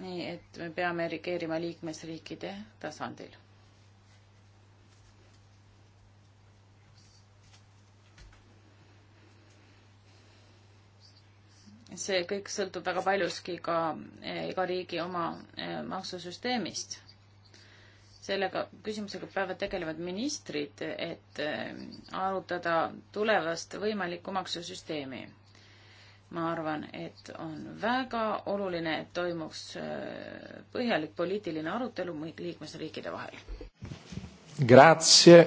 nii et me peame reageerima liikmesriikide tasandil. see kõik sõltub väga paljuski ka eh, iga riigi oma eh, maksusüsteemist sellega küsimusega peavad tegelevad ministrid, et äh, arutada tulevast võimalikku maksusüsteemi. ma arvan, et on väga oluline, et toimuks äh, põhjalik poliitiline arutelu liikmesriikide vahel. Grazie,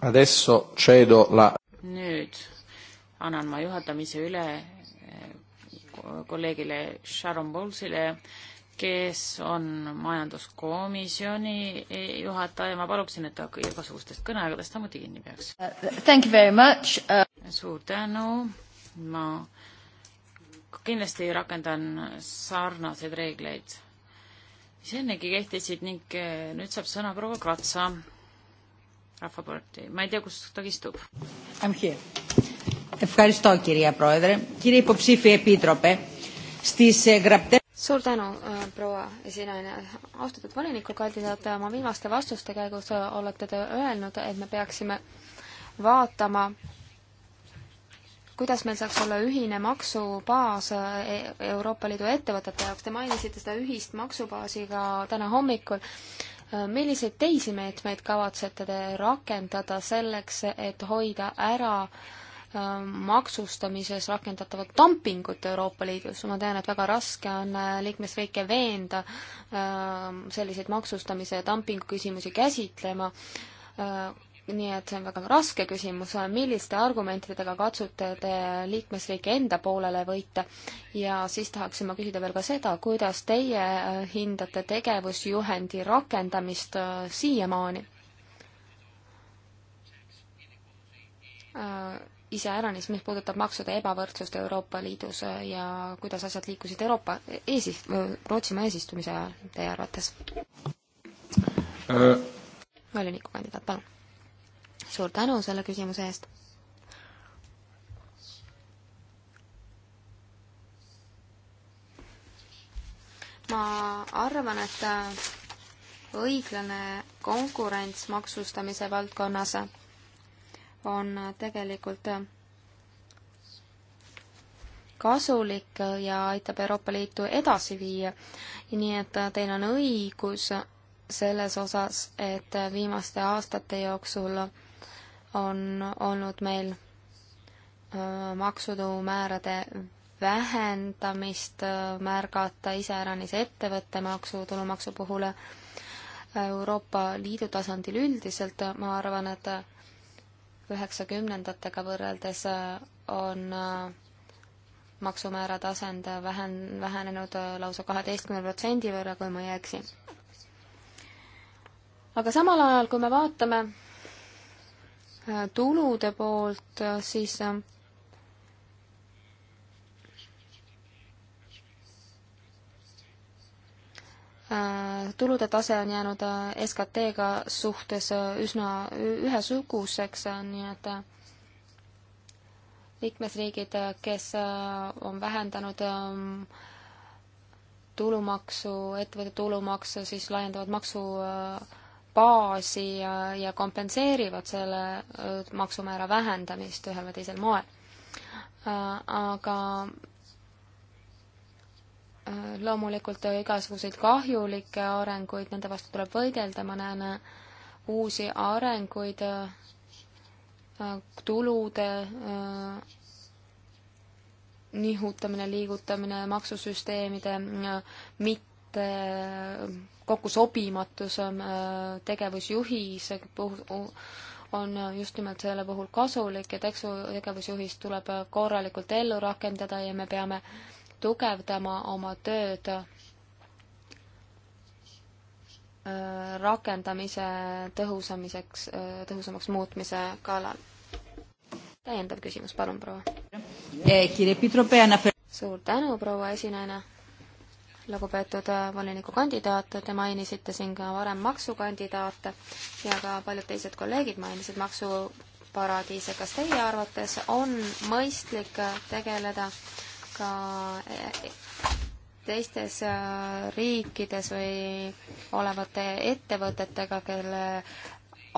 adesso cedo la. nüüd annan ma juhatamise üle äh, kolleegile Sharon Bowlesile kes on majanduskomisjoni juhataja, ma paluksin, et ta igasugustest kõneaegadest samuti kinni peaks uh,. Thank you very much uh.... suur tänu, ma kindlasti rakendan sarnaseid reegleid, mis ennegi kehtisid ning eh, nüüd saab sõna proua Kratsa Rahvapartei, ma ei tea, kus ta istub. I m here. Ευχαριστώ κυρία Πρόεδρε. Κύριε υποψήφιε επίτροπε, στις γραπτές suur tänu, äh, proua esinaine. austatud volinikukandidaat, oma äh, viimaste vastuste käigus äh, olete te öelnud, et me peaksime vaatama, kuidas meil saaks olla ühine maksubaas e-, Euroopa Liidu ettevõtete jaoks. Te mainisite seda ühist maksubaasi ka täna hommikul. milliseid teisi meetmeid kavatsete te rakendada selleks, et hoida ära äh, Äh, maksustamises rakendatavat dumpingut Euroopa Liidus. ma tean, et väga raske on äh, liikmesriike veenda äh, selliseid maksustamise ja dumpingu küsimusi käsitlema, nii et see on väga raske küsimus, milliste argumentidega katsute te liikmesriike enda poolele võita ja siis tahaksin ma küsida veel ka seda, kuidas teie hindate tegevusjuhendi rakendamist siiamaani? iseäranis, mis puudutab maksude ebavõrdsust Euroopa Liidus äh, ja kuidas asjad liikusid Euroopa eesist-, Rootsimaa eesistumise ajal teie arvates äh.? volinikukandidaat, palun. suur tänu selle küsimuse eest. ma arvan, et äh, õiglane konkurents maksustamise valdkonnas on tegelikult kasulik ja aitab Euroopa Liitu edasi viia. nii et teil on õigus selles osas, et viimaste aastate jooksul on olnud meil maksutulumäärade vähendamist märgata iseäranis ettevõtte maksu, tulumaksu puhul Euroopa Liidu tasandil üldiselt, ma arvan, et üheksakümnendatega võrreldes äh, on äh, maksumäära tasand vähen-, vähenenud äh, lausa kaheteistkümne protsendi võrra, kui ma ei eksi. aga samal ajal, kui me vaatame tulude poolt, siis Äh, tulude tase on jäänud äh, SKT-ga suhtes äh, üsna ühesuguseks, nii et liikmesriigid, kes on vähendanud ähm, tulumaksu, ettevõtte tulumaksu, siis laiendavad maksubaasi ja, ja kompenseerivad selle maksumäära vähendamist ühel või teisel moel. Aga loomulikult igasuguseid kahjulikke arenguid, nende vastu tuleb võidelda, ma näen äh, uusi arenguid äh, tulude äh, nihutamine, liigutamine, maksusüsteemide mitte kokkusobimatus tegevusjuhis on just nimelt selle puhul kasulik ja teksu tegevusjuhis tuleb korralikult ellu rakendada ja me peame äh, tugevdama oma tööd äh, rakendamise tõhusamiseks, äh, tõhusamaks muutmise kallal. täiendav küsimus, palun, proua. Eh, suur tänu, proua esinaine. lugupeetud äh, volinikukandidaat, te mainisite siin ka varem maksukandidaate ja ka paljud teised kolleegid mainisid maksuparadiise. kas teie arvates on mõistlik tegeleda äh, ka eh, teistes äh, riikides või olevate ettevõtetega, kelle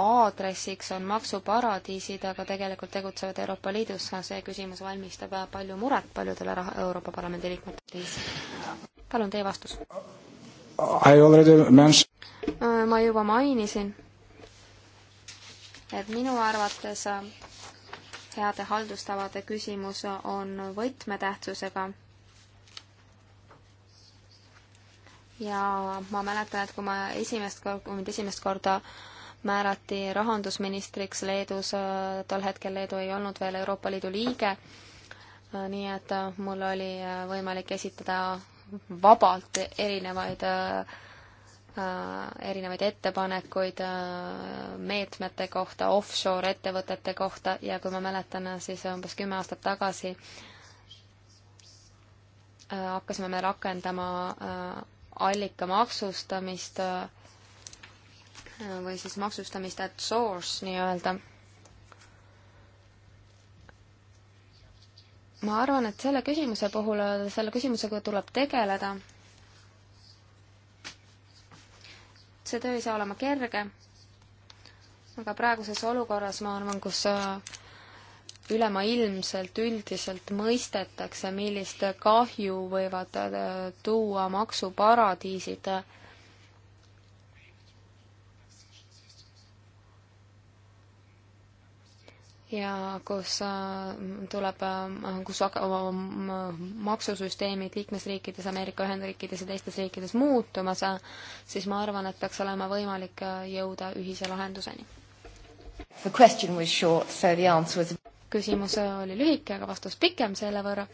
aadressiks on maksuparadiisid, aga tegelikult tegutsevad Euroopa Liidus, see küsimus valmistab äh, palju muret paljudele Euroopa Parlamendi liikmetele. palun teie vastus. Äh, ma juba mainisin, et minu arvates heade haldustavade küsimus on võtmetähtsusega. ja ma mäletan, et kui ma esimest korda, kui mind esimest korda määrati rahandusministriks Leedus, tol hetkel Leedu ei olnud veel Euroopa Liidu liige, nii et mul oli võimalik esitada vabalt erinevaid äh, Äh, erinevaid ettepanekuid äh, meetmete kohta, offshore ettevõtete kohta ja kui ma mäletan, siis umbes kümme aastat tagasi äh, hakkasime me rakendama allika maksustamist või siis maksustamist at source nii-öelda. ma arvan, et selle küsimuse puhul, selle küsimusega tuleb tegeleda see töö ei saa olema kerge, aga praeguses olukorras, ma arvan, kus äh, ülemaailmselt üldiselt mõistetakse, millist kahju võivad äh, tuua maksuparadiisid äh, ja kus äh, tuleb, äh, kus maksusüsteemid liikmesriikides, Ameerika Ühendriikides ja teistes riikides muutumas, siis ma arvan, et peaks olema võimalik äh, jõuda ühise lahenduseni. Was... küsimus oli lühike, aga vastus pikem selle võrra.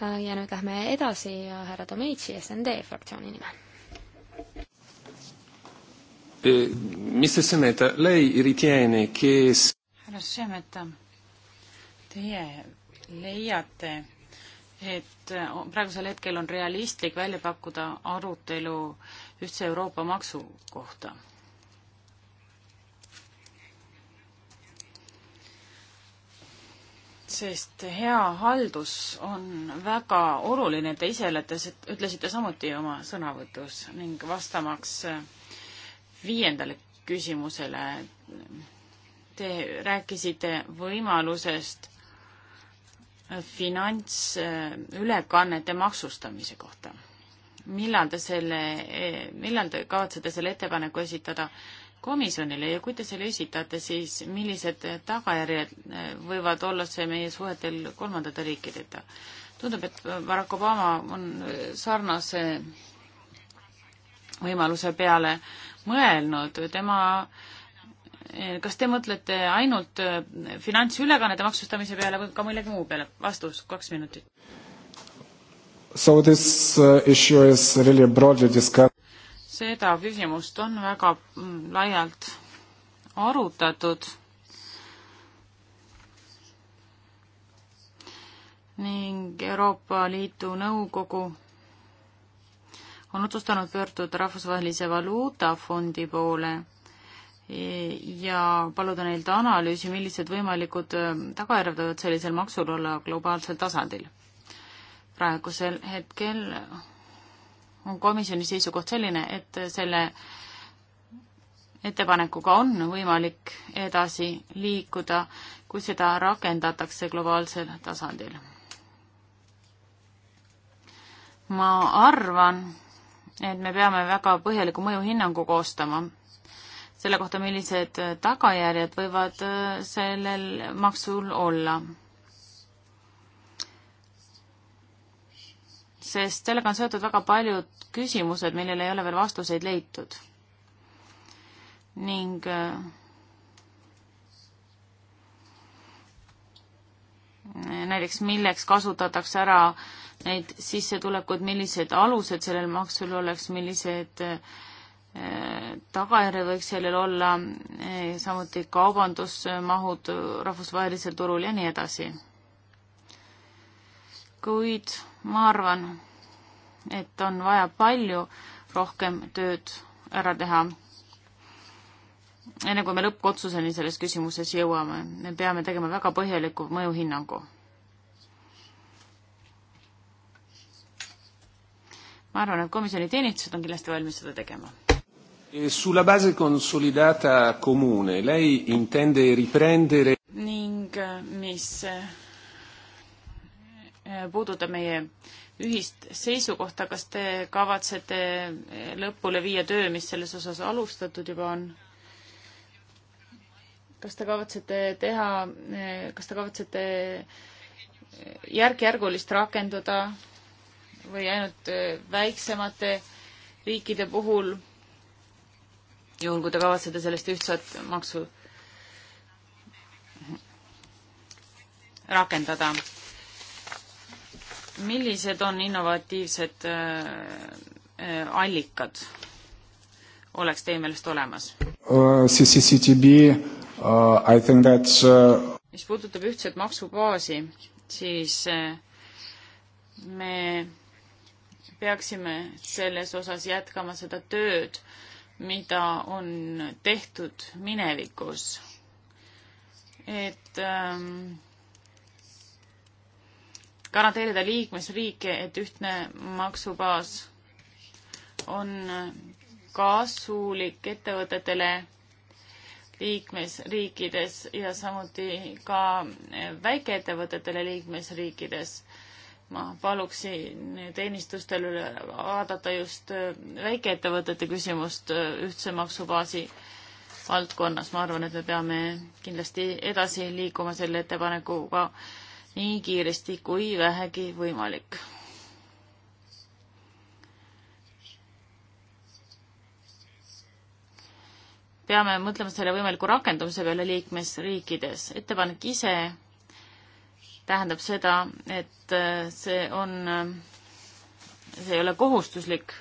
ja nüüd lähme edasi härra Domenici SND fraktsiooni nimel. Eh, Mr. Semeta, lei ritiene che Šemeta, teie leiate, et praegusel hetkel on realistlik välja pakkuda arutelu ühtse Euroopa maksu kohta? sest hea haldus on väga oluline, te ise olete, ütlesite samuti oma sõnavõtus ning vastamaks viiendale küsimusele, Te rääkisite võimalusest finantsülekannete maksustamise kohta. millal te selle, millal te kavatsete selle ettepaneku esitada komisjonile ja kui te selle esitate, siis millised tagajärjed eh, võivad olla see meie suhetel kolmandate riikidega? tundub, et Barack Obama on eh, sarnase võimaluse peale mõelnud, tema äh, kas te mõtlete ainult äh, finantsülekannete maksustamise peale või ka millegi muu peale? vastus, kaks minutit. So this uh, issue is really broadly discussed. seda küsimust on väga mm, laialt arutatud ning Euroopa Liidu Nõukogu on otsustanud pöörduda Rahvusvahelise Valuutafondi poole ja paluda neilt analüüsi, millised võimalikud äh, tagajärjed võivad sellisel maksul olla globaalsel tasandil. praegusel hetkel on komisjoni seisukoht selline, et selle ettepanekuga on võimalik edasi liikuda, kui seda rakendatakse globaalsel tasandil. ma arvan, et me peame väga põhjaliku mõjuhinnangu koostama selle kohta, millised tagajärjed võivad äh, sellel maksul olla. sest sellega on seotud väga paljud küsimused, millele ei ole veel vastuseid leitud. ning äh, näiteks milleks kasutatakse ära neid sissetulekuid, millised alused sellel maksul oleks, millised äh, tagajärjed võiks sellel olla, eh, samuti kaubandusmahud rahvusvahelisel turul ja nii edasi. kuid ma arvan, et on vaja palju rohkem tööd ära teha, enne kui me lõppotsuseni selles küsimuses jõuame. me peame tegema väga põhjaliku mõjuhinnangu. ma arvan, et komisjoni teenistused on kindlasti valmis seda tegema E sulla base consolidata comune, lei intende riprendere ning eh, mis eh, eh, puudutab meie ühist seisukohta, kas te kavatsete lõpule viia töö, mis selles osas alustatud juba on? kas te kavatsete teha, kas te kavatsete järk-järgulist rakendada või ainult väiksemate riikide puhul juhul kui te kavatsete sellest ühtset maksu rakendada. millised on innovatiivsed äh, äh, allikad oleks teie meelest olemas uh,? Äh, CCCTB uh,, I think that uh... mis puudutab ühtset maksubaasi, siis me peaksime selles osas jätkama seda tööd uh, mida on tehtud minevikus. et ähm, garanteerida liikmesriike, et ühtne maksubaas on kasulik ettevõtetele liikmesriikides ja samuti ka väikeettevõtetele liikmesriikides ma paluksin teenistustel üle vaadata just äh, väikeettevõtete küsimust äh, ühtse maksubaasi valdkonnas. ma arvan, et me peame kindlasti edasi liikuma selle ettepanekuga nii kiiresti kui vähegi võimalik. peame mõtlema selle võimaliku rakendamise peale liikmesriikides. ettepanek ise tähendab seda, et äh, see on, äh, see ei ole kohustuslik.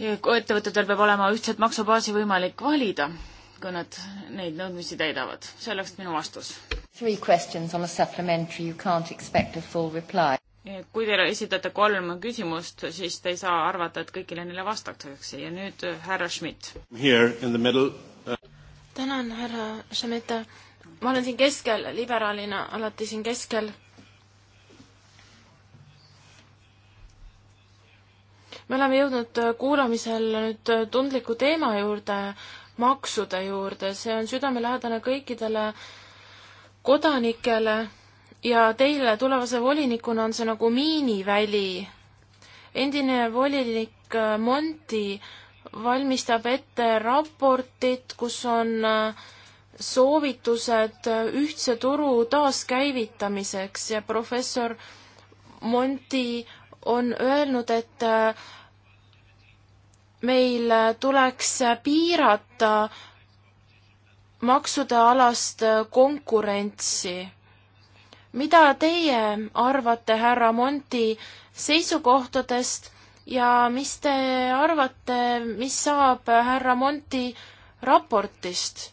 ettevõtetel peab olema ühtset maksubaasi võimalik valida, kui nad neid nõudmisi täidavad. see oleks minu vastus. Three questions on a supplementary, you can't expect a full reply. kui teile esitate kolm küsimust, siis te ei saa arvata, et kõigile neile vastatakse ja nüüd äh, härra Schmidt. Here in the middle uh.... tänan, härra Šemeta ma olen siin keskel, liberaalina alati siin keskel. me oleme jõudnud kuulamisel nüüd tundliku teema juurde, maksude juurde, see on südamelähedane kõikidele kodanikele ja teile tulevase volinikuna on see nagu miiniväli. endine volinik Monti valmistab ette raportit, kus on äh, soovitused ühtse turu taaskäivitamiseks ja professor Monti on öelnud, et äh, meil tuleks piirata maksudealast konkurentsi. mida teie arvate härra Monti seisukohtadest ja mis te arvate, mis saab härra Monti raportist?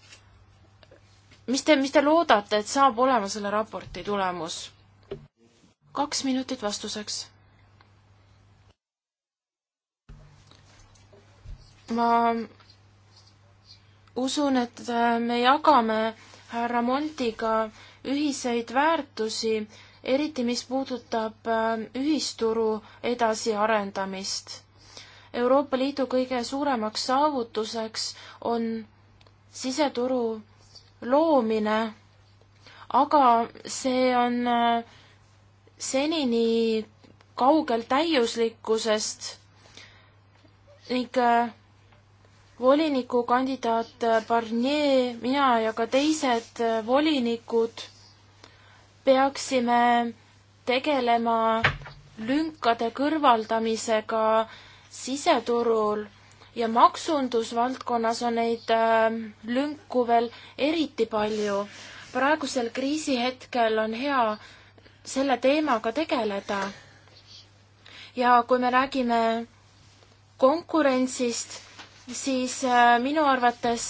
mis te, mis te loodate, et saab olema selle raporti tulemus? kaks minutit vastuseks. ma usun, et äh, me jagame härra Montiga ühiseid väärtusi, eriti mis puudutab äh, ühisturu edasiarendamist. Euroopa Liidu kõige suuremaks saavutuseks on siseturu loomine, aga see on äh, senini kaugel täiuslikkusest ning äh, volinikukandidaat äh, Barnier, mina ja ka teised volinikud peaksime tegelema lünkade kõrvaldamisega siseturul ja maksundusvaldkonnas on neid äh, lünku veel eriti palju. praegusel kriisihetkel on hea selle teemaga tegeleda. ja kui me räägime konkurentsist, siis äh, minu arvates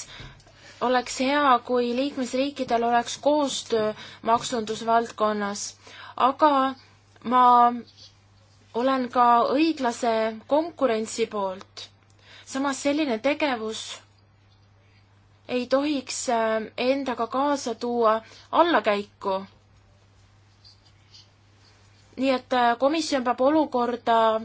oleks hea, kui liikmesriikidel oleks koostöö maksundusvaldkonnas, aga ma olen ka õiglase konkurentsi poolt samas selline tegevus ei tohiks äh, endaga kaasa tuua allakäiku. nii et äh, komisjon peab olukorda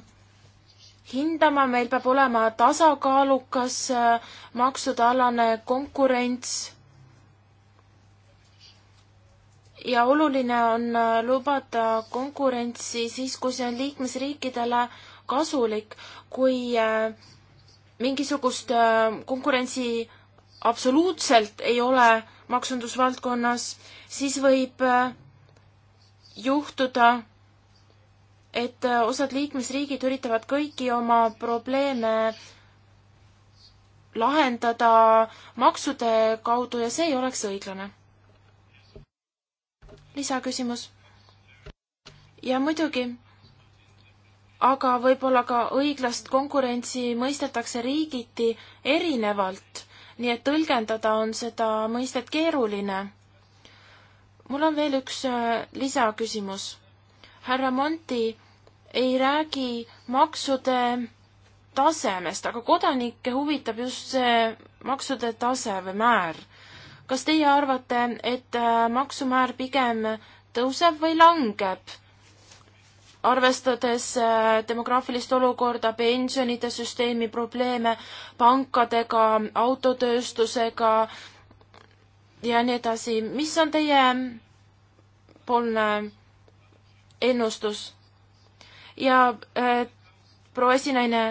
hindama, meil peab olema tasakaalukas äh, maksudealane konkurents. ja oluline on lubada konkurentsi siis, kui see on liikmesriikidele kasulik, kui äh, mingisugust äh, konkurentsi absoluutselt ei ole maksundusvaldkonnas, siis võib äh, juhtuda, et äh, osad liikmesriigid üritavad kõiki oma probleeme lahendada maksude kaudu ja see ei oleks õiglane. lisaküsimus? ja muidugi aga võib-olla ka õiglast konkurentsi mõistetakse riigiti erinevalt, nii et tõlgendada on seda mõistet keeruline. mul on veel üks äh, lisaküsimus. härra Monti ei räägi maksude tasemest, aga kodanikke huvitab just see maksude tase või määr. kas teie arvate, et äh, maksumäär pigem tõuseb või langeb? arvestades äh, demograafilist olukorda, pensionide süsteemi probleeme, pankadega, autotööstusega ja nii edasi. mis on teie poolne ennustus? ja äh, proua esinaine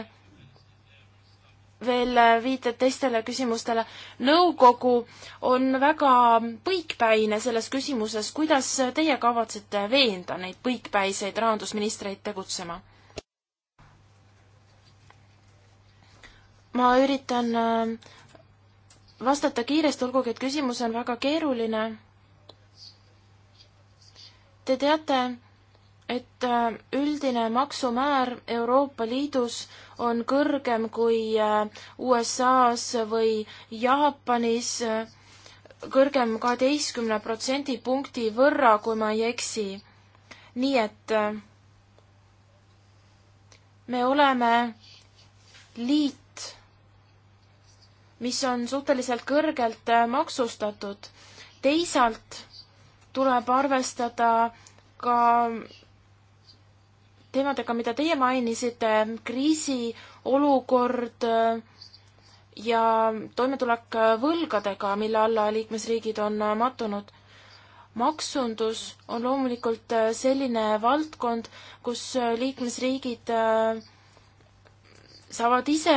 veel viited teistele küsimustele. nõukogu on väga põikpäine selles küsimuses, kuidas teie kavatsete veenda neid põikpäiseid rahandusministreid tegutsema? ma üritan äh, vastata kiiresti, olgugi et küsimus on väga keeruline. Te teate, et äh, üldine maksumäär Euroopa Liidus on kõrgem kui äh, USA-s või Jaapanis, äh, kõrgem kaheteistkümne protsendipunkti võrra, kui ma ei eksi. nii et me oleme liit, mis on suhteliselt kõrgelt maksustatud. teisalt tuleb arvestada ka teemadega, mida teie mainisite, kriisiolukord äh, ja toimetulek äh, võlgadega, mille alla liikmesriigid on äh, mattunud. maksundus on loomulikult selline valdkond, kus liikmesriigid saavad ise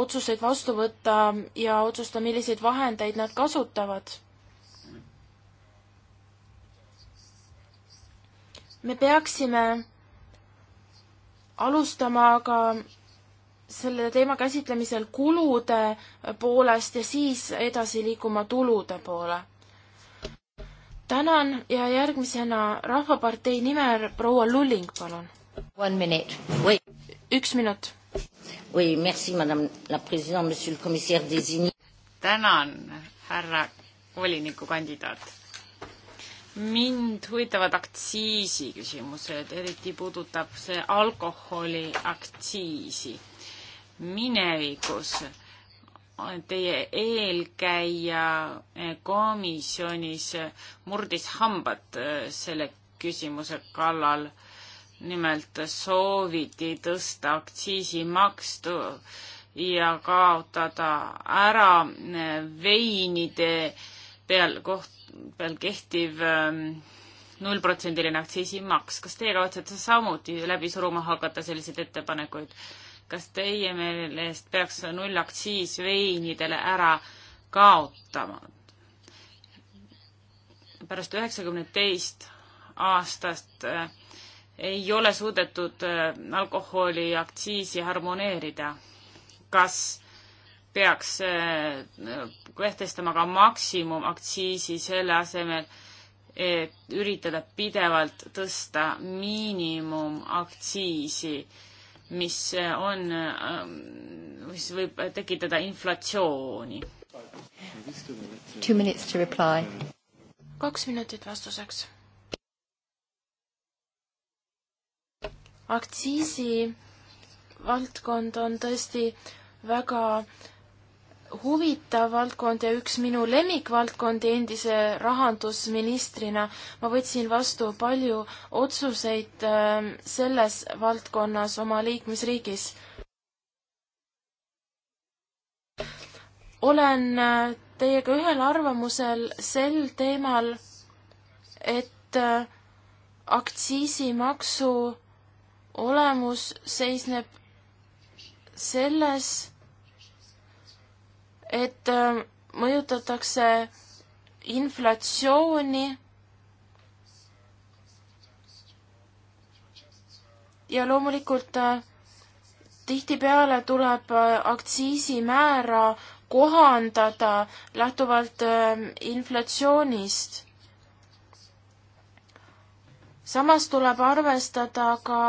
otsuseid vastu võtta ja otsustada, milliseid vahendeid nad kasutavad. me peaksime alustama aga selle teema käsitlemisel kulude poolest ja siis edasi liikuma tulude poole. tänan ja järgmisena Rahvapartei nimel proua Lulling, palun. üks minut. Oui, merci, madame la présidente, monsieur le commissaire désigné. tänan, härra volinikukandidaat mind huvitavad aktsiisi küsimused, eriti puudutab see alkoholiaktsiisi. minevikus teie eelkäija komisjonis murdis hambad äh, selle küsimuse kallal. nimelt sooviti tõsta aktsiisimakstu ja kaotada ära äh, veinide peal koht, peal kehtiv ähm, nullprotsendiline aktsiisimaks. kas teie kavatsete samuti läbi suruma hakata selliseid ettepanekuid? kas teie meelest peaks nullaktsiis veinidele ära kaotama? pärast üheksakümne teist aastast äh, ei ole suudetud äh, alkoholiaktsiisi harmoneerida. kas peaks äh, kehtestama ka maksimumaktsiisi selle asemel, et üritada pidevalt tõsta miinimumaktsiisi, mis on, äh, mis võib tekitada inflatsiooni. kaks minutit vastuseks. aktsiisi valdkond on tõesti väga äh, huvitav valdkond ja üks minu lemmikvaldkondi endise rahandusministrina. ma võtsin vastu palju otsuseid ähm, selles valdkonnas oma liikmesriigis. olen äh, teiega ühel arvamusel sel teemal, et äh, aktsiisimaksu olemus seisneb selles, et ähm, mõjutatakse inflatsiooni ja loomulikult äh, tihtipeale tuleb äh, aktsiisimäära kohandada lähtuvalt ähm, inflatsioonist. samas tuleb arvestada ka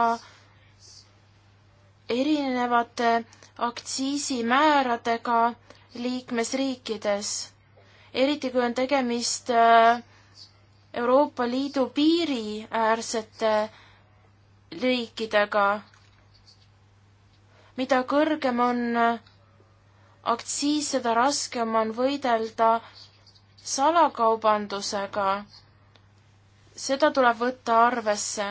erinevate aktsiisimääradega liikmesriikides, eriti kui on tegemist äh, Euroopa Liidu piiriäärsete riikidega. mida kõrgem on äh, aktsiis, seda raskem on võidelda salakaubandusega. seda tuleb võtta arvesse.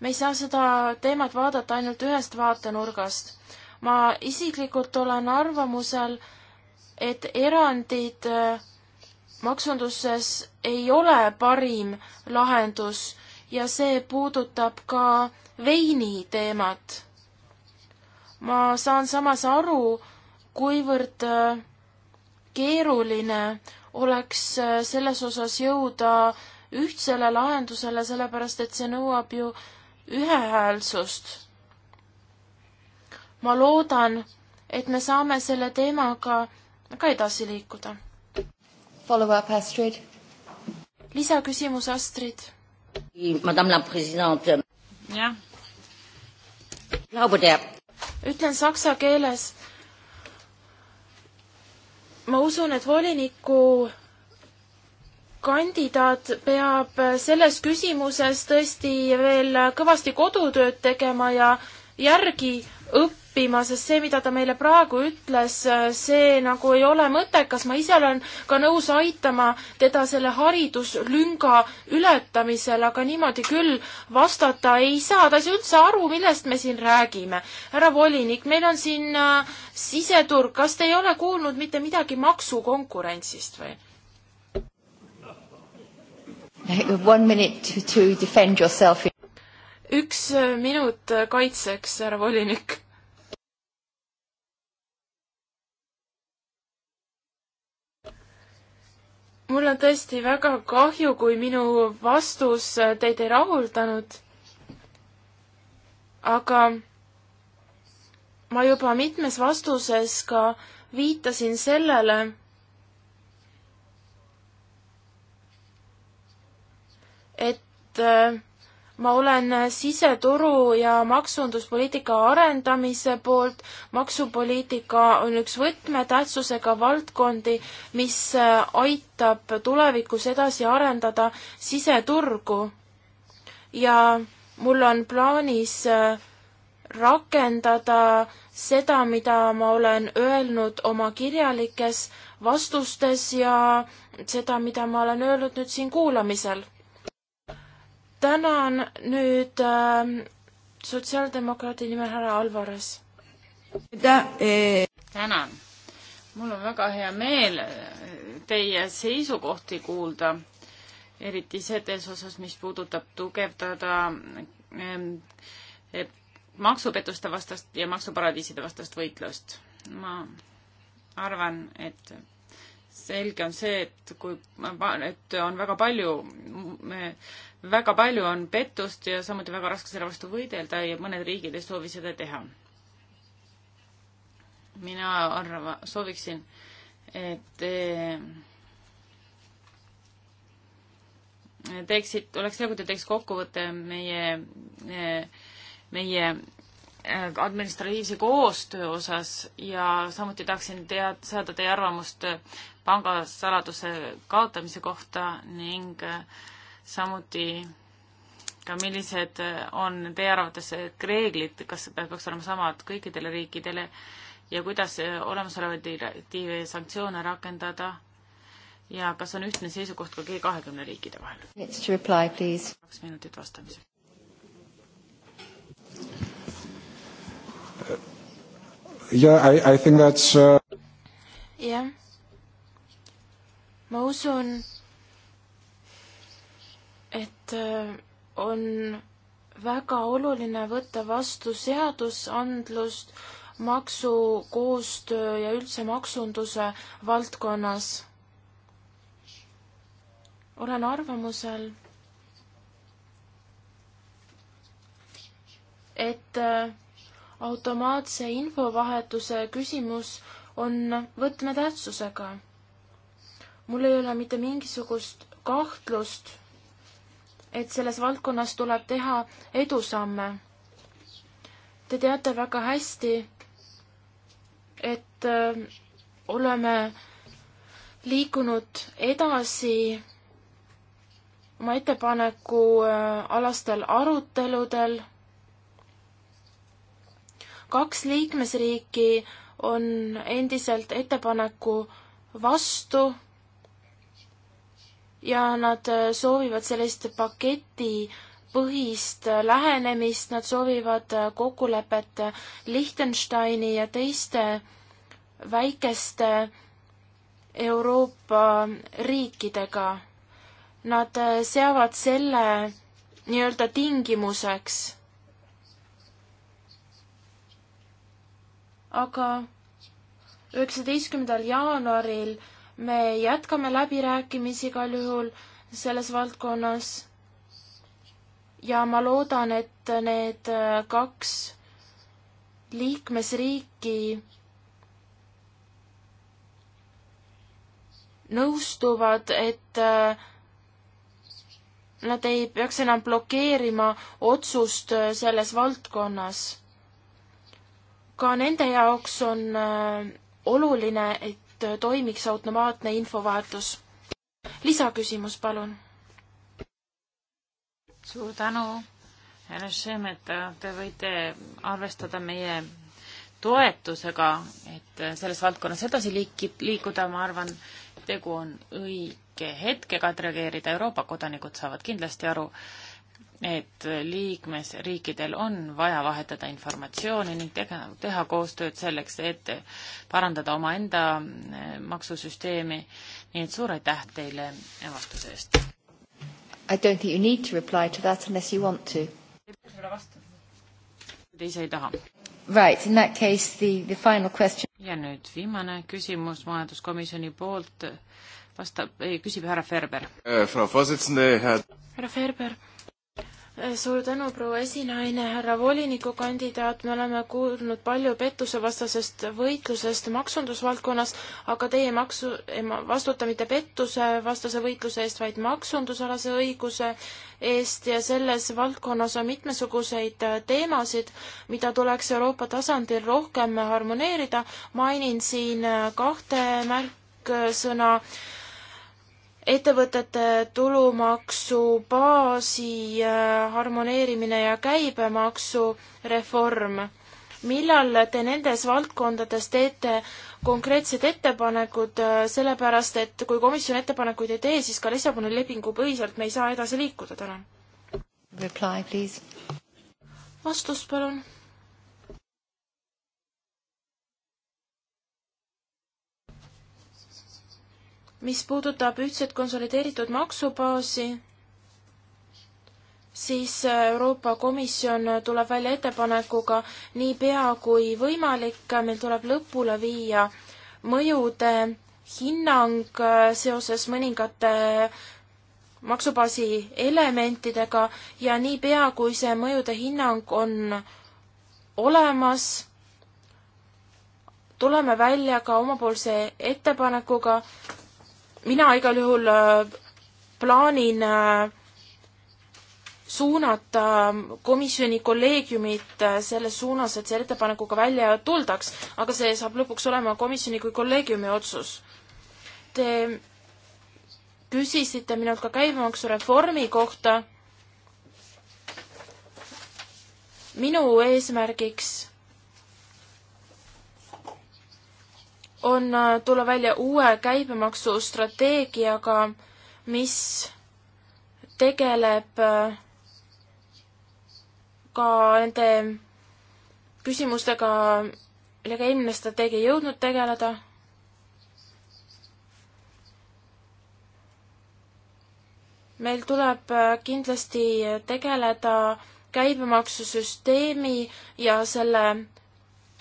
me ei saa seda teemat vaadata ainult ühest vaatenurgast ma isiklikult olen arvamusel, et erandid äh, maksunduses ei ole parim lahendus ja see puudutab ka veini teemat. ma saan samas aru, kuivõrd äh, keeruline oleks äh, selles osas jõuda ühtsele lahendusele, sellepärast et see nõuab ju ühehäälsust ma loodan, et me saame selle teemaga ka edasi liikuda. Follow-up, Astrid. lisaküsimus, Astrid. Madame la president. jah. ütlen saksa keeles. ma usun, et voliniku kandidaat peab selles küsimuses tõesti veel kõvasti kodutööd tegema ja järgi õppima õppima, sest see, mida ta meile praegu ütles, see nagu ei ole mõttekas, ma ise olen ka nõus aitama teda selle hariduslünga ületamisel, aga niimoodi küll vastata ei saa, ta ei saa üldse aru, millest me siin räägime. härra volinik, meil on siin äh, siseturg, kas te ei ole kuulnud mitte midagi maksukonkurentsist või? One minute to defend yourself üks minut kaitseks, härra volinik. mul on tõesti väga kahju, kui minu vastus teid ei rahuldanud. aga ma juba mitmes vastuses ka viitasin sellele, et äh, ma olen siseturu ja maksunduspoliitika arendamise poolt. maksupoliitika on üks võtmetähtsusega valdkondi, mis aitab tulevikus edasi arendada siseturgu. ja mul on plaanis rakendada seda, mida ma olen öelnud oma kirjalikes vastustes ja seda, mida ma olen öelnud nüüd siin kuulamisel tänan nüüd äh, sotsiaaldemokraadi nimel härra Alvares. Eh. tänan. mul on väga hea meel eh, teie seisukohti kuulda, eriti selles osas, mis puudutab tugevdada äh, maksupettuste vastast ja maksuparadiiside vastast võitlust. ma arvan, et selge on see, et kui, et on väga palju me, väga palju on pettust ja samuti väga raske selle vastu võidelda ja mõned riigid ei soovi seda teha. mina arva-, sooviksin, et eh, teeksid, oleks hea, kui te teeks kokkuvõtte meie, eh, meie eh, administratiivse koostöö osas ja samuti tahaksin tead-, saada teie arvamust pangasaladuse kaotamise kohta ning äh, samuti ka millised on teie arvates reeglid, kas peaks olema samad kõikidele riikidele ja kuidas olemasolevaid direktiive ja sanktsioone rakendada ja kas on ühtne seisukoht ka G kahekümne riikide vahel? kaks minutit vastamiseks. Yeah, I, I think that's uh... jah, ma usun, et äh, on väga oluline võtta vastu seadusandlust maksukoostöö ja üldse maksunduse valdkonnas. olen arvamusel, et äh, automaatse infovahetuse küsimus on võtmetähtsusega. mul ei ole mitte mingisugust kahtlust et selles valdkonnas tuleb teha edusamme. Te teate väga hästi, et äh, oleme liikunud edasi oma ettepaneku äh, alastel aruteludel. kaks liikmesriiki on endiselt ettepaneku vastu ja nad äh, soovivad sellist paketi põhist äh, lähenemist, nad soovivad äh, kokkulepet Liechtensteini ja teiste väikeste Euroopa riikidega. Nad seavad selle nii-öelda tingimuseks. aga üheksateistkümnendal jaanuaril me jätkame läbirääkimisi igal juhul selles valdkonnas ja ma loodan, et need äh, kaks liikmesriiki nõustuvad, et äh, nad ei peaks enam blokeerima otsust äh, selles valdkonnas. ka nende jaoks on oluline, et et äh, toimiks automaatne infovahetus. lisaküsimus, palun. suur tänu, härra Šemeta, äh, te võite arvestada meie toetusega, et äh, selles valdkonnas edasi liiki-, liikuda, ma arvan, tegu on õige hetkega, et reageerida, Euroopa kodanikud saavad kindlasti aru, et liikmesriikidel on vaja vahetada informatsiooni ning tega, teha koostööd selleks, et parandada omaenda eh, maksusüsteemi. nii et suur aitäh teile vastuse eest. I don't think you need to reply to that unless you want to. Te ise ei taha. Right, in that case the, the final question. ja nüüd viimane küsimus majanduskomisjoni poolt vastab, küsib härra Ferber äh,. härra Ferber suur tänu, proua esinaine, härra volinikukandidaat, me oleme kuulnud palju pettusevastasest võitlusest maksundusvaldkonnas, aga teie maksu, eh, vastuta mitte pettusevastase võitluse eest, vaid maksundusalase õiguse eest ja selles valdkonnas on mitmesuguseid äh, teemasid, mida tuleks Euroopa tasandil rohkem harmoneerida. mainin siin äh, kahte märksõna ettevõtete tulumaksu baasi äh, harmoneerimine ja käibemaksureform. millal te nendes valdkondades teete konkreetsed ettepanekud, äh, sellepärast et kui komisjon ettepanekuid ei tee, siis ka Lissaboni lepingu põhiselt me ei saa edasi liikuda, tänan. Reply, please. vastus, palun mis puudutab ühtset konsolideeritud maksubaasi, siis äh, Euroopa Komisjon tuleb välja ettepanekuga niipea kui võimalik, äh, meil tuleb lõpule viia mõjude hinnang äh, seoses mõningate maksubaasi elementidega ja niipea, kui see mõjude hinnang on olemas, tuleme välja ka omapoolse ettepanekuga, mina igal juhul äh, plaanin äh, suunata komisjoni kolleegiumit äh, selles suunas, et selle ettepanekuga välja tuldaks, aga see saab lõpuks olema komisjoni kui kolleegiumi otsus. Te küsisite minult ka käibemaksureformi kohta. minu eesmärgiks on äh, tulla välja uue käibemaksustrateegiaga, mis tegeleb äh, ka nende küsimustega, millega eelmine strateegia ei jõudnud tegeleda. meil tuleb äh, kindlasti tegeleda käibemaksusüsteemi ja selle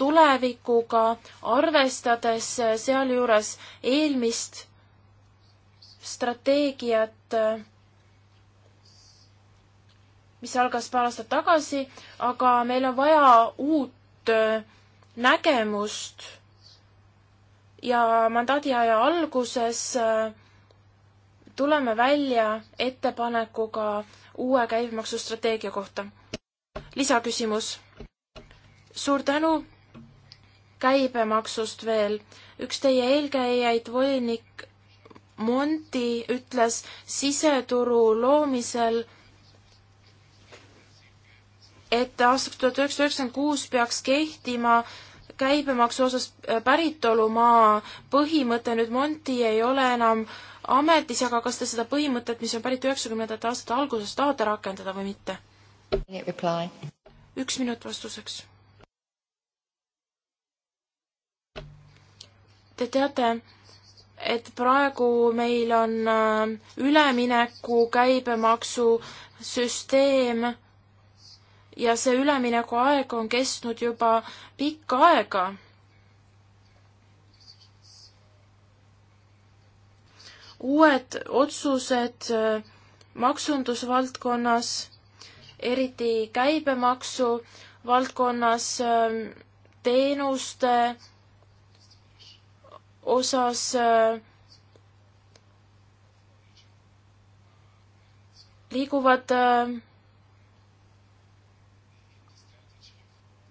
tulevikuga, arvestades sealjuures eelmist strateegiat, mis algas paar aastat tagasi, aga meil on vaja uut nägemust ja mandaadiaja alguses äh, tuleme välja ettepanekuga uue käibemaksustrateegia kohta. lisaküsimus. suur tänu, käibemaksust veel. üks teie eelkäijaid, volinik Monti ütles siseturu loomisel, et aastaks tuhat üheksasada üheksakümmend kuus peaks kehtima käibemaksu osas äh, päritolumaa põhimõte, nüüd Monti ei ole enam ametis, aga kas te seda põhimõtet, mis on pärit üheksakümnendate aastate algusest, tahate rakendada või mitte? üks minut vastuseks Te teate, et praegu meil on äh, ülemineku käibemaksusüsteem ja see ülemineku aeg on kestnud juba pikka aega. uued otsused äh, maksundusvaldkonnas, eriti käibemaksu valdkonnas, äh, teenuste osas äh, liiguvad äh,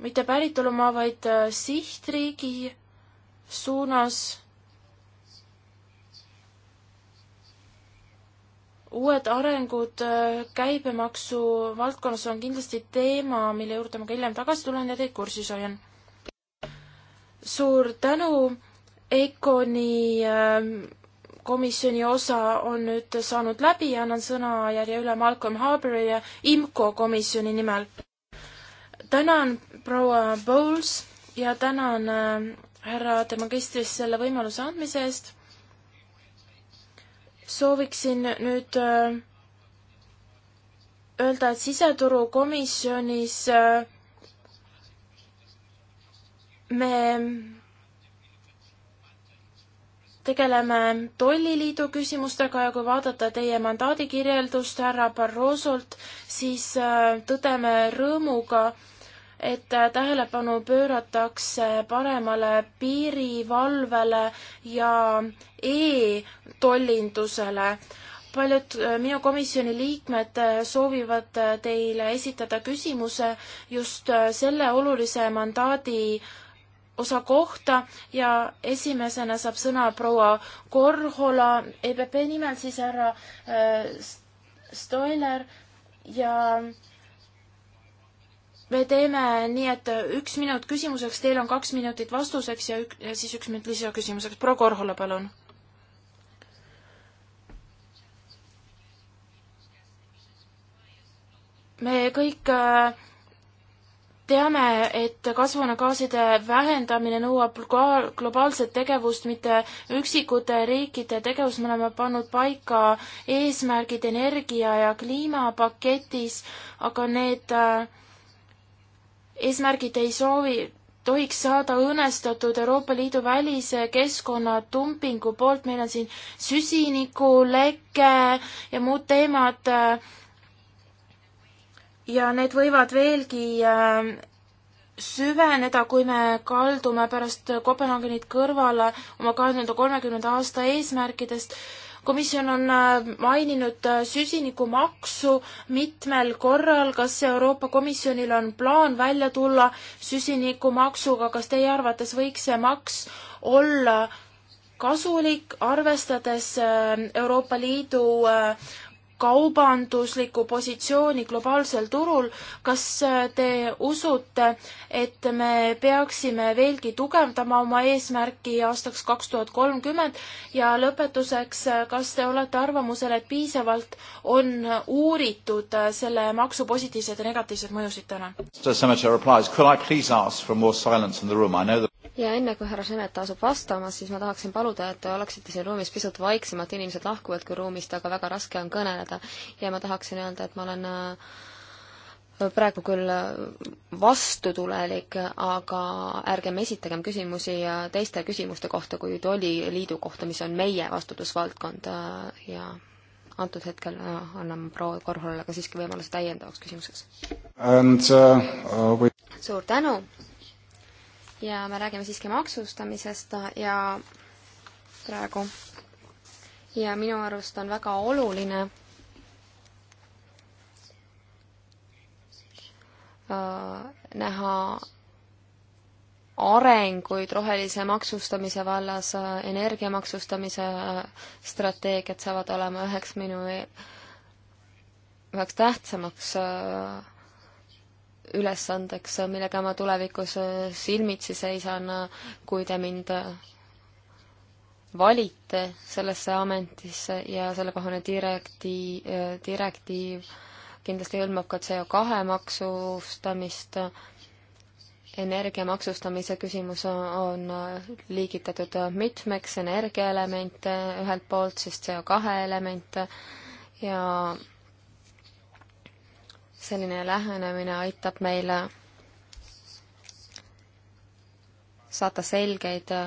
mitte päritolumaa, vaid äh, sihtriigi suunas. uued arengud käibemaksu valdkonnas on kindlasti teema, mille juurde ma ka hiljem tagasi tulen ja teid kursis hoian. suur tänu EKONi ähm, komisjoni osa on nüüd saanud läbi ja annan sõnajärje üle Malcolm Harbourile IMCO komisjoni nimel. tänan, proua Bowles ja tänan äh, härra De Magistris selle võimaluse andmise eest. sooviksin nüüd äh, öelda, et siseturukomisjonis äh, me tegeleme tolliliidu küsimustega ja kui vaadata teie mandaadi kirjeldust härra Barrosolt, siis äh, tõdeme rõõmuga, et äh, tähelepanu pööratakse paremale piirivalvele ja e-tollindusele. paljud äh, minu komisjoni liikmed soovivad teile esitada küsimuse just selle olulise mandaadi osa kohta ja esimesena saab sõna proua Korhola EPP nimel, siis härra äh, Stoiler ja me teeme nii, et üks minut küsimuseks, teil on kaks minutit vastuseks ja, ük, ja siis üks minut lisaküsimuseks. proua Korhola, palun. me kõik äh, teame, et kasvuhoonegaaside vähendamine nõuab globaalset tegevust, mitte üksikute riikide tegevust, me oleme pannud paika eesmärgid energia ja kliimapaketis, aga need äh, eesmärgid ei soovi, tohiks saada õõnestatud Euroopa Liidu välise keskkonna dumpingu poolt, meil on siin süsinikuleke ja muud teemad äh, ja need võivad veelgi äh, süveneda, kui me kaldume pärast Kopenhaagenit kõrvale oma kahe tuhande kolmekümnenda aasta eesmärkidest. komisjon on äh, maininud äh, süsinikumaksu mitmel korral, kas Euroopa Komisjonil on plaan välja tulla süsinikumaksuga, kas teie arvates võiks see maks olla kasulik, arvestades Euroopa Liidu kaubanduslikku positsiooni globaalsel turul, kas äh, te usute, et me peaksime veelgi tugevdama oma eesmärki aastaks kaks tuhat kolmkümmend ja lõpetuseks, äh, kas te olete arvamusel, et piisavalt on uuritud äh, selle maksu positiivseid ja negatiivseid mõjusid täna? ja enne, kui härra Senet asub vastama, siis ma tahaksin paluda, et te oleksite siin ruumis pisut vaiksemad, inimesed lahkuvad küll ruumist, aga väga raske on kõneleda. ja ma tahaksin öelda, et ma olen äh, praegu küll äh, vastutulelik, aga ärgem esitagem küsimusi äh, teiste küsimuste kohta kui tolliliidu kohta, mis on meie vastutusvaldkond ja antud hetkel anname proua Korholale ka siiski võimaluse täiendavaks küsimuseks. Uh, we... suur tänu ja me räägime siiski maksustamisest ja praegu. ja minu arust on väga oluline äh, näha arenguid rohelise maksustamise vallas, äh, energia maksustamise äh, strateegiad saavad olema üheks minu, üheks tähtsamaks ülesandeks, millega ma tulevikus äh, silmitsi seisan, äh, kui te mind äh, valite sellesse ametisse ja sellekohane direktiiv, direktiiv kindlasti hõlmab ka CO2 maksustamist, energia maksustamise küsimus on liigitatud mitmeks, energiaelemente ühelt poolt, siis CO2 elemente ja selline lähenemine aitab meil saata selgeid äh,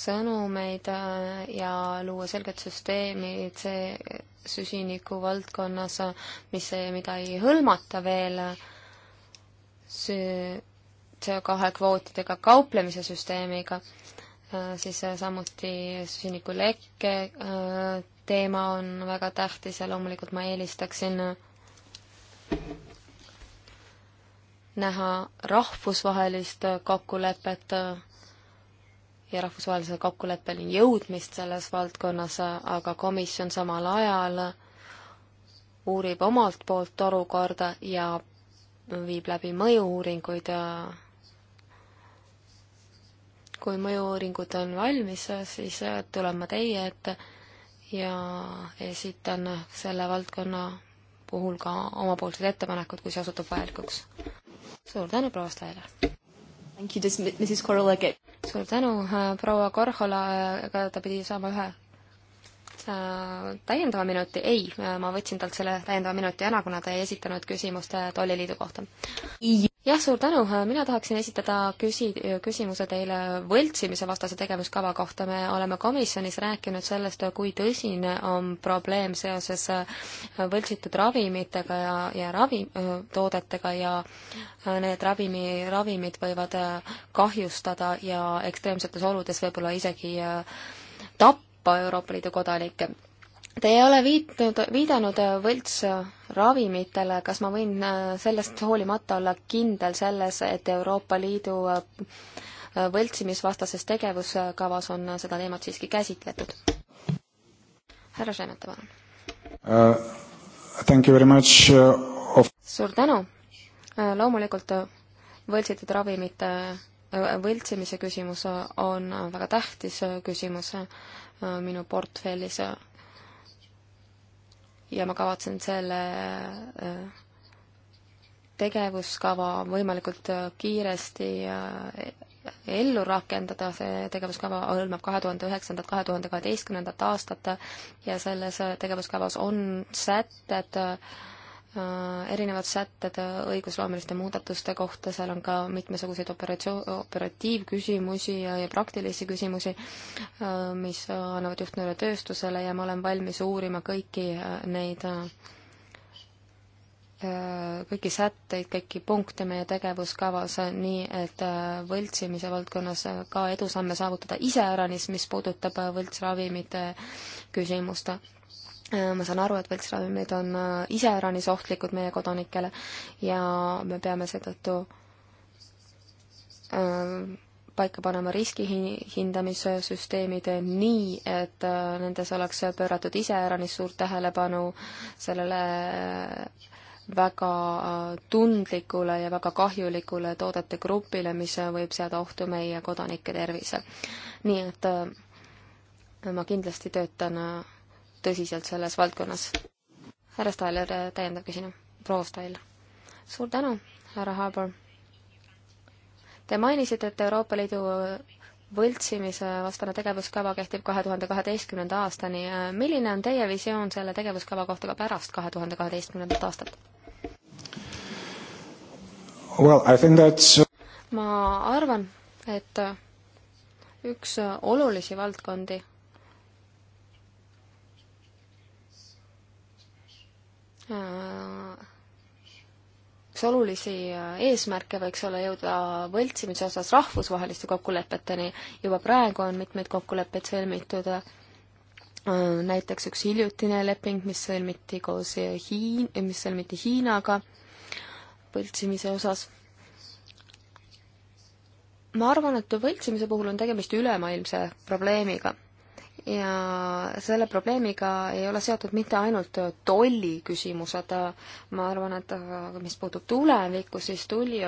sõnumeid äh, ja luua selged süsteemid see süsiniku valdkonnas, mis, äh, mida ei hõlmata veel CO2 kvootidega kauplemise süsteemiga Äh, siis äh, samuti süsinikulekke äh, teema on väga tähtis ja loomulikult ma eelistaksin näha rahvusvahelist kokkulepet ja rahvusvahelisele kokkuleppeni jõudmist selles valdkonnas, aga komisjon samal ajal uurib omalt poolt olukorda ja viib läbi mõju-uuringuid ja kui mõju-uuringud on valmis, siis äh, tulen ma teie ette ja esitan selle valdkonna puhul ka omapoolsed ettepanekud, kui see osutub vajalikuks. suur tänu, proua Stajale! suur tänu, äh, proua Korhola, äh, aga ta pidi saama ühe Äh, täiendava minuti? ei, äh, ma võtsin talt selle täiendava minuti ära, kuna ta ei esitanud küsimust äh, Tolliliidu kohta. jah, suur tänu, mina tahaksin esitada küsi-, küsimuse teile võltsimise vastase tegevuskava kohta. me oleme komisjonis rääkinud sellest, kui tõsine on probleem seoses võltsitud ravimitega ja, ja ravitoodetega ja need ravimi, ravimid võivad kahjustada ja ekstreemsetes oludes võib-olla isegi tappa tappa Euroopa Liidu kodanikke. Te ei ole viitnud, viidanud võltsravimitele, kas ma võin äh, sellest hoolimata olla kindel selles, et Euroopa Liidu äh, võltsimisvastases tegevuskavas on äh, seda teemat siiski käsitletud? härra Šemeta, palun uh,. Thank you very much uh, of suur tänu! loomulikult võltsitud ravimite võltsimise küsimus on väga tähtis küsimus Äh, minu portfellis ja ma kavatsen selle äh, tegevuskava võimalikult äh, kiiresti ellu rakendada, see tegevuskava hõlmab kahe tuhande üheksandat, kahe tuhande kaheteistkümnendat aastat ja selles tegevuskavas on sätted äh, Äh, erinevad sätted õigusloomeliste muudatuste kohta, seal on ka mitmesuguseid operatsioon, operatiivküsimusi ja, ja praktilisi küsimusi, äh, mis annavad juhtnööre tööstusele ja ma olen valmis uurima kõiki äh, neid, kõiki sätteid, kõiki punkte meie tegevuskavas, nii et võltsimise valdkonnas ka edusamme saavutada iseäranis, mis puudutab võltsravimite küsimust Äh, ma saan aru, et võltsravimid on äh, iseäranis ohtlikud meie kodanikele ja me peame seetõttu äh, paika panema riskihindamissüsteemid nii, et nendes oleks pööratud iseäranis suurt tähelepanu sellele väga tundlikule ja väga kahjulikule toodete grupile, mis võib seada ohtu meie kodanike tervise. nii et ma kindlasti töötan tõsiselt selles valdkonnas. härra Stahler, täiendav küsimus, proua Stahler. suur tänu, härra Harbour. Te mainisite, et Euroopa Liidu võltsimise vastane tegevuskava kehtib kahe tuhande kaheteistkümnenda aastani. milline on teie visioon selle tegevuskava kohta ka pärast kahe tuhande kaheteistkümnendat aastat? Well, I think that's... ma arvan, et üks olulisi valdkondi üks olulisi äh, eesmärke võiks olla jõuda võltsimise osas rahvusvaheliste kokkulepeteni. juba praegu on mitmeid kokkuleppeid sõlmitud, äh, näiteks üks hiljutine leping, mis sõlmiti koos äh, Hiin-, mis sõlmiti Hiinaga võltsimise osas. ma arvan, et võltsimise puhul on tegemist ülemaailmse probleemiga ja selle probleemiga ei ole seotud mitte ainult tolli küsimused, ma arvan, et mis puutub tulevikku, siis tuli,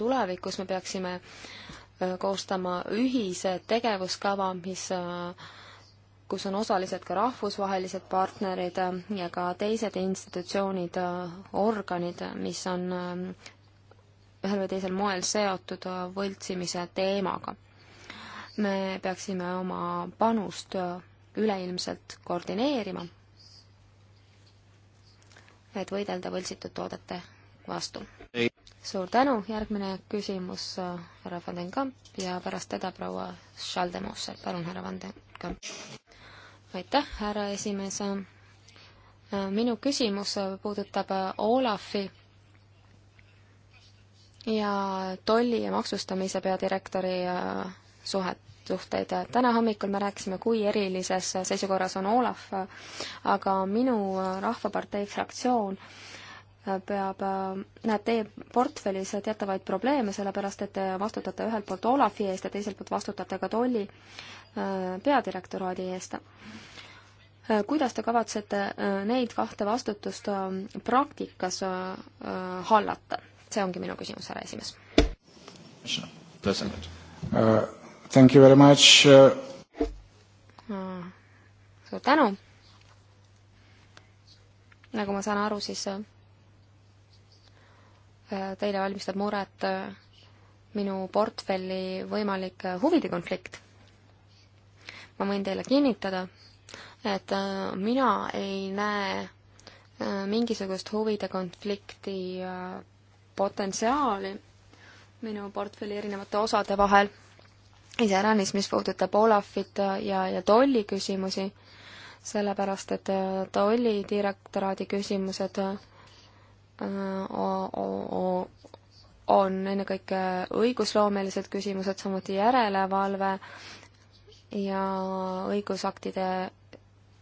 tulevikus me peaksime äh, koostama ühise tegevuskava, mis äh, kus on osalised ka rahvusvahelised partnerid äh, ja ka teised institutsioonid, organid, mis on ühel või teisel moel seotud võltsimise teemaga me peaksime oma panust äh, üleilmselt koordineerima, et võidelda võltsitud toodete vastu. suur tänu, järgmine küsimus äh, härra Van den Kamp ja pärast teda proua Schaldemose, palun härra Van den Kamp. aitäh, härra esimees. Äh, minu küsimus puudutab Olafi ja tolli ja maksustamise peadirektori suhet, suhteid. täna hommikul me rääkisime, kui erilises seisukorras on Olav, aga minu Rahvapartei fraktsioon peab, näeb teie portfellis teatavaid probleeme, sellepärast et te vastutate ühelt poolt Olavi eest ja teiselt poolt vastutate ka tolli äh, peadirektoraadi eest. kuidas te kavatsete äh, neid kahte vastutust äh, praktikas hallata? see ongi minu küsimus, härra esimees. Uh, Thank you very much mm,. suur tänu. nagu ma saan aru, siis äh, äh, teile valmistab muret äh, minu portfelli võimalik huvide konflikt. ma võin teile kinnitada, et mina ei näe mingisugust huvide konflikti potentsiaali minu portfelli erinevate osade vahel iseäranis, mis puudutab Olafit ja, ja tolli küsimusi, sellepärast et äh, tolli direktoraadi küsimused äh, on ennekõike õigusloomelised küsimused, samuti järelevalve ja õigusaktide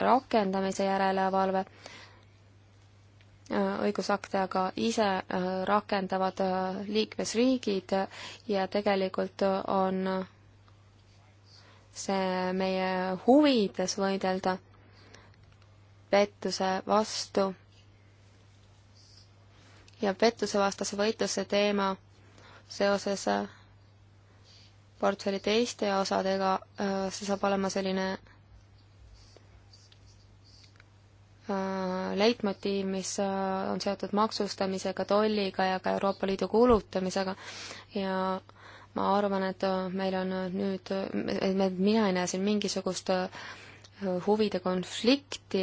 rakendamise järelevalve. Äh, õigusakte aga ise rakendavad liikmesriigid ja tegelikult on see meie huvides võidelda pettuse vastu ja pettusevastase võitluse teema seoses äh, portfelli teiste osadega, äh, see saab olema selline äh, leitmotiiv, mis on seotud maksustamisega, tolliga ja ka Euroopa Liidu kulutamisega ja ma arvan, et äh, meil on äh, nüüd, äh, mina ei näe siin mingisugust huvide konflikti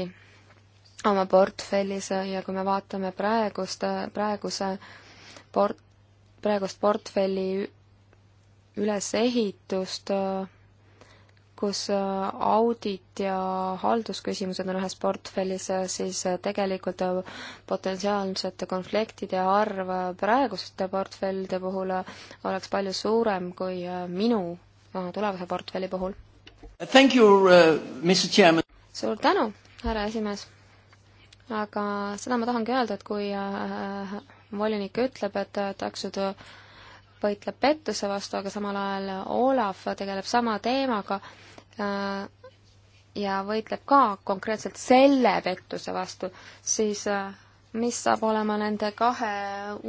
oma portfellis ja kui me vaatame praegust, praeguse port-, praegust portfelli ülesehitust, kus äh, audit ja haldusküsimused on ühes portfellis, äh, siis äh, tegelikult potentsiaalsete konfliktide arv praeguste portfellide puhul oleks palju suurem kui minu tulevase portfelli puhul. Thank you uh,, Mr Chairman! suur tänu, härra esimees! aga seda ma tahangi öelda, et kui äh, volinik ütleb, et taksod võitleb pettuse vastu, aga samal ajal Olav tegeleb sama teemaga, Äh, ja võitleb ka konkreetselt selle pettuse vastu, siis äh, mis saab olema nende kahe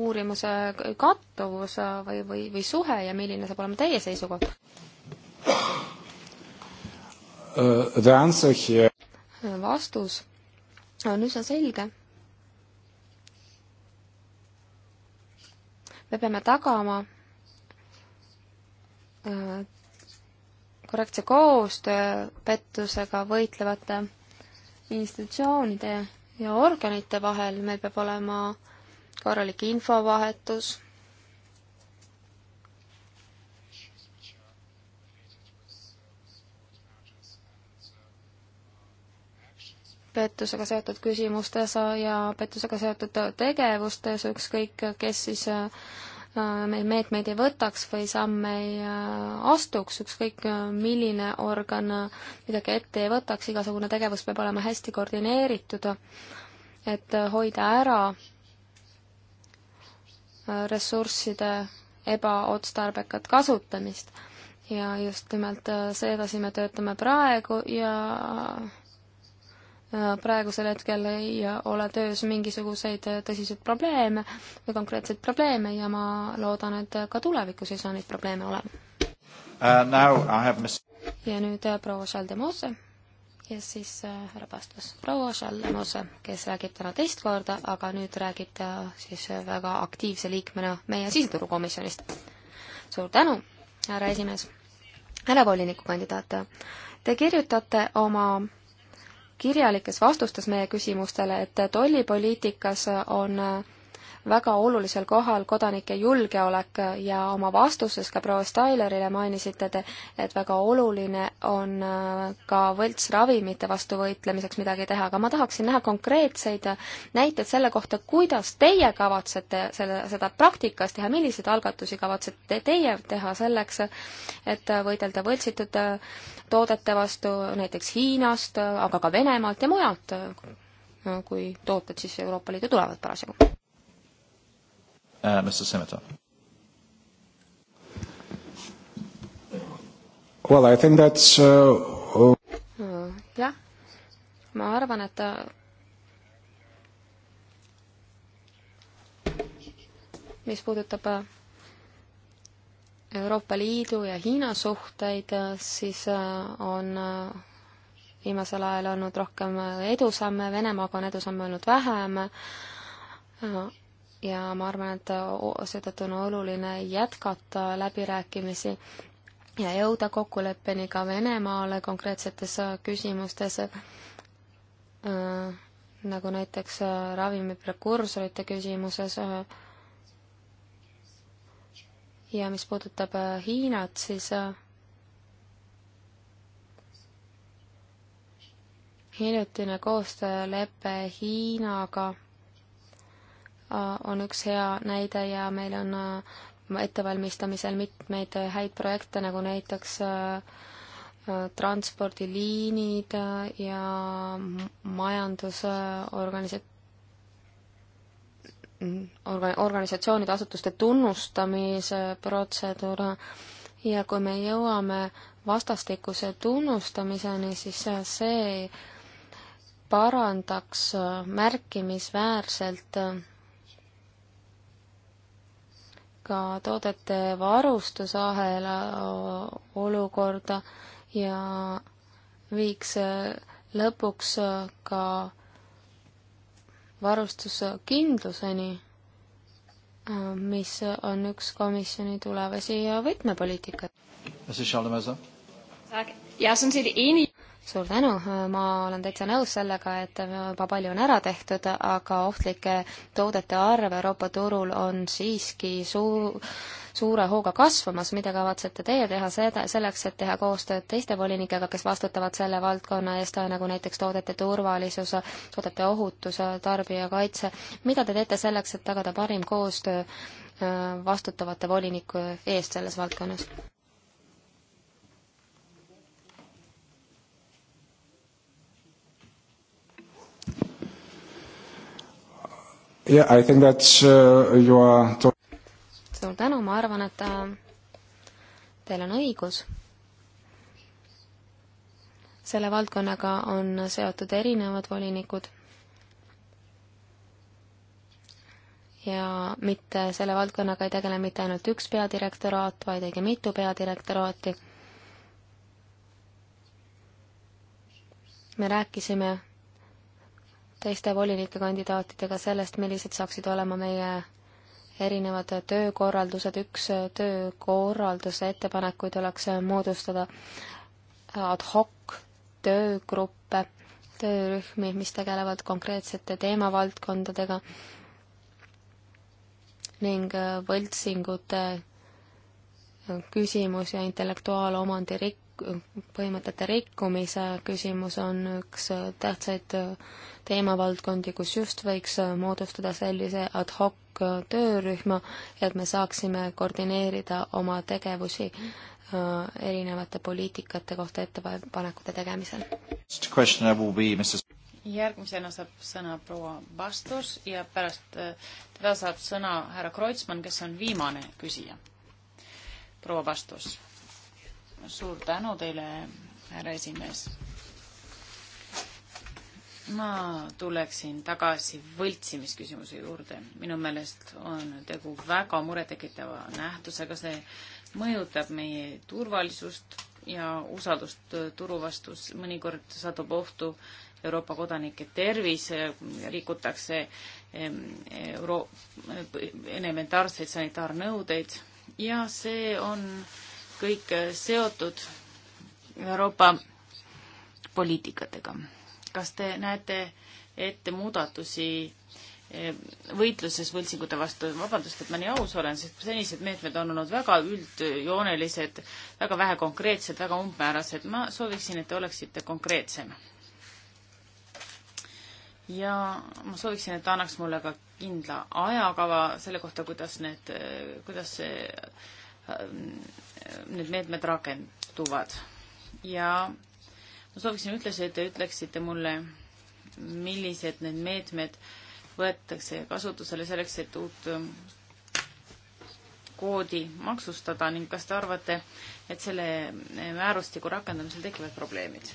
uurimuse kattuvus äh, või, või, või suhe ja milline saab olema teie seisukoht uh,? vastus on üsna selge. me peame tagama korrektse koostöö pettusega võitlevate institutsioonide ja organite vahel, meil peab olema korralik infovahetus, pettusega seotud küsimustes ja pettusega seotud tegevustes, ükskõik kes siis äh, Äh, me meetmeid ei võtaks või samme ei äh, astuks, ükskõik äh, milline organ midagi ette ei võtaks, igasugune tegevus peab olema hästi koordineeritud, et hoida ära ressursside ebaotstarbekat kasutamist. ja just nimelt sedasi me töötame praegu ja Äh, praegusel hetkel ei ole töös mingisuguseid äh, tõsiseid probleeme või konkreetseid probleeme ja ma loodan, et äh, ka tulevikus ei saa neid probleeme olema uh,. ja nüüd proua Schaldemose ja siis härra Pastus, proua Schaldemose, kes räägib täna teist korda, aga nüüd räägib ta siis väga aktiivse liikmena meie siseturukomisjonist. suur tänu, härra esimees, härra volinikukandidaat, te kirjutate oma kirjalikes vastustes meie küsimustele, et tollipoliitikas on väga olulisel kohal kodanike julgeolek ja oma vastuses ka proua Stylerile mainisite te, et väga oluline on äh, ka võltsravimite vastu võitlemiseks midagi teha, aga ma tahaksin näha konkreetseid näiteid selle kohta, kuidas teie kavatsete selle, seda praktikas teha, milliseid algatusi kavatsete teie teha selleks, et võidelda võltsitud äh, toodete vastu näiteks Hiinast, äh, aga ka Venemaalt ja mujalt kui tooted siis Euroopa Liidu tulevad parasjagu uh, Mr. Scimitar. Well, I think that's uh, jah, uh, ma arvan, et uh, mis puudutab uh, Euroopa Liidu ja Hiina suhteid, siis on viimasel ajal olnud rohkem edusamme, Venemaaga on edusamme olnud vähem, ja ma arvan, et seetõttu on oluline jätkata läbirääkimisi ja jõuda kokkuleppeni ka Venemaale konkreetsetes äh, küsimustes, äh, nagu näiteks äh, ravimiprekursorite küsimuses. ja mis puudutab Hiinat, siis hiljutine koostöölepe Hiinaga on üks hea näide ja meil on äh, ettevalmistamisel mitmeid häid projekte, nagu näiteks äh, äh, transpordiliinid ja majandusorganisa-, mm, orga-, organisatsioonide, asutuste tunnustamise protseduur ja kui me jõuame vastastikuse tunnustamiseni, siis see parandaks märkimisväärselt ka toodete varustusahela olukorda ja viiks äh, lõpuks äh, ka varustuskindluseni, äh, mis on üks komisjoni tulevasi võtmepoliitikaid suur tänu, ma olen täitsa nõus sellega, et juba palju on ära tehtud, aga ohtlike toodete arv Euroopa turul on siiski suur, suure hooga kasvamas, mida kavatsete teie teha seda, selleks, et teha koostööd teiste volinikega, kes vastutavad selle valdkonna eest, nagu näiteks toodete turvalisus, toodete ohutus, tarbijakaitse, mida te teete selleks, et tagada parim koostöö äh, vastutavate voliniku eest selles valdkonnas? Yeah, I think that uh, you are suur tänu, ma arvan, et äh, teil on õigus. selle valdkonnaga on seotud erinevad volinikud. ja mitte, selle valdkonnaga ei tegele mitte ainult üks peadirektoraat, vaid õige mitu peadirektoraati. me rääkisime teiste volinike kandidaatidega sellest, millised saaksid olema meie erinevad töökorraldused, üks töökorralduse ettepanekuid oleks moodustada ad hoc töögruppe, töörühmi, mis tegelevad konkreetsete teemavaldkondadega ning võltsingute küsimus ja intellektuaalomandi rik-, põhimõtete rikkumise küsimus on üks tähtsaid teemavaldkondi, kus just võiks moodustada sellise ad hoc töörühma, et me saaksime koordineerida oma tegevusi äh, erinevate poliitikate kohta ettepanekute tegemisel. järgmisena saab sõna proua Bastos ja pärast äh, teda saab sõna härra Kreutzmann, kes on viimane küsija. proua Bastos suur tänu teile, härra esimees. ma tuleksin tagasi võltsimisküsimuse juurde. minu meelest on tegu väga murettekitava nähtusega, see mõjutab meie turvalisust ja usaldust turu vastu, mõnikord satub ohtu Euroopa kodanike tervis, rikutakse euro-, elementaarseid sanitaarnõudeid ja see on äh, kõik äh, seotud Euroopa poliitikatega. kas te näete ette muudatusi äh, võitluses võltsingute vastu, vabandust, et ma nii aus olen, sest senised meetmed on olnud väga üldjoonelised, väga vähe konkreetsed, väga umbmäärased, ma sooviksin, et te oleksite konkreetsem. ja ma sooviksin, et ta annaks mulle ka kindla ajakava selle kohta, kuidas need, äh, kuidas see need meetmed rakenduvad. ja ma sooviksin ühtlasi, et te ütleksite mulle, millised need meetmed võetakse kasutusele selleks, et uut ähm, koodi maksustada ning kas te arvate, et selle äh, määrustiku rakendamisel tekivad probleemid?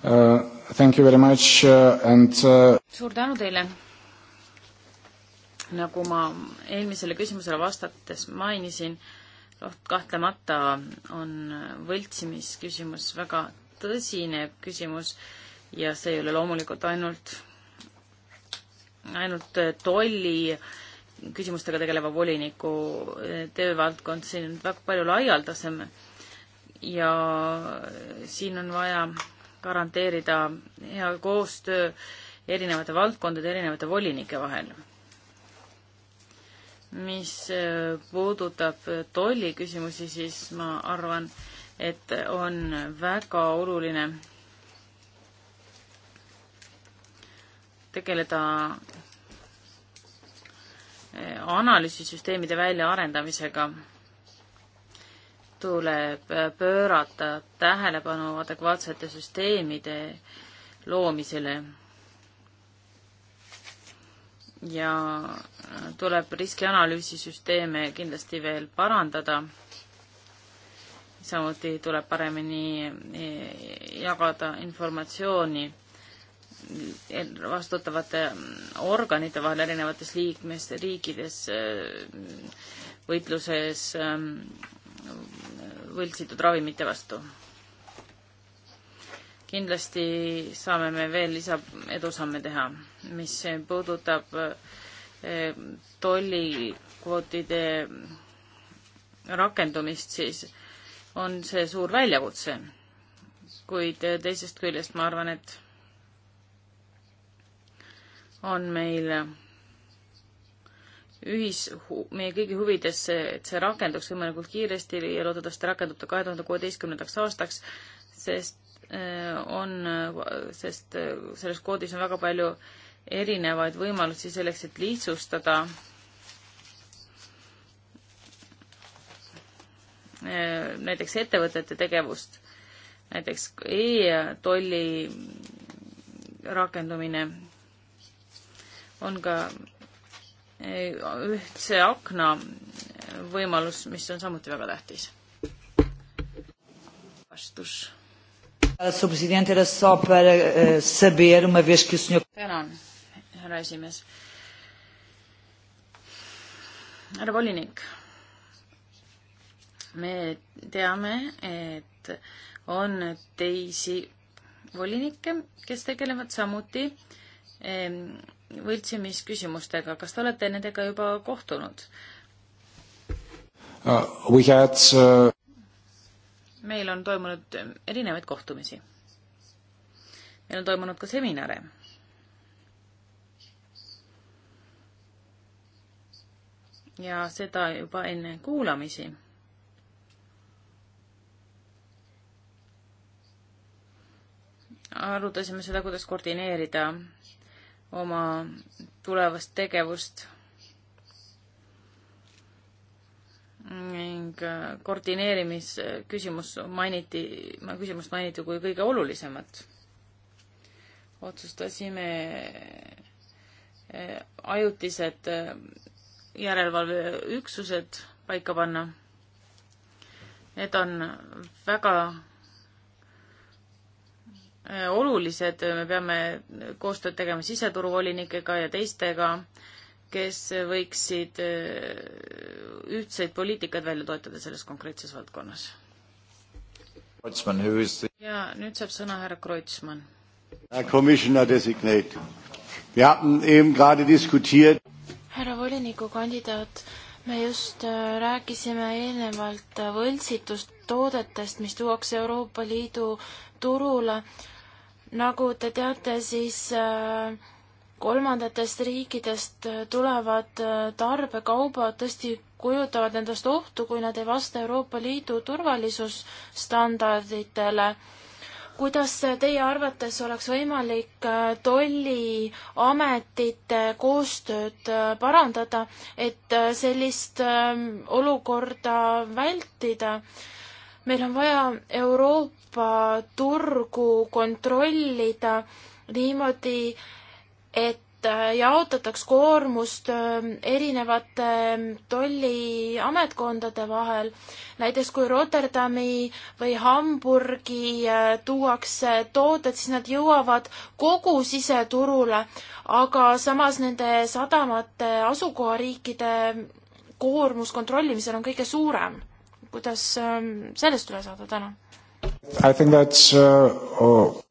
Uh, thank you very much uh, and uh... suur tänu teile nagu ma eelmisele küsimusele vastates mainisin, noh, kahtlemata on võltsimisküsimus väga tõsine küsimus ja see ei ole loomulikult ainult, ainult tolli küsimustega tegeleva voliniku eh, töövaldkond, siin on väga palju laialdasem ja siin on vaja garanteerida hea koostöö erinevate valdkondade, erinevate volinike vahel mis äh, puudutab äh, tolliküsimusi, siis ma arvan, et on väga oluline tegeleda äh, analüüsisüsteemide väljaarendamisega. tuleb pöörata tähelepanu adekvaatsete süsteemide loomisele ja äh, tuleb riskianalüüsisüsteeme kindlasti veel parandada. samuti tuleb paremini e, jagada informatsiooni vastutavate organite vahel erinevates liikmesriikides e, võitluses e, võltsitud ravimite vastu kindlasti saame me veel lisa edusamme teha, mis puudutab eh, tollikvootide rakendumist, siis on see suur väljakutse. kuid teisest küljest ma arvan, et on meil ühis, meie kõigi huvides see, et see rakenduks võimalikult kiiresti ja loodetavasti rakendub ta kahe tuhande kuueteistkümnendaks aastaks, sest Äh, on, äh, sest äh, selles koodis on väga palju erinevaid võimalusi selleks, et lihtsustada näiteks ettevõtete tegevust, näiteks e-tolli rakendumine on ka ühtse akna võimalus, mis on samuti väga tähtis. vastus Eh, tänan, härra esimees. härra volinik, me teame, et on teisi volinikke, kes tegelevad samuti ehm, võltsimisküsimustega. kas te olete nendega juba kohtunud uh,? We had uh, meil on toimunud erinevaid kohtumisi. meil on toimunud ka seminare. ja seda juba enne kuulamisi. arutasime seda, kuidas koordineerida oma tulevast tegevust ning äh, koordineerimisküsimus mainiti, küsimust mainiti kui kõige olulisemat. otsustasime äh, ajutised äh, järelevalveüksused paika panna. Need on väga olulised, me peame koostööd tegema siseturuvolinikega ja teistega äh, kes võiksid äh, ühtseid poliitikaid välja toetada selles konkreetses valdkonnas. ja nüüd saab sõna härra Kreutzmann. härra volinikukandidaat, me just äh, rääkisime eelnevalt äh, võltsitust toodetest, mis tuuakse Euroopa Liidu turule. nagu te teate, siis äh, kolmandatest riikidest tulevad äh, tarbekaubad tõesti kujutavad endast ohtu, kui nad ei vasta Euroopa Liidu turvalisusstandarditele. kuidas teie arvates oleks võimalik äh, tolliametite koostööd äh, parandada, et sellist ähm, olukorda vältida? meil on vaja Euroopa turgu kontrollida niimoodi, et äh, jaotataks koormust äh, erinevate ähm, tolliametkondade vahel. näiteks kui Rotterdami või Hamburgi äh, tuuakse tooted, siis nad jõuavad kogu siseturule, aga samas nende sadamate asukohariikide koormus kontrollimisel on kõige suurem. kuidas ähm, sellest üle saada täna? I think that's uh, oh.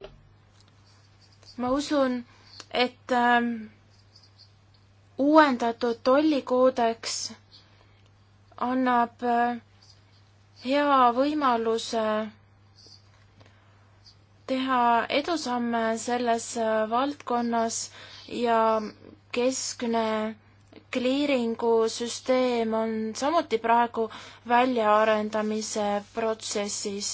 ma usun et ähm, uuendatud tollikoodeks annab äh, hea võimaluse teha edusamme selles äh, valdkonnas ja keskne kliiringusüsteem on samuti praegu väljaarendamise protsessis.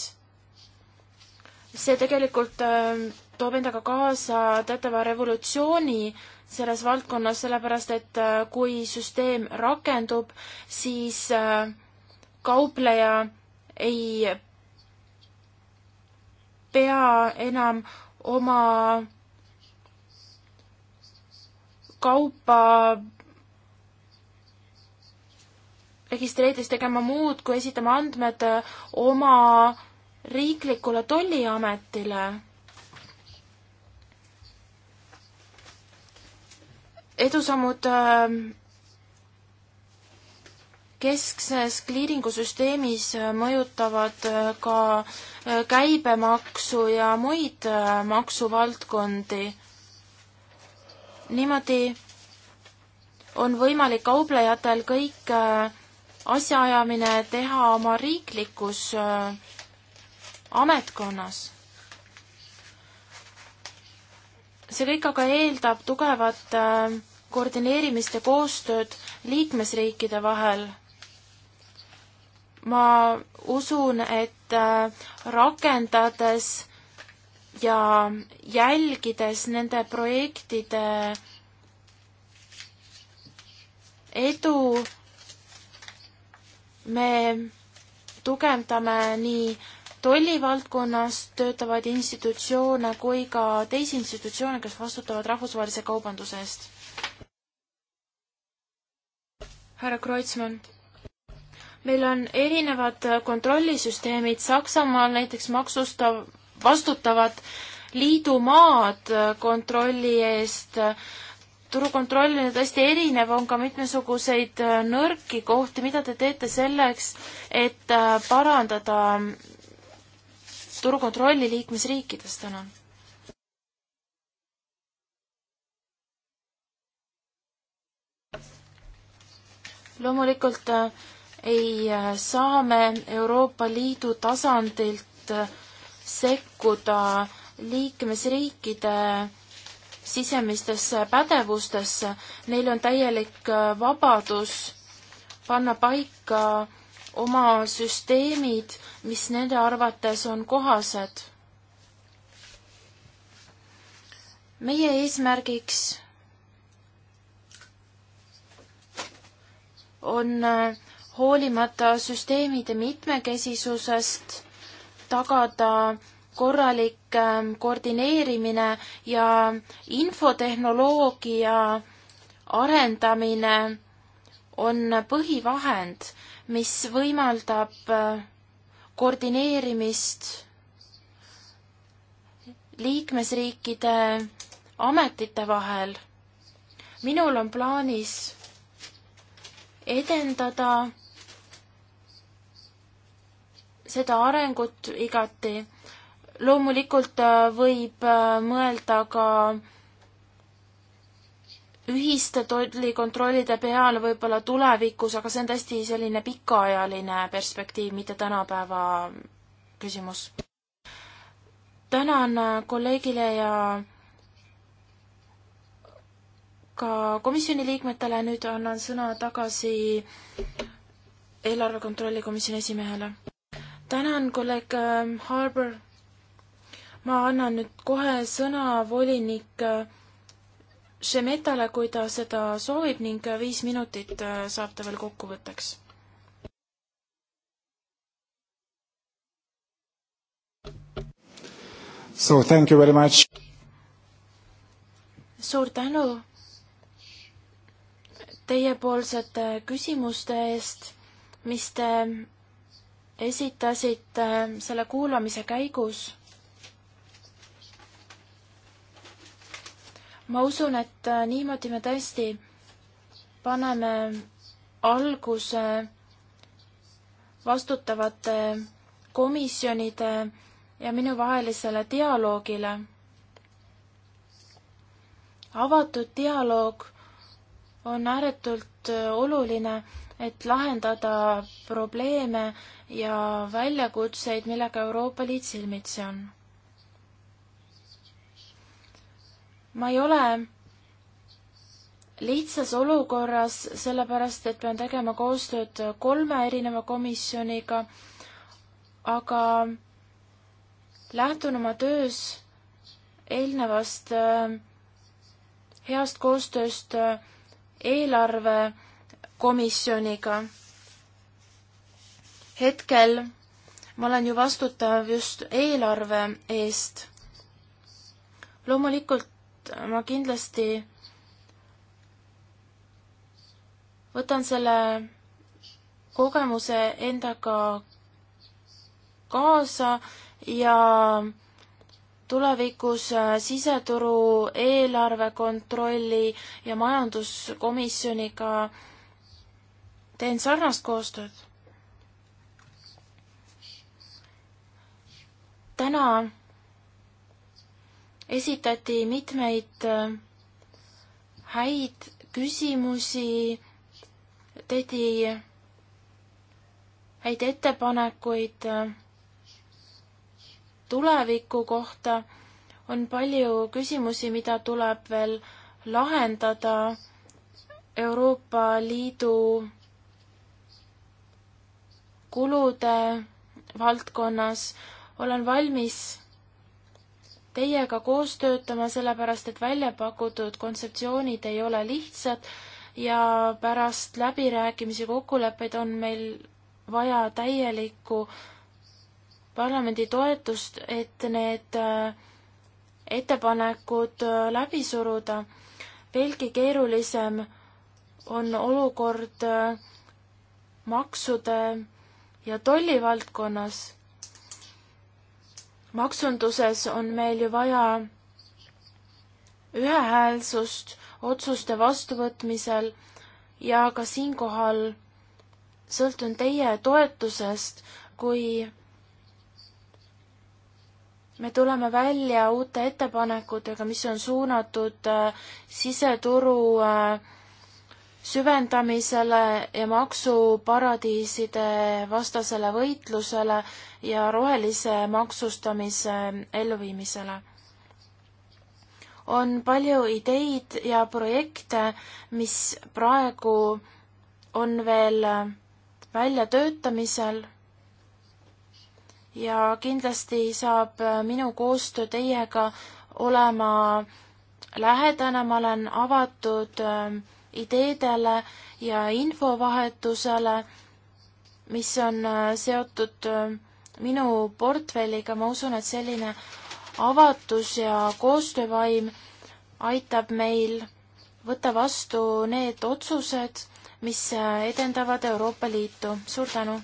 see tegelikult äh, toob endaga kaasa teatava revolutsiooni selles valdkonnas, sellepärast et äh, kui süsteem rakendub, siis äh, kaupleja ei pea enam oma kaupa registreerides tegema muud, kui esitama andmed äh, oma riiklikule tolliametile edusammud äh, keskses kliiringusüsteemis äh, mõjutavad äh, ka käibemaksu ja muid maksuvaldkondi. niimoodi on võimalik kauplejatel kõik asjaajamine teha oma riiklikus ametkonnas see kõik aga eeldab tugevat äh, koordineerimist ja koostööd liikmesriikide vahel. ma usun, et äh, rakendades ja jälgides nende projektide edu, me tugevdame nii tollivaldkonnas töötavaid institutsioone kui ka teisi institutsioone, kes vastutavad rahvusvahelise kaubanduse eest. härra Kreutzmann. meil on erinevad kontrollisüsteemid, Saksamaal näiteks maksustav, vastutavad liidumaad kontrolli eest, turukontroll on tõesti erinev, on ka mitmesuguseid nõrki kohti, mida te teete selleks, et parandada turukontrolli liikmesriikides, tänan. loomulikult äh, ei äh, saa me Euroopa Liidu tasandilt äh, sekkuda liikmesriikide sisemistesse pädevustesse, neil on täielik vabadus panna paika oma süsteemid, mis nende arvates on kohased. meie eesmärgiks on äh, hoolimata süsteemide mitmekesisusest tagada korralik ähm, koordineerimine ja infotehnoloogia arendamine on põhivahend mis võimaldab äh, koordineerimist liikmesriikide ametite vahel. minul on plaanis edendada seda arengut igati. loomulikult äh, võib äh, mõelda ka äh, ühiste tollikontrollide peale võib-olla tulevikus, aga see on tõesti selline pikaajaline perspektiiv, mitte tänapäeva küsimus. tänan äh, kolleegile ja ka komisjoni liikmetele, nüüd annan sõna tagasi eelarve kontrolli komisjoni esimehele. tänan, kolleeg äh, Harbour. ma annan nüüd kohe sõna volinik äh, Šemetale, kui ta seda soovib ning viis minutit äh, saab ta veel kokkuvõtteks. So thank you very much. suur tänu teiepoolsete küsimuste eest, mis te esitasite äh, selle kuulamise käigus ma usun, et äh, niimoodi me tõesti paneme alguse vastutavate komisjonide ja minuvahelisele dialoogile. avatud dialoog on ääretult äh, oluline, et lahendada probleeme ja väljakutseid, millega Euroopa Liit silmitsi on ma ei ole lihtsas olukorras, sellepärast et pean tegema koostööd kolme erineva komisjoniga, aga lähtun oma töös eelnevast äh, heast koostööst äh, eelarvekomisjoniga. hetkel ma olen ju vastutav just eelarve eest. loomulikult et ma kindlasti võtan selle kogemuse endaga kaasa ja tulevikus siseturu eelarvekontrolli ja majanduskomisjoniga teen sarnast koostööd. täna esitati mitmeid äh, häid küsimusi, tehti häid ettepanekuid äh, tuleviku kohta. on palju küsimusi, mida tuleb veel lahendada Euroopa Liidu kulude valdkonnas. olen valmis teiega koos töötama, sellepärast et välja pakutud kontseptsioonid ei ole lihtsad ja pärast läbirääkimisi kokkuleppeid on meil vaja täielikku parlamendi toetust, et need äh, ettepanekud äh, läbi suruda. veelgi keerulisem on olukord äh, maksude ja tollivaldkonnas maksunduses on meil ju vaja ühehäälsust otsuste vastuvõtmisel ja ka siinkohal sõltun teie toetusest, kui me tuleme välja uute ettepanekutega, mis on suunatud äh, siseturu äh, süvendamisele ja maksuparadiiside vastasele võitlusele ja rohelise maksustamise elluviimisele. on palju ideid ja projekte, mis praegu on veel väljatöötamisel ja kindlasti saab minu koostöö teiega olema lähedane, ma olen avatud äh, ideedele ja infovahetusele, mis on äh, seotud äh, minu portfelliga, ma usun, et selline avatus ja koostöövaim aitab meil võtta vastu need otsused, mis äh, edendavad Euroopa Liitu. suur tänu!